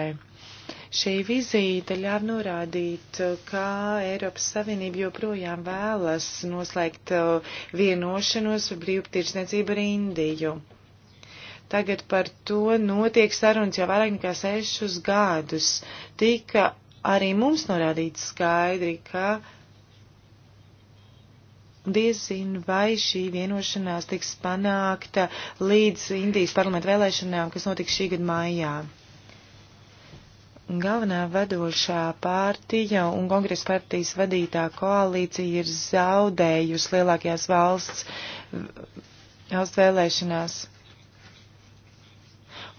Šī vizīte ļāv norādīt, kā Eiropas Savienība joprojām vēlas noslēgt uh, vienošanos par brīvtirdzniecību ar Indiju. Tagad par to notiek sarunas jau vairāk nekā sešus gadus. Tika arī mums norādīts skaidri, ka diezin vai šī vienošanās tiks panākta līdz Indijas parlamentu vēlēšanām, kas notiks šī gada maijā. Galvenā vadošā pārtija un kongresa partijas vadītā koalīcija ir zaudējusi lielākajās valsts, valsts vēlēšanās.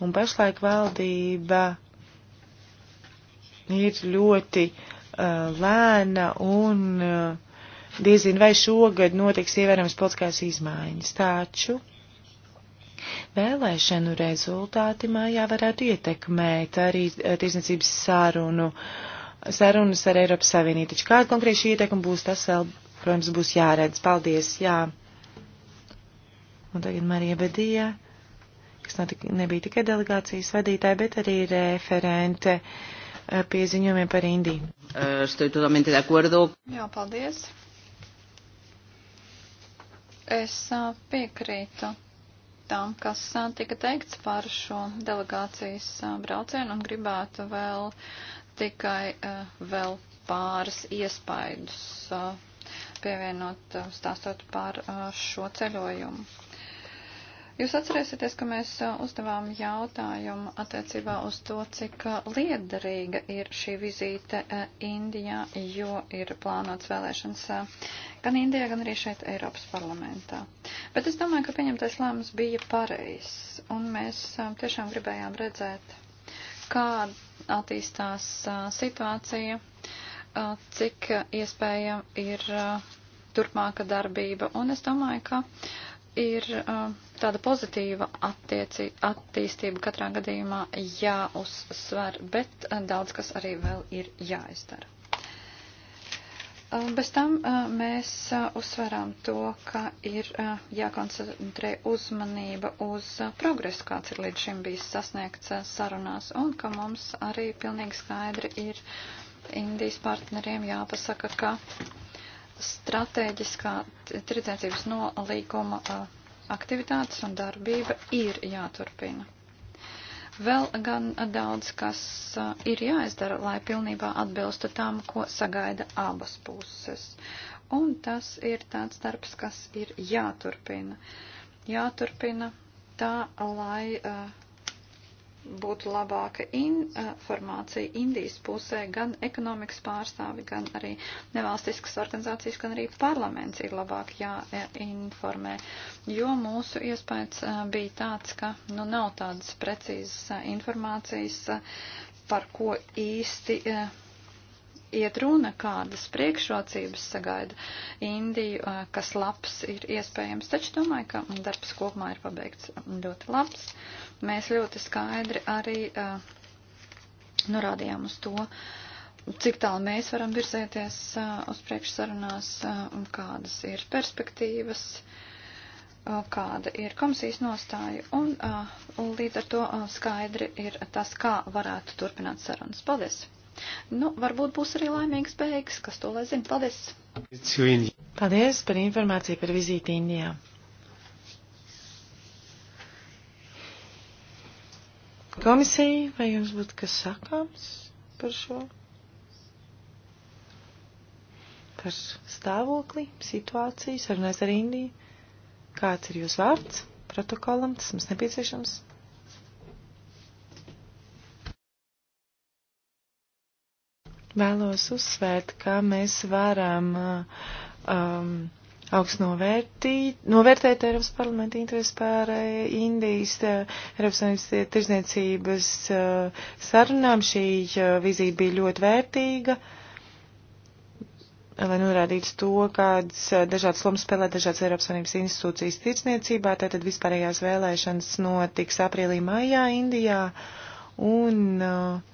Un pašlaik valdība ir ļoti uh, lēna un uh, diezin vai šogad notiks ievērams politiskās izmaiņas. Taču Vēlēšanu rezultāti mājā varētu ietekmēt arī eh, tirsniecības sarunu, sarunas ar Eiropas Savienību. Taču kāda konkrēta šī ietekme būs, tas vēl, protams, būs jāredz. Paldies, jā. Un tagad Marija Bedija, kas netika, nebija tikai delegācijas vadītāja, bet arī referente eh, pieziņojumiem par Indiju. Eh, jā, paldies. Es piekrītu tam, kas tika teikts par šo delegācijas braucienu un gribētu vēl tikai vēl pāris iespaidus pievienot, stāstot par šo ceļojumu. Jūs atcerēsieties, ka mēs uzdevām jautājumu attiecībā uz to, cik liederīga ir šī vizīte Indijā, jo ir plānots vēlēšanas gan Indijā, gan arī šeit Eiropas parlamentā. Bet es domāju, ka pieņemtais lēmums bija pareizs, un mēs tiešām gribējām redzēt, kā attīstās situācija, cik iespējama ir turpmāka darbība, un es domāju, ka ir uh, tāda pozitīva attieci, attīstība katrā gadījumā jāuzsver, bet eh, daudz kas arī vēl ir jāizdara. Eh, bez tam eh, mēs uzsverām to, ka ir jākoncentrē uzmanība uz progresu, kāds ir līdz šim bijis sasniegts sarunās, un ka mums arī pilnīgi skaidri ir Indijas partneriem jāpasaka, ka stratēģiskā tirdzniecības nolīguma uh, aktivitātes un darbība ir jāturpina. Vēl gan daudz, kas ir jāizdara, lai pilnībā atbilstu tam, ko sagaida abas puses. Un tas ir tāds darbs, kas ir jāturpina. Jāturpina tā, lai uh, būtu labāka informācija Indijas pusē, gan ekonomikas pārstāvi, gan arī nevalstiskas organizācijas, gan arī parlaments ir labāk jāinformē, jo mūsu iespējas eh, bija tāds, ka nu, nav tādas precīzas eh, informācijas, eh, par ko īsti iet runa, kādas priekšrocības sagaida Indiju, eh, kas labs ir iespējams. Taču domāju, ka darbs kopumā ir pabeigts ļoti labs. Mēs ļoti skaidri arī eh, norādījām uz to, cik tālu mēs varam virzēties eh, uz priekšsarunās un kādas ir perspektīvas kāda ir komisijas nostāja, un, un līdz ar to skaidri ir tas, kā varētu turpināt sarunas. Paldies! Nu, varbūt būs arī laimīgs beigas, kas to lai zina. Paldies! Paldies par informāciju par vizīti Indijā. Komisija, vai jums būtu kas sakāms par šo? Par stāvokli, situācijas, sarunājas ar Indiju? Kāds ir jūsu vārds protokolam? Tas mums nepieciešams. Vēlos uzsvērt, ka mēs varam uh, um, augstu novērtēt Eiropas parlamenta interesi par uh, Indijas uh, Eiropas Savienības tirzniecības uh, sarunām. Šī uh, vizīte bija ļoti vērtīga. Uh, lai norādītu to, kādas dažādas lomas spēlē dažādas Eiropas Savienības institūcijas tirsniecībā. Tātad vispārējās vēlēšanas notiks aprīlī maijā Indijā. Un uh,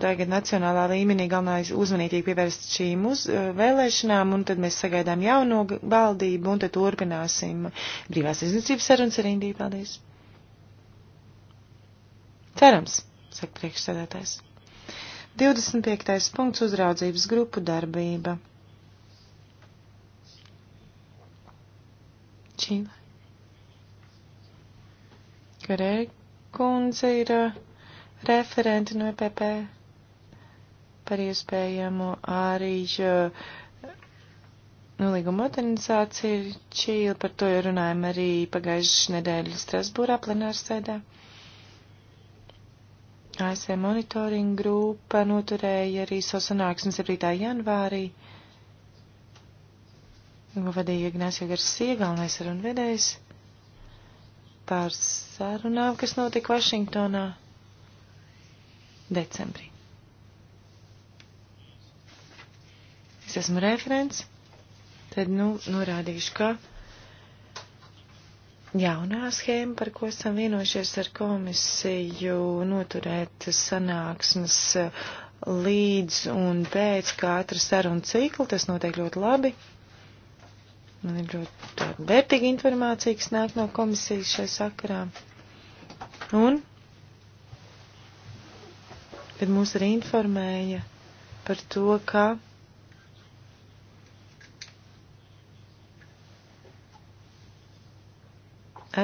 tagad nacionālā līmenī galvenais uzmanīgi pievērst šīm uz, eh, vēlēšanām, un tad mēs sagaidām jauno valdību, un tad turpināsim brīvās izniecības sarunas ar Indiju. Paldies! Cerams, saka priekšsēdētājs. 25. punkts uzraudzības grupu darbība. Čīla. Karēkundze ir. Uh, referenti no EPP par iespējamu arī uh, nolīgumu modernizāciju Čīli. Par to jau runājam arī pagājušas nedēļas Strasbūrā plenārsēdā. ASV e monitoringa grupa noturēja arī savu sanāksmi 7. janvārī. Ko vadīja Ignācijā Garsie, galvenais sarunvedējs, par sarunām, kas notika Vašingtonā decembrī. Es esmu referents, tad nu norādīšu, ka jaunā schēma, par ko esam vienojušies ar komisiju, noturēt sanāksmes līdz un pēc katra saruna cikla, tas notiek ļoti labi. Man ir ļoti vērtīga informācija, kas nāk no komisijas šai sakarā. Un bet mūs arī informēja par to, ka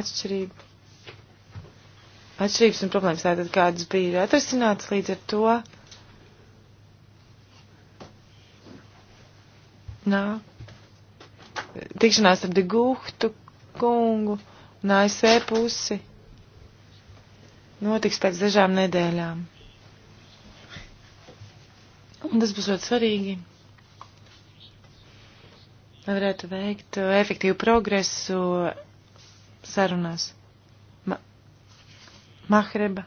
atšķirība. Atšķirības un problēmas tātad kādas bija atrasināts līdz ar to. Nā. Tikšanās ar Digūhtu kungu un ASV e pusi notiks pēc dažām nedēļām. Un tas būs ļoti svarīgi. Lai varētu veikt efektīvu progresu sarunās. Ma Mahreba.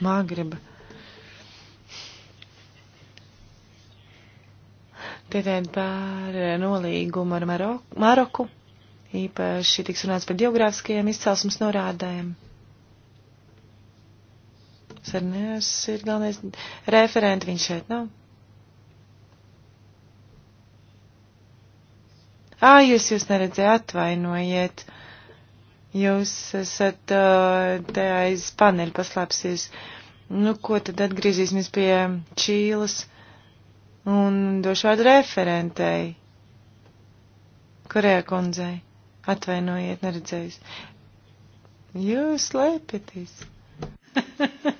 Magreba. Tātad par nolīgumu ar Maroku. Maroku. Īpaši tiks runāts par geogrāfiskajiem izcelsmes norādēm. Sarnēs ir galvenais referenti, viņš šeit nav. Ā, jūs jūs neredzējāt, atvainojiet. Jūs esat uh, te aiz paneļa paslēpsies. Nu, ko tad atgriezīsimies pie Čīles un došu vārdu referentei. Korejā kundzei. Atvainojiet, neredzējis. Jūs lēpieties.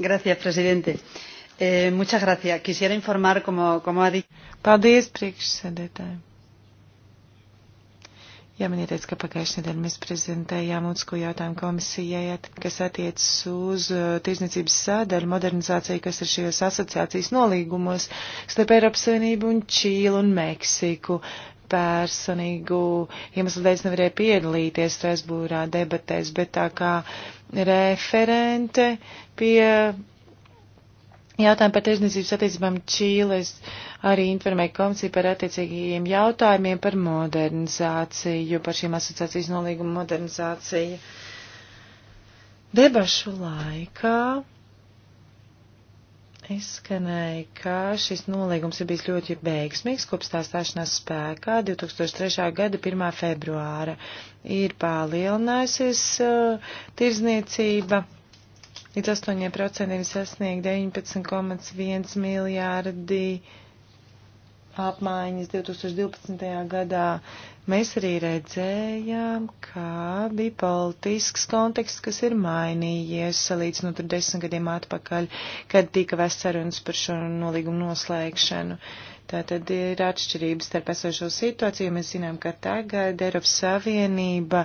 Gracias, presidente. Eh, muchas gracias. Quisiera informar, como, como ha dicho. Paldies, priekšsēdētāji. Jā, man ieteica, ka pagājušajā nedēļā mēs prezentējām mūtisko jautājumu komisijai, kas attiecas uz uh, tirzniecības sādaļu modernizāciju, kas ir šajos asociācijas nolīgumos starp Eiropas Savienību un Čīlu un Meksiku personīgu iemeslu dēļ nevarēju piedalīties Strasbūrā debatēs, bet tā kā referente pie jautājumu par tiesnesības attiecībām Čīles arī informēja komisiju par attiecīgajiem jautājumiem par modernizāciju, par šīm asociācijas nolīgumu modernizāciju. Debašu laikā izskanēja, ka šis nolīgums ir bijis ļoti veiksmīgs kopš tā stāšanās spēkā 2003. gada 1. februāra. Ir palielinājusies uh, tirzniecība līdz 8% sasniegt 19,1 miljārdi eiro apmaiņas 2012. gadā, mēs arī redzējām, ka bija politisks konteksts, kas ir mainījies salīdzinot ar desmit gadiem atpakaļ, kad tika vēsts sarunas par šo nolīgumu noslēgšanu. Tātad ir atšķirības starp esošo situāciju. Mēs zinām, ka tagad Eiropas Savienība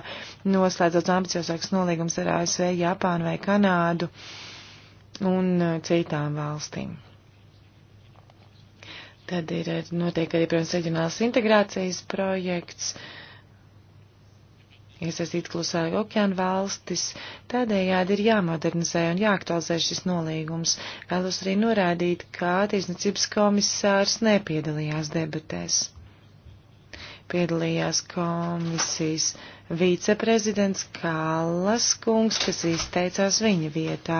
noslēdz daudz ambiciozāks nolīgums ar ASV, Japānu vai Kanādu un citām valstīm. Tad ir eh, notiek arī, protams, reģionāls integrācijas projekts, iesaistīt klusēju okeānu valstis. Tādējādi ir jāmodernizē un jāaktualizē šis nolīgums. Vēlos arī norādīt, ka tiesniecības komisārs nepiedalījās debatēs piedalījās komisijas viceprezidents Kālas kungs, kas izteicās viņa vietā.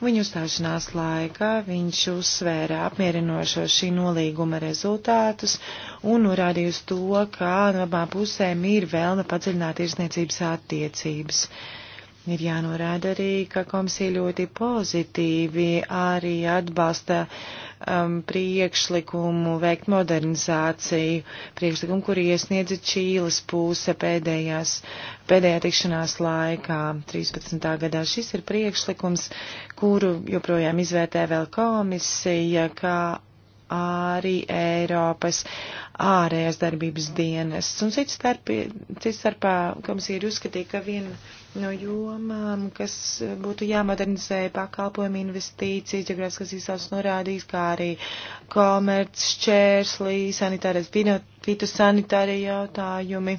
Viņa uzstāšanās laikā viņš uzsvēra apmierinošo šī nolīguma rezultātus un norādīja uz to, kā no abām pusēm ir vēlme padziļināt tirsniecības attiecības. Ir jānorāda arī, ka komisija ļoti pozitīvi arī atbalsta uh, um, priekšlikumu veikt modernizāciju, priekšlikumu, kur iesniedza Čīles puse pēdējās, pēdējā tikšanās laikā, 13. gadā. Šis ir priekšlikums, kuru joprojām izvērtē vēl komisija, kā arī Eiropas ārējās darbības dienas. Un cits starpā komisija ir uzskatīja, ka viena no jomām, kas būtu jāmodernizē pakalpojumu investīcijas, ģeogrāfiskas izsauces norādījis, kā arī komerc, šķērslī, sanitārijas, fitosanitārija jautājumi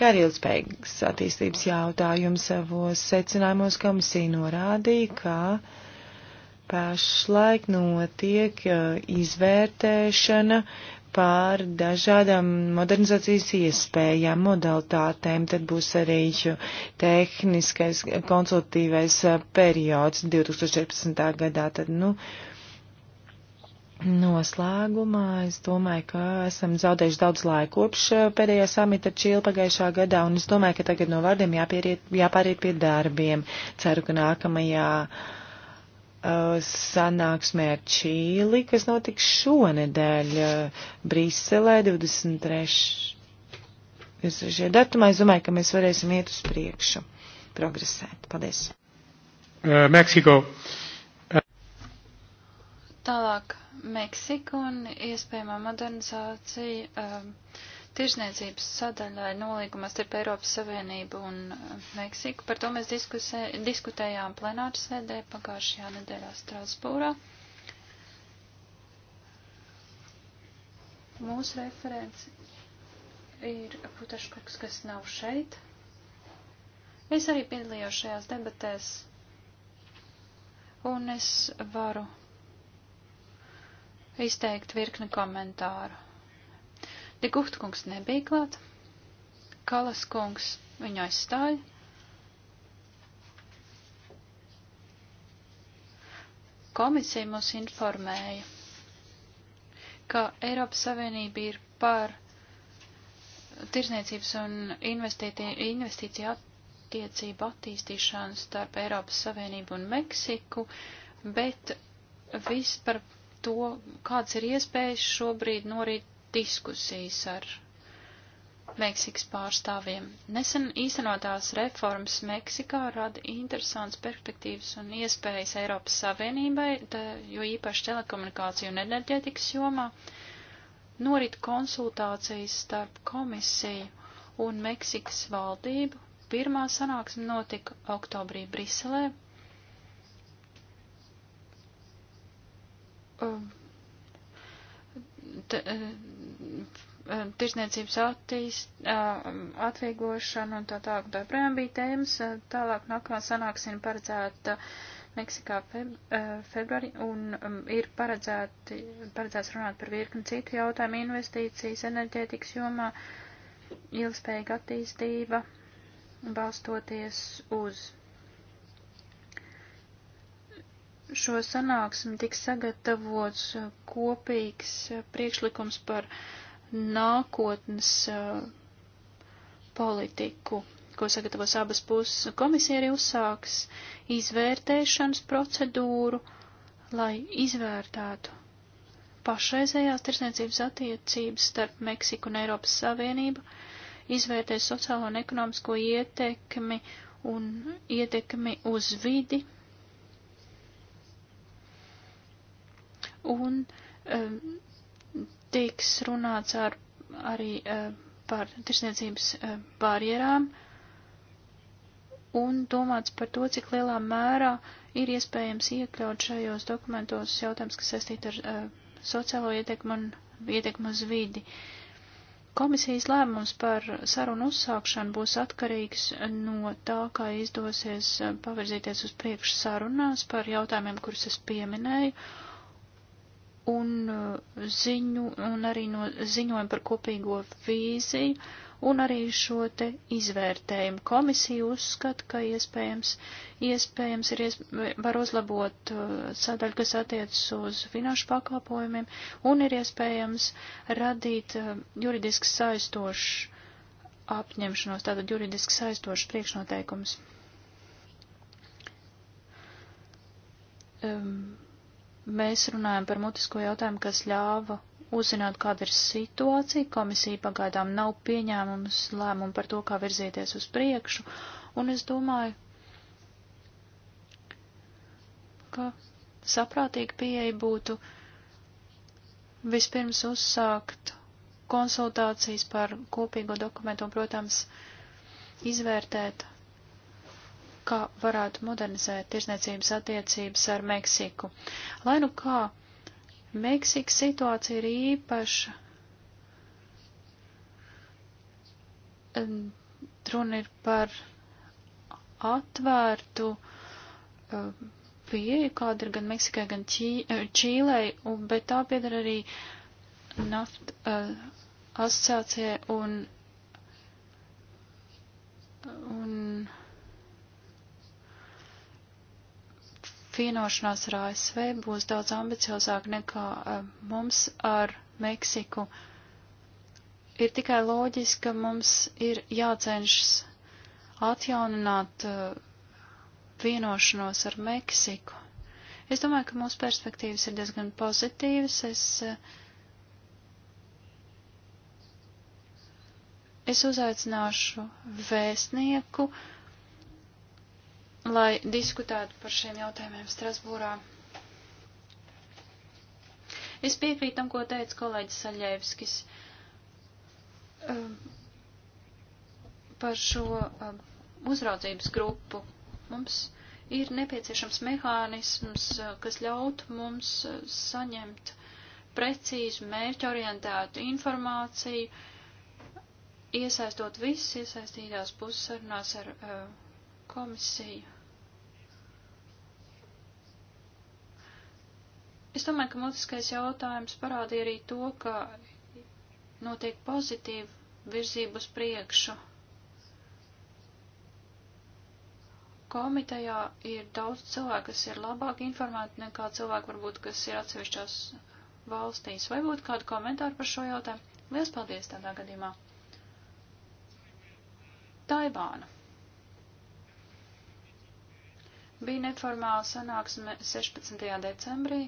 kā arī ilgspējīgas attīstības jautājums savos secinājumos komisija norādīja, ka Pašlaik notiek uh, izvērtēšana pār dažādām modernizācijas iespējām, modalitātēm, tad būs arī tehniskais konsultīvais uh, periods 2014. gadā. Tad, nu, Noslēgumā es domāju, ka esam zaudējuši daudz laika kopš uh, pēdējā samita Čīla pagājušā gadā, un es domāju, ka tagad no vārdiem jāpieriet, jāpāriet pie darbiem. Ceru, ka nākamajā uh, Uh, sanāksmē ar Čīli, kas notiks šonedēļ uh, Briselē 23. datumā. Es domāju, ka mēs varēsim iet uz priekšu, progresēt. Paldies. Uh, Meksiko. Tālāk Meksika un iespējamā modernizācija. Um, uh, tirzniecības sadaļai nolīgumas starp Eiropas Savienību un uh, Meksiku. Par to mēs diskusē, diskutējām plenāru sēdē pagājušajā nedēļā Strasbūrā. Mūsu referents ir Putaškoks, kas nav šeit. Es arī piedalījos šajās debatēs, un es varu izteikt virkni komentāru. Digufta kungs nebija klāt, Kalas kungs viņu aizstāja. Komisija mūs informēja, ka Eiropas Savienība ir par tirsniecības un investīciju attiecību attīstīšanu starp Eiropas Savienību un Meksiku, bet viss par to, kāds ir iespējas šobrīd norīt diskusijas ar Meksikas pārstāvjiem. Nesen īstenotās reformas Meksikā rada interesants perspektīvas un iespējas Eiropas Savienībai, da, jo īpaši telekomunikāciju un enerģētikas jomā norit konsultācijas starp komisiju un Meksikas valdību. Pirmā sanāksme notika oktobrī Briselē. Um, t, Eh, tirsniecības attīst, eh, atvieglošana un tā tālāk. Tā projām bija tēmas. Eh, tālāk nākamā sanāksme paredzēta Meksikā feb, februārī un um, ir paredzēti, paredzēts runāt par virkni citu jautājumu - investīcijas, enerģētikas jomā, ilgspējīga attīstība, balstoties uz. Šo sanāksmi tiks sagatavots kopīgs priekšlikums par uh, nākotnes uh, politiku, ko sagatavos abas puses. Komisija arī uzsāks izvērtēšanas procedūru, lai izvērtētu pašreizējās tirsniecības attiecības starp Meksiku un Eiropas Savienību, izvērtēs sociālo un ekonomisko ietekmi un ietekmi uz vidi. Un um, tiks runāts ar, arī eh, par tirsniecības eh, barjerām un domāts par to, cik lielā mērā ir iespējams iekļaut šajos dokumentos jautājums, kas saistīti ar eh, sociālo ietekmu un ietekmu uz vidi. Komisijas lēmums par sarunu uzsākšanu būs atkarīgs no tā, kā izdosies pavirzīties uz priekšu sarunās par jautājumiem, kurus es pieminēju, un, uh, ziņu, un arī no ziņojuma par kopīgo vīziju un arī šo te izvērtējumu. Komisija uzskata, ka iespējams, iespējams ir, iespēj, var uzlabot uh, sadaļu, kas attiecas uz finanšu pakalpojumiem, un ir iespējams radīt uh, juridiski saistošu apņemšanos, tātad juridiski saistošu priekšnoteikumus. Um, Mēs runājam par mutisko jautājumu, kas ļāva uzzināt, kāda ir situācija. Komisija pagaidām nav pieņēmums lēmumu par to, kā virzīties uz priekšu, un es domāju, ka saprātīga pieeja būtu vispirms uzsākt konsultācijas par kopīgo dokumentu un, protams, izvērtēt kā varētu modernizēt tirsniecības attiecības ar Meksiku. Lai nu kā, Meksikas situācija ir īpaša. Runa ir par atvērtu pieeju, kāda ir gan Meksikai, gan Čīlei, bet tā piedara arī naft uh, asociācijai un, un vienošanās ar ASV būs daudz ambiciozāk nekā eh, mums ar Meksiku. Ir tikai loģiski, ka mums ir jācenšas atjaunināt eh, vienošanos ar Meksiku. Es domāju, ka mūsu perspektīvas ir diezgan pozitīvas. Es, eh, es uzaicināšu vēstnieku uh, lai diskutētu par šiem jautājumiem Strasbūrā. Es piekrītu tam, ko teica kolēģis Saļevskis um, par šo um, uzraudzības grupu. Mums ir nepieciešams mehānisms, uh, kas ļautu mums uh, saņemt precīzu, mērķorientētu informāciju, iesaistot visas iesaistītās puses sarunās ar uh, komisiju. Es domāju, ka mutiskais jautājums parādīja arī to, ka notiek pozitīva virzība uz priekšu. Komitejā ir daudz cilvēku, kas ir labāk informēti nekā cilvēki, varbūt, kas ir atsevišķās valstīs. Vai būtu kādu komentāru par šo jautājumu? Lielas paldies tādā gadījumā. Taivāna. Bija neformāla sanāksme 16. decembrī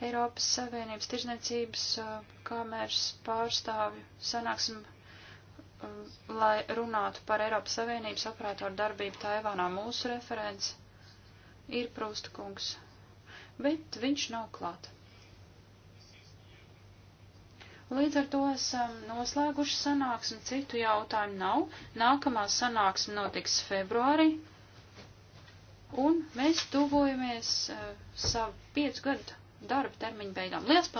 Eiropas Savienības tirzniecības uh, kameras pārstāvju sanāksim, uh, lai runātu par Eiropas Savienības operatoru darbību Taivānā. Mūsu referents ir Prūsta kungs, bet viņš nav klāt. Līdz ar to esam noslēguši sanāksmi, citu jautājumu nav. Nākamā sanāksme notiks februārī, un mēs tuvojamies uh, savu piecu gadu darba termiņu beigām. Lielas paldies!